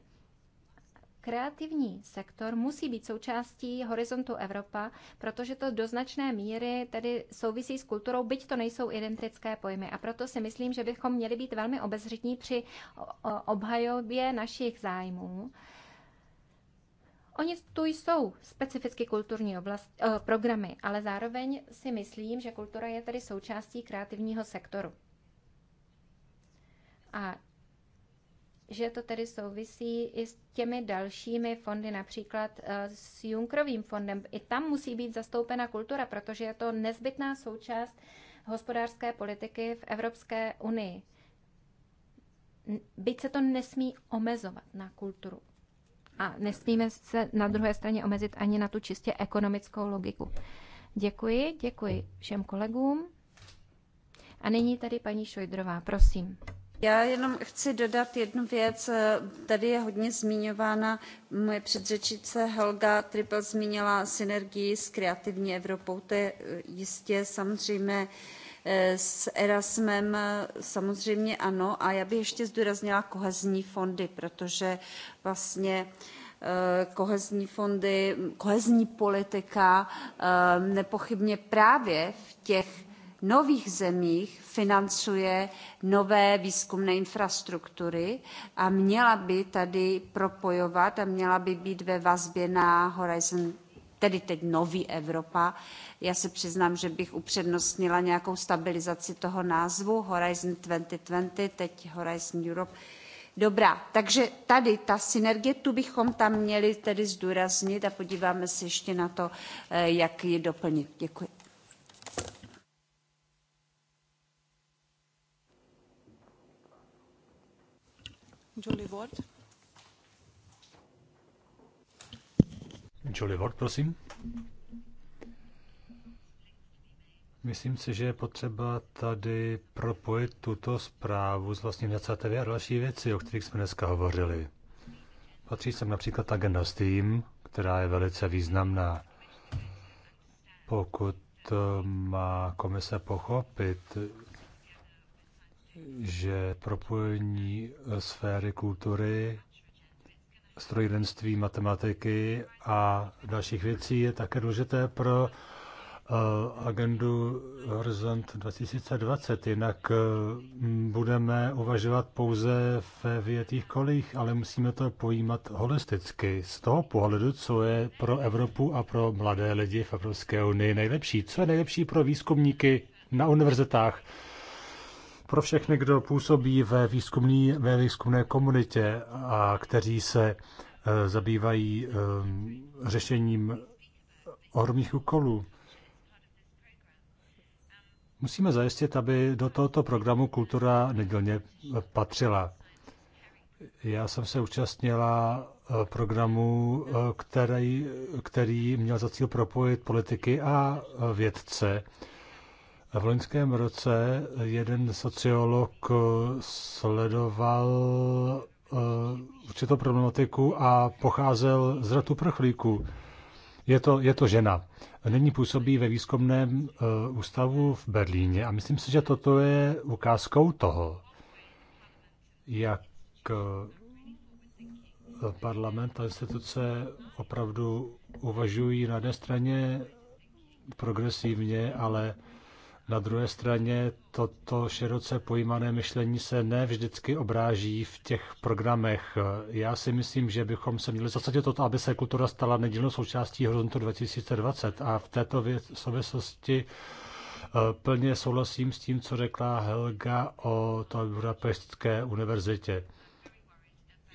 Kreativní sektor musí být součástí horizontu Evropa, protože to do značné míry tedy souvisí s kulturou, byť to nejsou identické pojmy. A proto si myslím, že bychom měli být velmi obezřetní při obhajobě našich zájmů. Oni tu jsou specificky kulturní oblast, eh, programy, ale zároveň si myslím, že kultura je tedy součástí kreativního sektoru. A že to tedy souvisí i s těmi dalšími fondy, například eh, s Junkrovým fondem. I tam musí být zastoupena kultura, protože je to nezbytná součást hospodářské politiky v Evropské unii. Byť se to nesmí omezovat na kulturu. A nesmíme se na druhé straně omezit ani na tu čistě ekonomickou logiku. Děkuji, děkuji všem kolegům. A nyní tady paní Šojdrová, prosím. Já jenom chci dodat jednu věc. Eh, tady je hodně zmiňována moje předřečnice Helga Triple zmínila synergii s kreativní Evropou. To je eh, jistě samozřejmě eh, s Erasmem samozřejmě ano. A já bych ještě zdůraznila kohezní fondy, protože vlastně kohezní fondy, kohezní politika nepochybně právě v těch nových zemích financuje nové výzkumné infrastruktury a měla by tady propojovat a měla by být ve vazbě na Horizon tedy teď nový Evropa. Já se přiznám, že bych upřednostnila nějakou stabilizaci toho názvu Horizon 2020, teď Horizon Europe. Dobrá, takže tady ta synergie, tu bychom tam měli tedy zdůraznit a podíváme se ještě na to, eh, jak ji doplnit. Děkuji. Julie Ward. Ward, prosím. Myslím si, že je potřeba tady propojit tuto zprávu s vlastním iniciativy a další věci, o kterých jsme dneska hovořili. Patří sem například agenda Steam, která je velice významná. Pokud eh, má komise pochopit, že propojení eh, sféry kultury, strojírenství, matematiky a dalších věcí je také důležité pro eh, agendu Horizont 2020. Jinak eh, budeme uvažovat pouze ve větých kolích, ale musíme to pojímat holisticky. Z toho pohledu, co je pro Evropu a pro mladé lidi v Evropské unii nejlepší. Co je nejlepší pro výzkumníky na univerzitách, pro všechny, kdo působí ve, výzkumný, ve výzkumné komunitě a kteří se eh, zabývají eh, řešením ohromných úkolů. Musíme zajistit, aby do tohoto programu kultura nedělně eh, patřila. Já jsem se účastnila programu, který, který měl za cíl propojit politiky a vědce v loňském roce jeden sociolog eh, sledoval eh, určitou problematiku a pocházel z ratu prchlíků. Je to, je to žena. Nyní působí ve výzkumném eh, ústavu v Berlíně a myslím si, že toto je ukázkou toho, jak parlament a instituce opravdu uvažují na jedné straně progresivně, ale na druhé straně toto široce pojímané myšlení se ne vždycky obráží v těch programech. Já si myslím, že bychom se měli zasadit o to, aby se kultura stala nedílnou součástí Horizontu 2020 a v této věc, souvislosti eh, plně souhlasím s tím, co řekla Helga o té Budapestské univerzitě.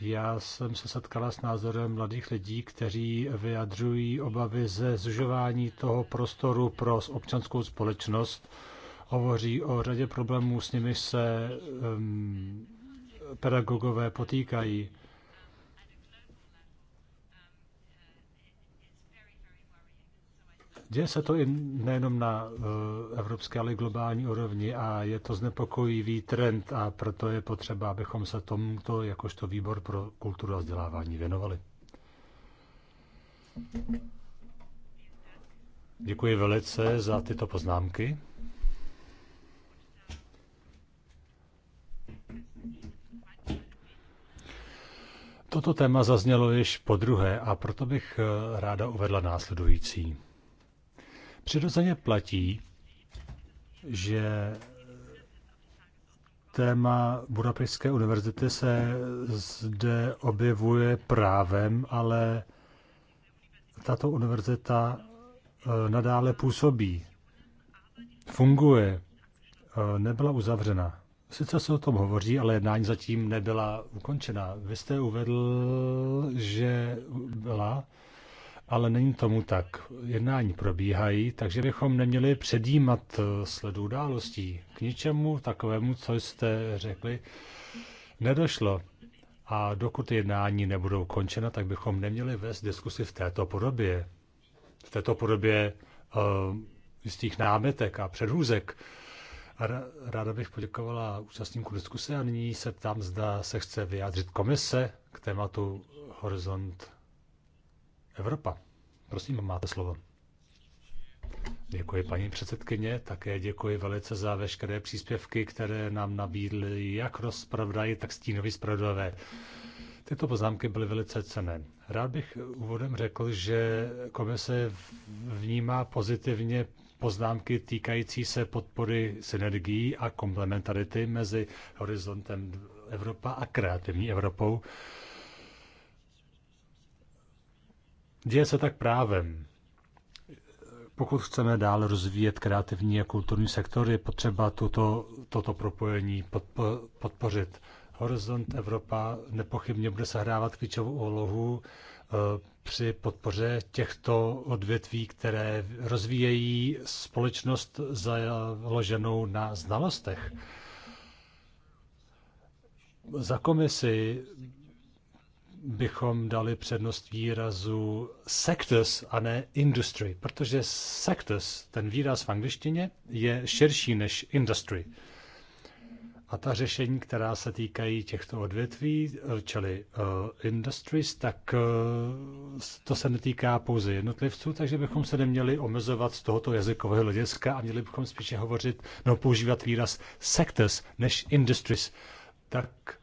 Já jsem se setkala s názorem mladých lidí, kteří vyjadřují obavy ze zužování toho prostoru pro občanskou společnost. Hovoří o řadě problémů, s nimiž se um, pedagogové potýkají. Děje se to i nejenom na eh, evropské, ale i globální úrovni a je to znepokojivý trend a proto je potřeba, abychom se tomuto jakožto výbor pro kulturu a vzdělávání věnovali. Děkuji velice za tyto poznámky. Toto téma zaznělo již po druhé a proto bych eh, ráda uvedla následující. Přirozeně platí, že téma Budapešské univerzity se zde objevuje právem, ale tato univerzita eh, nadále působí, funguje, eh, nebyla uzavřena. Sice se o tom hovoří, ale jednání zatím nebyla ukončena. Vy jste uvedl, že byla ale není tomu tak. Jednání probíhají, takže bychom neměli předjímat eh, sledu událostí. K ničemu takovému, co jste řekli, nedošlo. A dokud jednání nebudou končena, tak bychom neměli vést diskusi v této podobě. V této podobě uh, jistých námetek a předhůzek. A ráda bych poděkovala účastníkům diskuse a nyní se ptám, zda se chce vyjádřit komise k tématu Horizont Evropa. Prosím, máte slovo. Děkuji, paní předsedkyně. Také děkuji velice za veškeré příspěvky, které nám nabídly jak rozpravdají, tak stínoví zpravodajové. Tyto poznámky byly velice cené. Rád bych úvodem řekl, že komise vnímá pozitivně poznámky týkající se podpory synergií a komplementarity mezi horizontem Evropa a kreativní Evropou, Děje se tak právem. Pokud chceme dál rozvíjet kreativní a kulturní sektor, je potřeba tuto, toto propojení podpo, podpořit. Horizont Evropa nepochybně bude sehrávat klíčovou úlohu eh, při podpoře těchto odvětví, které rozvíjejí společnost založenou na znalostech. Za komisi bychom dali přednost výrazu sectors a ne industry, protože sectors, ten výraz v angličtině, je širší než industry. A ta řešení, která se týkají těchto odvětví, čili uh, industries, tak uh, to se netýká pouze jednotlivců, takže bychom se neměli omezovat z tohoto jazykového hlediska a měli bychom spíše hovořit, no používat výraz sectors než industries. Tak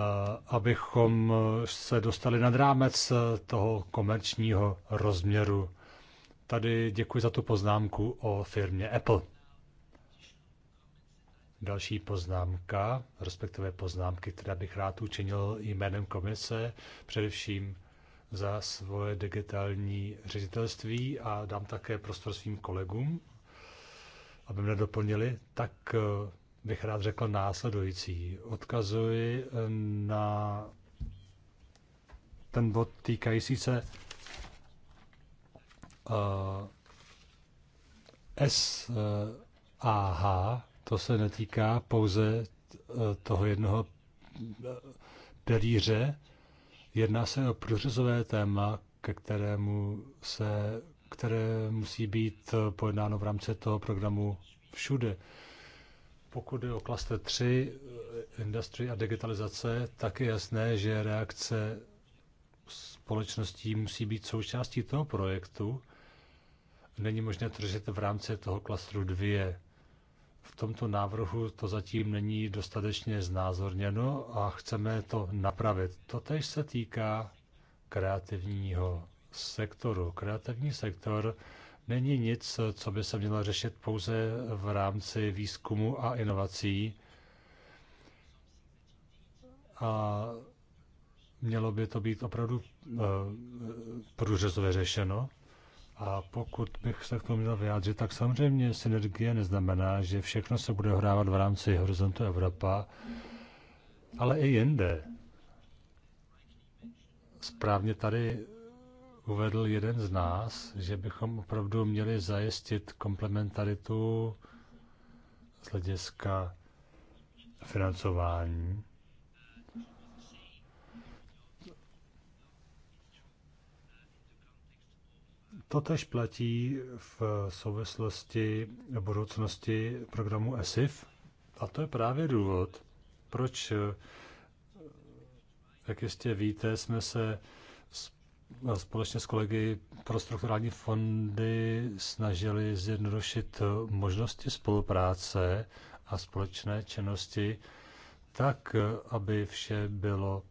Eh, abychom se dostali nad rámec eh, toho komerčního rozměru. Tady děkuji za tu poznámku o firmě Apple. Další poznámka, respektive poznámky, které bych rád učinil jménem komise, především za svoje digitální ředitelství a dám také prostor svým kolegům, aby mě doplnili, tak eh, bych rád řekl následující. Odkazuji eh, na ten bod týkající se uh, eh, SAH, to se netýká pouze eh, toho jednoho pilíře. Jedná se o průřezové téma, ke kterému se, které musí být pojednáno v rámci toho programu všude. Pokud je o klaster 3, eh, industry a digitalizace, tak je jasné, že reakce společností musí být součástí toho projektu. Není možné tržit v rámci toho klastru 2. V tomto návrhu to zatím není dostatečně znázorněno a chceme to napravit. Totež se týká kreativního sektoru. Kreativní sektor není nic, co by se mělo řešit pouze v rámci výzkumu a inovací. A mělo by to být opravdu eh, průřezově řešeno. A pokud bych se k tomu měl vyjádřit, tak samozřejmě synergie neznamená, že všechno se bude hrávat v rámci horizontu Evropa, ale i jinde. Správně tady uvedl jeden z nás, že bychom opravdu měli zajistit komplementaritu z hlediska financování. Totež platí v souvislosti budoucnosti programu ESIF a to je právě důvod, proč, jak jistě víte, jsme se s No, společně s kolegy pro strukturální fondy snažili zjednodušit možnosti spolupráce a společné činnosti tak, aby vše bylo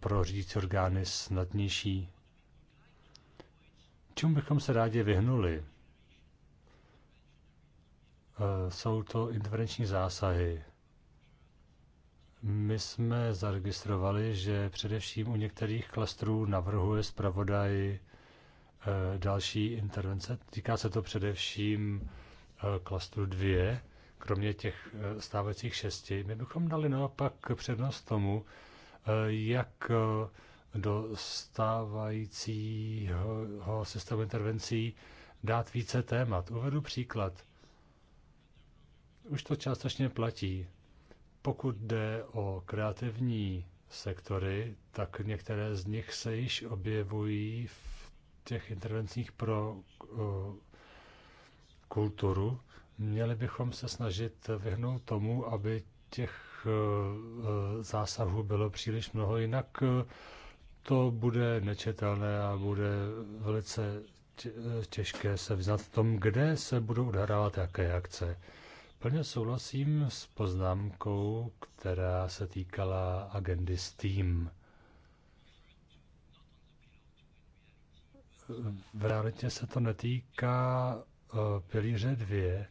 pro řídící orgány snadnější. Čemu bychom se rádi vyhnuli? Eh, jsou to intervenční zásahy. My jsme zaregistrovali, že především u některých klastrů navrhuje zpravodaj eh, další intervence. Týká se to především eh, klastru 2, kromě těch eh, stávajících šesti. My bychom dali naopak přednost tomu, jak do stávajícího systému intervencí dát více témat. Uvedu příklad. Už to částečně platí. Pokud jde o kreativní sektory, tak některé z nich se již objevují v těch intervencích pro eh, kulturu. Měli bychom se snažit vyhnout tomu, aby těch eh, zásahů bylo příliš mnoho, jinak eh, to bude nečetelné a bude velice těžké se vznat v tom, kde se budou odhrávat jaké akce. Plně souhlasím s poznámkou, která se týkala agendy STEAM. V realitě se to netýká eh, pilíře dvě,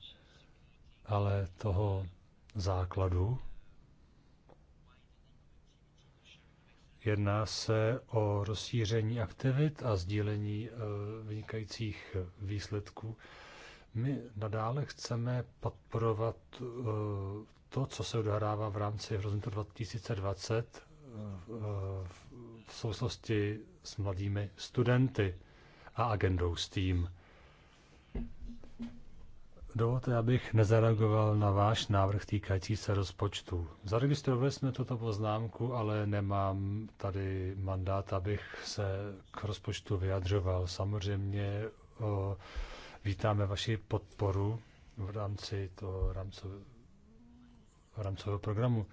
ale toho základu. Jedná se o rozšíření aktivit a sdílení eh, vynikajících výsledků my nadále chceme podporovat eh, to, co se odehrává v rámci Horizontu 2020 eh, v souvislosti s mladými studenty a agendou s tím. Dovolte, abych nezareagoval na váš návrh týkající se rozpočtu. Zaregistrovali jsme tuto poznámku, ale nemám tady mandát, abych se k rozpočtu vyjadřoval. Samozřejmě o, eh, Vítáme vaši podporu v rámci toho rámcového, rámcového programu.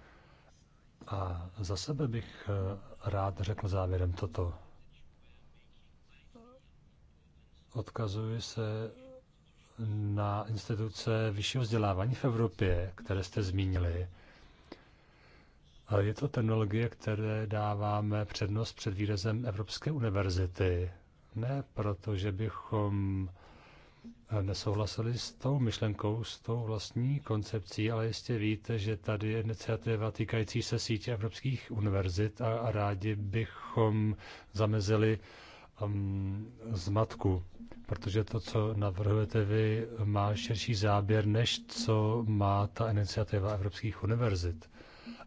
A za sebe bych eh, rád řekl závěrem toto. Odkazuji se na instituce vyššího vzdělávání v Evropě, které jste zmínili. Je to technologie, které dáváme přednost před výrazem Evropské univerzity. Ne proto, že bychom nesouhlasili s tou myšlenkou, s tou vlastní koncepcí, ale jistě víte, že tady je iniciativa týkající se sítě evropských univerzit a, rádi bychom zamezili um, zmatku, protože to, co navrhujete vy, má širší záběr, než co má ta iniciativa evropských univerzit.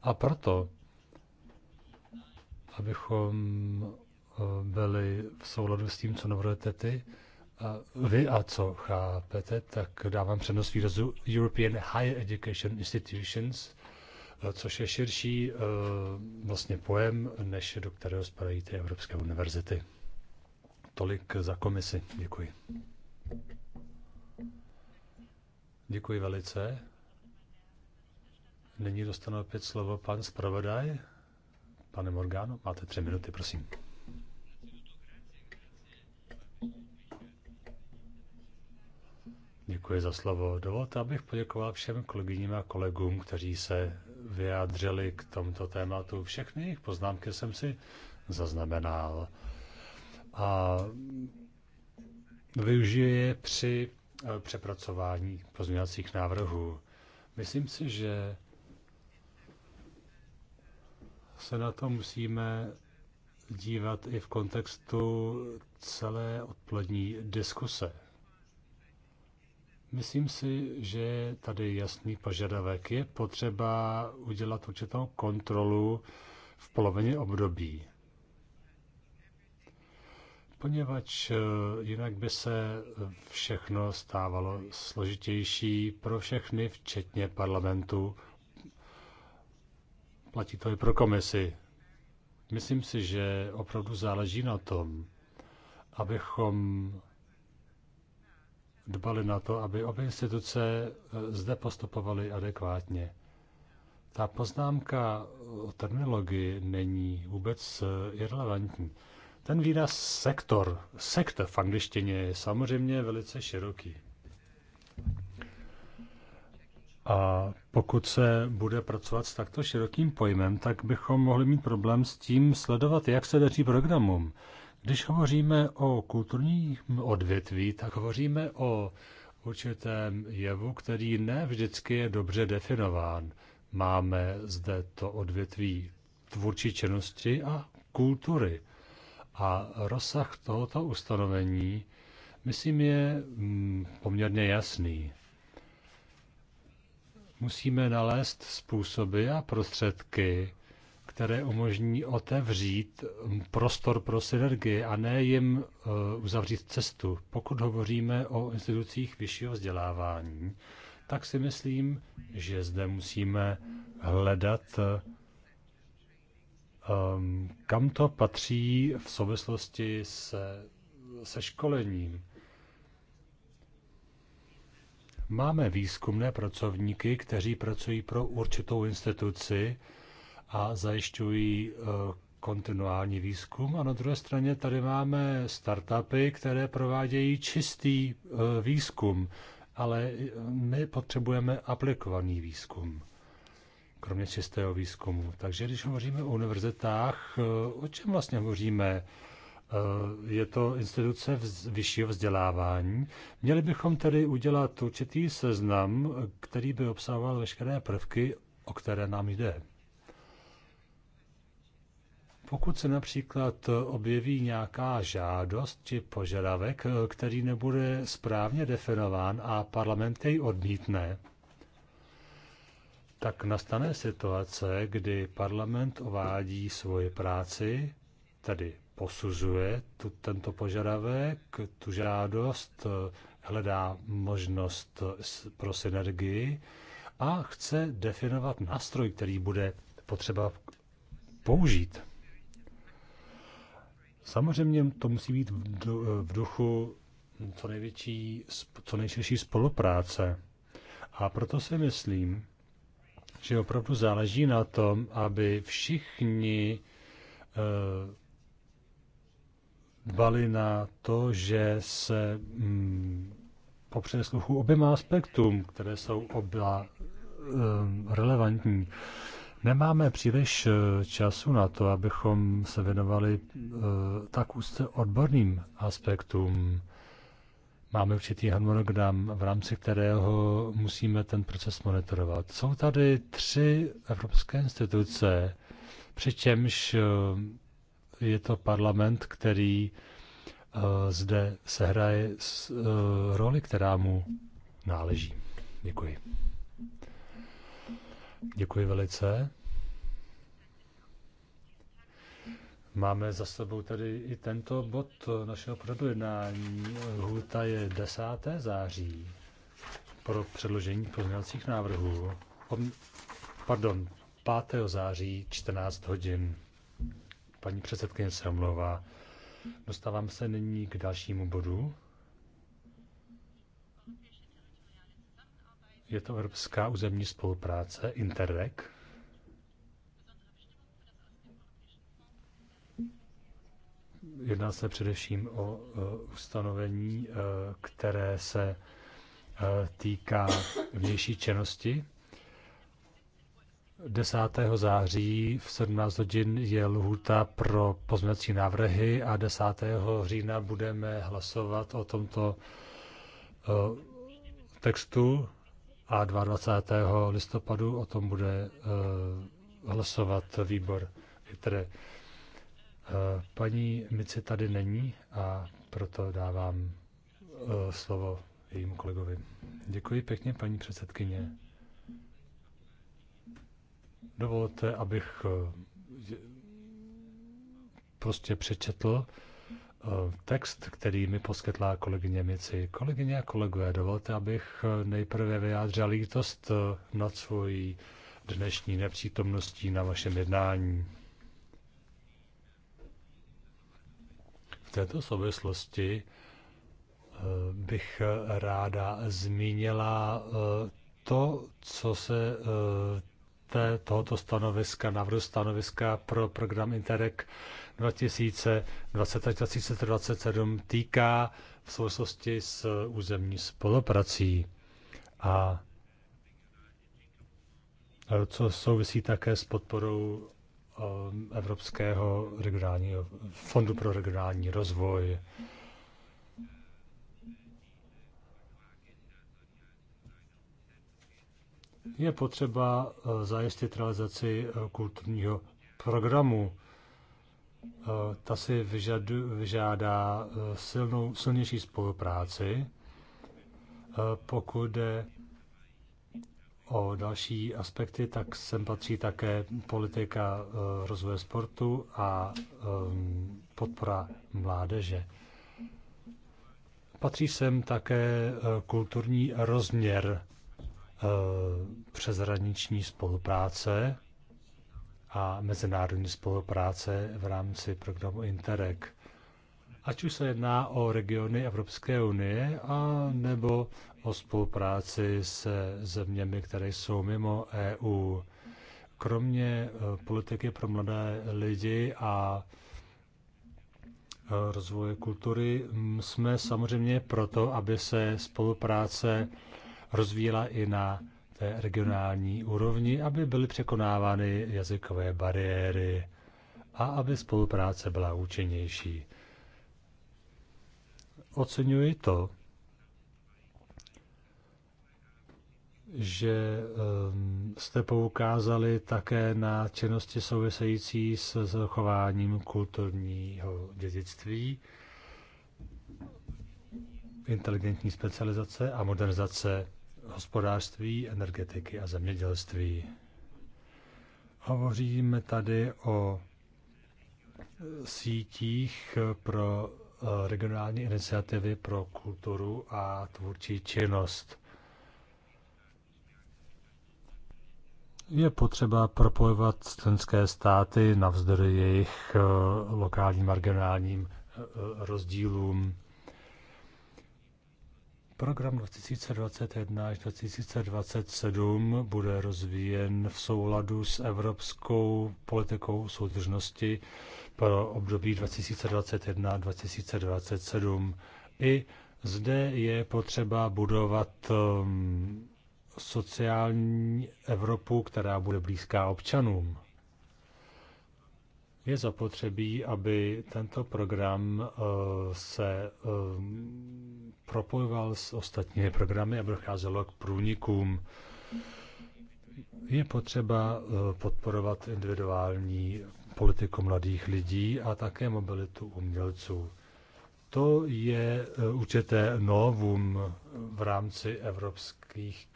A proto, abychom uh, byli v souladu s tím, co navrhujete ty, vy a co chápete, tak dávám přednost výrazu European Higher Education Institutions, eh, což je širší eh, vlastně pojem, než do kterého spadají ty Evropské univerzity. Tolik za komisi. Děkuji. Děkuji velice. Nyní dostanu opět slovo pan zpravodaj. Pane Morgano, máte tři minuty, prosím. Děkuji za slovo. Dovolte, abych poděkoval všem kolegyním a kolegům, kteří se vyjádřili k tomuto tématu. Všechny jejich poznámky jsem si zaznamenal. A využije je při eh, přepracování pozměňovacích návrhů. Myslím si, že se na to musíme dívat i v kontextu celé odpolední diskuse. Myslím si, že je tady jasný požadavek. Je potřeba udělat určitou kontrolu v polovině období. Poněvadž eh, jinak by se všechno stávalo složitější pro všechny, včetně parlamentu. Platí to i pro komisi. Myslím si, že opravdu záleží na tom, abychom dbali na to, aby obě instituce eh, zde postupovaly adekvátně. Ta poznámka o terminologii není vůbec eh, irrelevantní. Ten výraz sektor, sekta v angličtině je samozřejmě velice široký. A pokud se bude pracovat s takto širokým pojmem, tak bychom mohli mít problém s tím sledovat, jak se daří programům. Když hovoříme o kulturním odvětví, tak hovoříme o určitém jevu, který ne vždycky je dobře definován. Máme zde to odvětví tvůrčí činnosti a kultury. A rozsah tohoto ustanovení, myslím, je mm, poměrně jasný. Musíme nalézt způsoby a prostředky, které umožní otevřít prostor pro synergii a ne jim eh, uzavřít cestu. Pokud hovoříme o institucích vyššího vzdělávání, tak si myslím, že zde musíme hledat, ehm, kam to patří v souvislosti se, se školením. Máme výzkumné pracovníky, kteří pracují pro určitou instituci, a zajišťují eh, kontinuální výzkum. A na druhé straně tady máme startupy, které provádějí čistý eh, výzkum, ale eh, my potřebujeme aplikovaný výzkum kromě čistého výzkumu. Takže když hovoříme o univerzitách, o čem vlastně hovoříme? Je to instituce vyššího vzdělávání. Měli bychom tedy udělat určitý seznam, který by obsahoval veškeré prvky, o které nám jde. Pokud se například objeví nějaká žádost či požadavek, který nebude správně definován a parlament jej odmítne, tak nastane situace, kdy parlament ovádí svoji práci, tedy posuzuje tu, tento požadavek, tu žádost, hledá možnost pro synergii a chce definovat nástroj, který bude potřeba použít. Samozřejmě to musí být v duchu co největší, co nejširší spolupráce. A proto si myslím, že opravdu záleží na tom, aby všichni eh, dbali na to, že se mm, po přesluchu oběma aspektům, které jsou oba eh, relevantní. Nemáme příliš eh, času na to, abychom se věnovali eh, tak úzce odborným aspektům. Máme určitý harmonogram, v rámci kterého musíme ten proces monitorovat. Jsou tady tři evropské instituce, přičemž eh, je to parlament, který zde sehraje roli, která mu náleží. Děkuji. Děkuji velice. Máme za sebou tady i tento bod našeho pořadu jednání. Hůta je 10. září pro předložení pozměňovacích návrhů. Pardon, 5. září 14 hodin. Paní předsedkyně se omlouvá. Dostávám se nyní k dalšímu bodu. Je to Evropská územní spolupráce Interreg. Jedná se především o e, ustanovení, e, které se e, týká vnější činnosti. 10. září v 17 hodin je lhůta pro pozměnací návrhy a 10. října budeme hlasovat o tomto textu a 22. listopadu o tom bude eh, hlasovat výbor. Které eh, paní Mici tady není a proto dávám eh, slovo jejímu kolegovi. Děkuji pěkně, paní předsedkyně. Dovolte, abych prostě přečetl Eh, text, který mi poskytla kolegyně Mici. Kolegyně a kolegové, dovolte, abych eh, nejprve vyjádřil lítost eh, nad svojí dnešní nepřítomností na vašem jednání. V této souvislosti bych ráda zmínila to, co se tohoto stanoviska, návrhu stanoviska pro program Interreg 2020 až 2027 týká v souvislosti s územní spoluprací a co souvisí také s podporou um, Evropského regionálního fondu pro regionální rozvoj. je potřeba eh, zajistit realizaci eh, kulturního programu. Eh, ta si vyžadu, vyžádá silnou, silnější spolupráci. Pokud jde o další aspekty, tak sem patří také politika rozvoje sportu a ehm, podpora mládeže. Patří sem také kulturní rozměr Eh, přezraniční spolupráce a mezinárodní spolupráce v rámci programu Interreg. Ať už se jedná o regiony Evropské unie a nebo o spolupráci se zeměmi, které jsou mimo EU. Kromě eh, politiky pro mladé lidi a eh, rozvoje kultury mm, jsme samozřejmě proto, aby se spolupráce rozvíjela i na té regionální úrovni, aby byly překonávány jazykové bariéry a aby spolupráce byla účinnější. Oceňuji to, že ehm, jste poukázali také na činnosti související s zachováním kulturního dědictví, inteligentní specializace a modernizace hospodářství, energetiky a zemědělství. Hovoříme tady o sítích pro eh, regionální iniciativy pro kulturu a tvůrčí činnost. Je potřeba propojovat členské státy navzdory jejich eh, lokálním a regionálním eh, rozdílům Program 2021 až 2027 bude rozvíjen v souladu s evropskou politikou soudržnosti pro období 2021 2027. I zde je potřeba budovat um, sociální Evropu, která bude blízká občanům. Je zapotřebí, aby tento program eh, se eh, propojoval s ostatními programy a docházelo k průnikům. Je potřeba eh, podporovat individuální politiku mladých lidí a také mobilitu umělců. To je určité novum v rámci evropských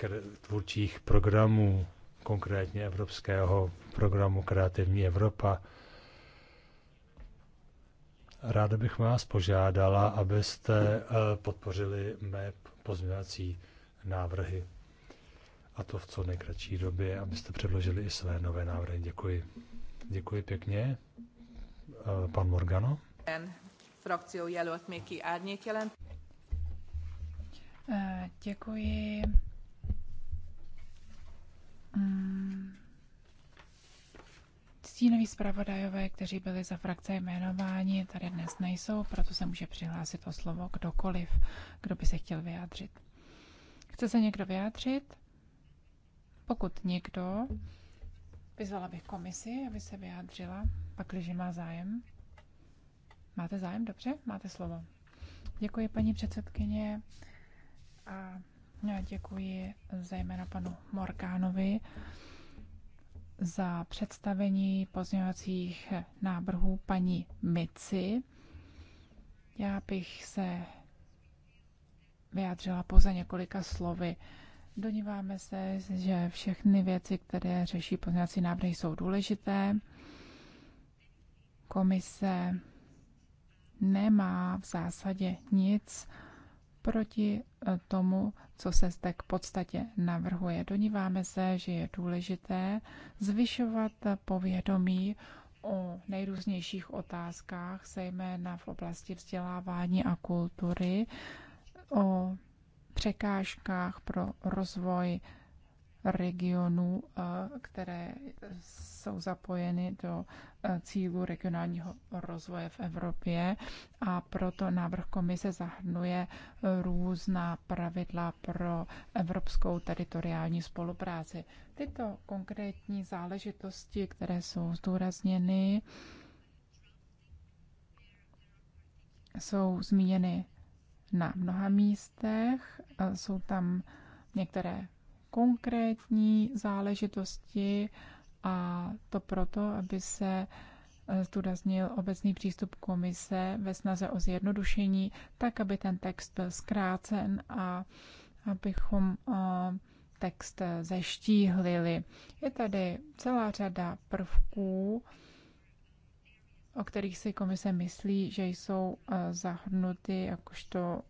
tvůrčích programů, konkrétně evropského programu Kreativní Evropa. Ráda bych vás požádala, abyste eh, podpořili mé pozměňovací návrhy. A to v co nejkratší době, abyste předložili i své nové návrhy. Děkuji. Děkuji pěkně. Eh, pan Morgano. Frakció jelölt eh, Děkuji. Mm. Stínoví zpravodajové, kteří byli za frakce jmenováni, tady dnes nejsou, proto se může přihlásit o slovo kdokoliv, kdo by se chtěl vyjádřit. Chce se někdo vyjádřit? Pokud někdo, vyzvala bych komisi, aby se vyjádřila, pakliže má zájem. Máte zájem? Dobře, máte slovo. Děkuji, paní předsedkyně. A děkuji zejména panu Morkánovi za představení pozměňovacích návrhů paní Mici. Já bych se vyjádřila pouze několika slovy. Doníváme se, že všechny věci, které řeší pozměňovací návrhy, jsou důležité. Komise nemá v zásadě nic proti tomu, co se zde k podstatě navrhuje. Doníváme se, že je důležité zvyšovat povědomí o nejrůznějších otázkách, zejména v oblasti vzdělávání a kultury, o překážkách pro rozvoj regionů, eh, které jsou zapojeny do eh, cílu regionálního rozvoje v Evropě a proto návrh komise zahrnuje eh, různá pravidla pro evropskou teritoriální spolupráci. Tyto konkrétní záležitosti, které jsou zdůrazněny, jsou zmíněny na mnoha místech. Jsou tam některé konkrétní záležitosti a to proto, aby se eh, zdůraznil obecný přístup komise ve snaze o zjednodušení, tak aby ten text byl zkrácen a abychom eh, text zeštíhlili. Je tady celá řada prvků, o kterých si komise myslí, že jsou eh, zahrnuty jakožto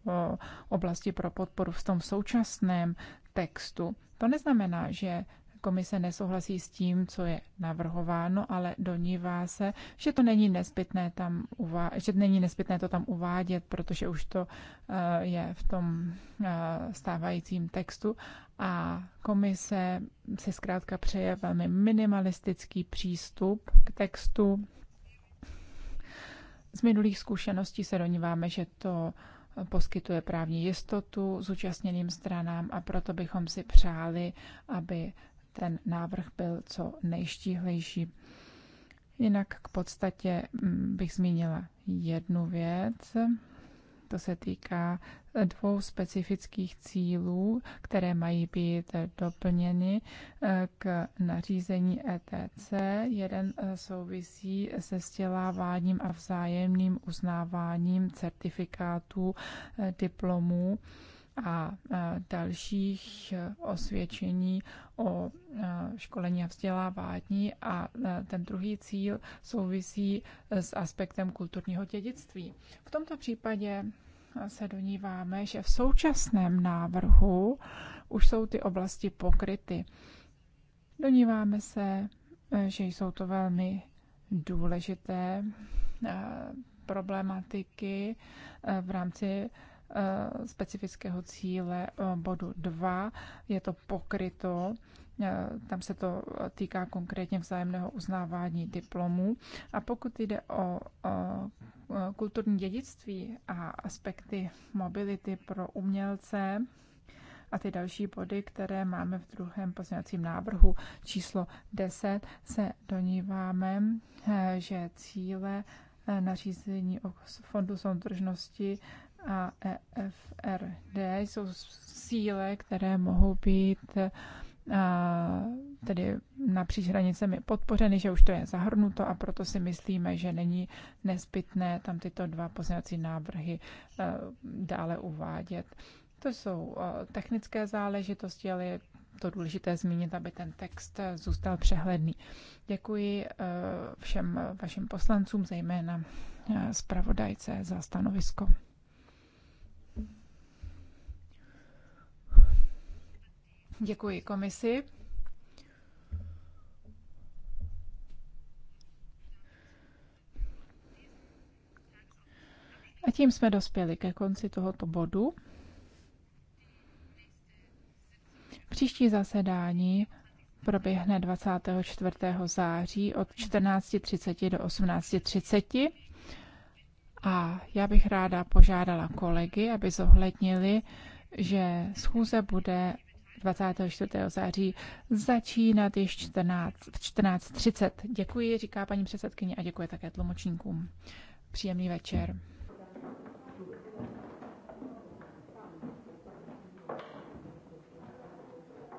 oblasti pro podporu v tom současném textu. To neznamená, že komise nesouhlasí s tím, co je navrhováno, ale donívá se, že to není nezbytné, tam uvá- že není nezbytné to tam uvádět, protože už to uh, je v tom uh, stávajícím textu a komise se zkrátka přeje velmi minimalistický přístup k textu. Z minulých zkušeností se doníváme, že to uh, poskytuje právní jistotu zúčastněným stranám a proto bychom si přáli, aby ten návrh byl co nejštíhlejší. Jinak k podstatě mm, bych zmínila jednu věc. To se týká dvou specifických cílů, které mají být doplněny eh, k nařízení ETC. Jeden eh, souvisí se vzděláváním a vzájemným uznáváním certifikátů, eh, diplomů a dalších osvědčení o školení a vzdělávání a ten druhý cíl souvisí s aspektem kulturního dědictví. V tomto případě se doníváme, že v současném návrhu už jsou ty oblasti pokryty. Doníváme se, že jsou to velmi důležité eh, problematiky eh, v rámci eh, specifického cíle bodu 2. Je to pokryto Eh, tam se to eh, týká konkrétně vzájemného uznávání diplomů. A pokud jde o, eh, kulturní dědictví a aspekty mobility pro umělce, a ty další body, které máme v druhém pozměňovacím návrhu číslo 10, se doníváme, že cíle nařízení o Fondu soudržnosti a EFRD jsou síle, které mohou být tedy napříč hranicemi podpořeny, že už to je zahrnuto a proto si myslíme, že není nezbytné tam tyto dva pozměňovací návrhy e, dále uvádět. To jsou e, technické záležitosti, ale je to důležité zmínit, aby ten text e, zůstal přehledný. Děkuji všem vašim poslancům, zejména zpravodajce za stanovisko. Děkuji komisi. A tím jsme dospěli ke konci tohoto bodu. Příští zasedání proběhne 24. září od 14.30 do 18.30. A já bych ráda požádala kolegy, aby zohlednili, že schůze bude 24. září začínat již 14, 14.30. Děkuji, říká paní předsedkyně a děkuji také tlumočníkům. Příjemný večer.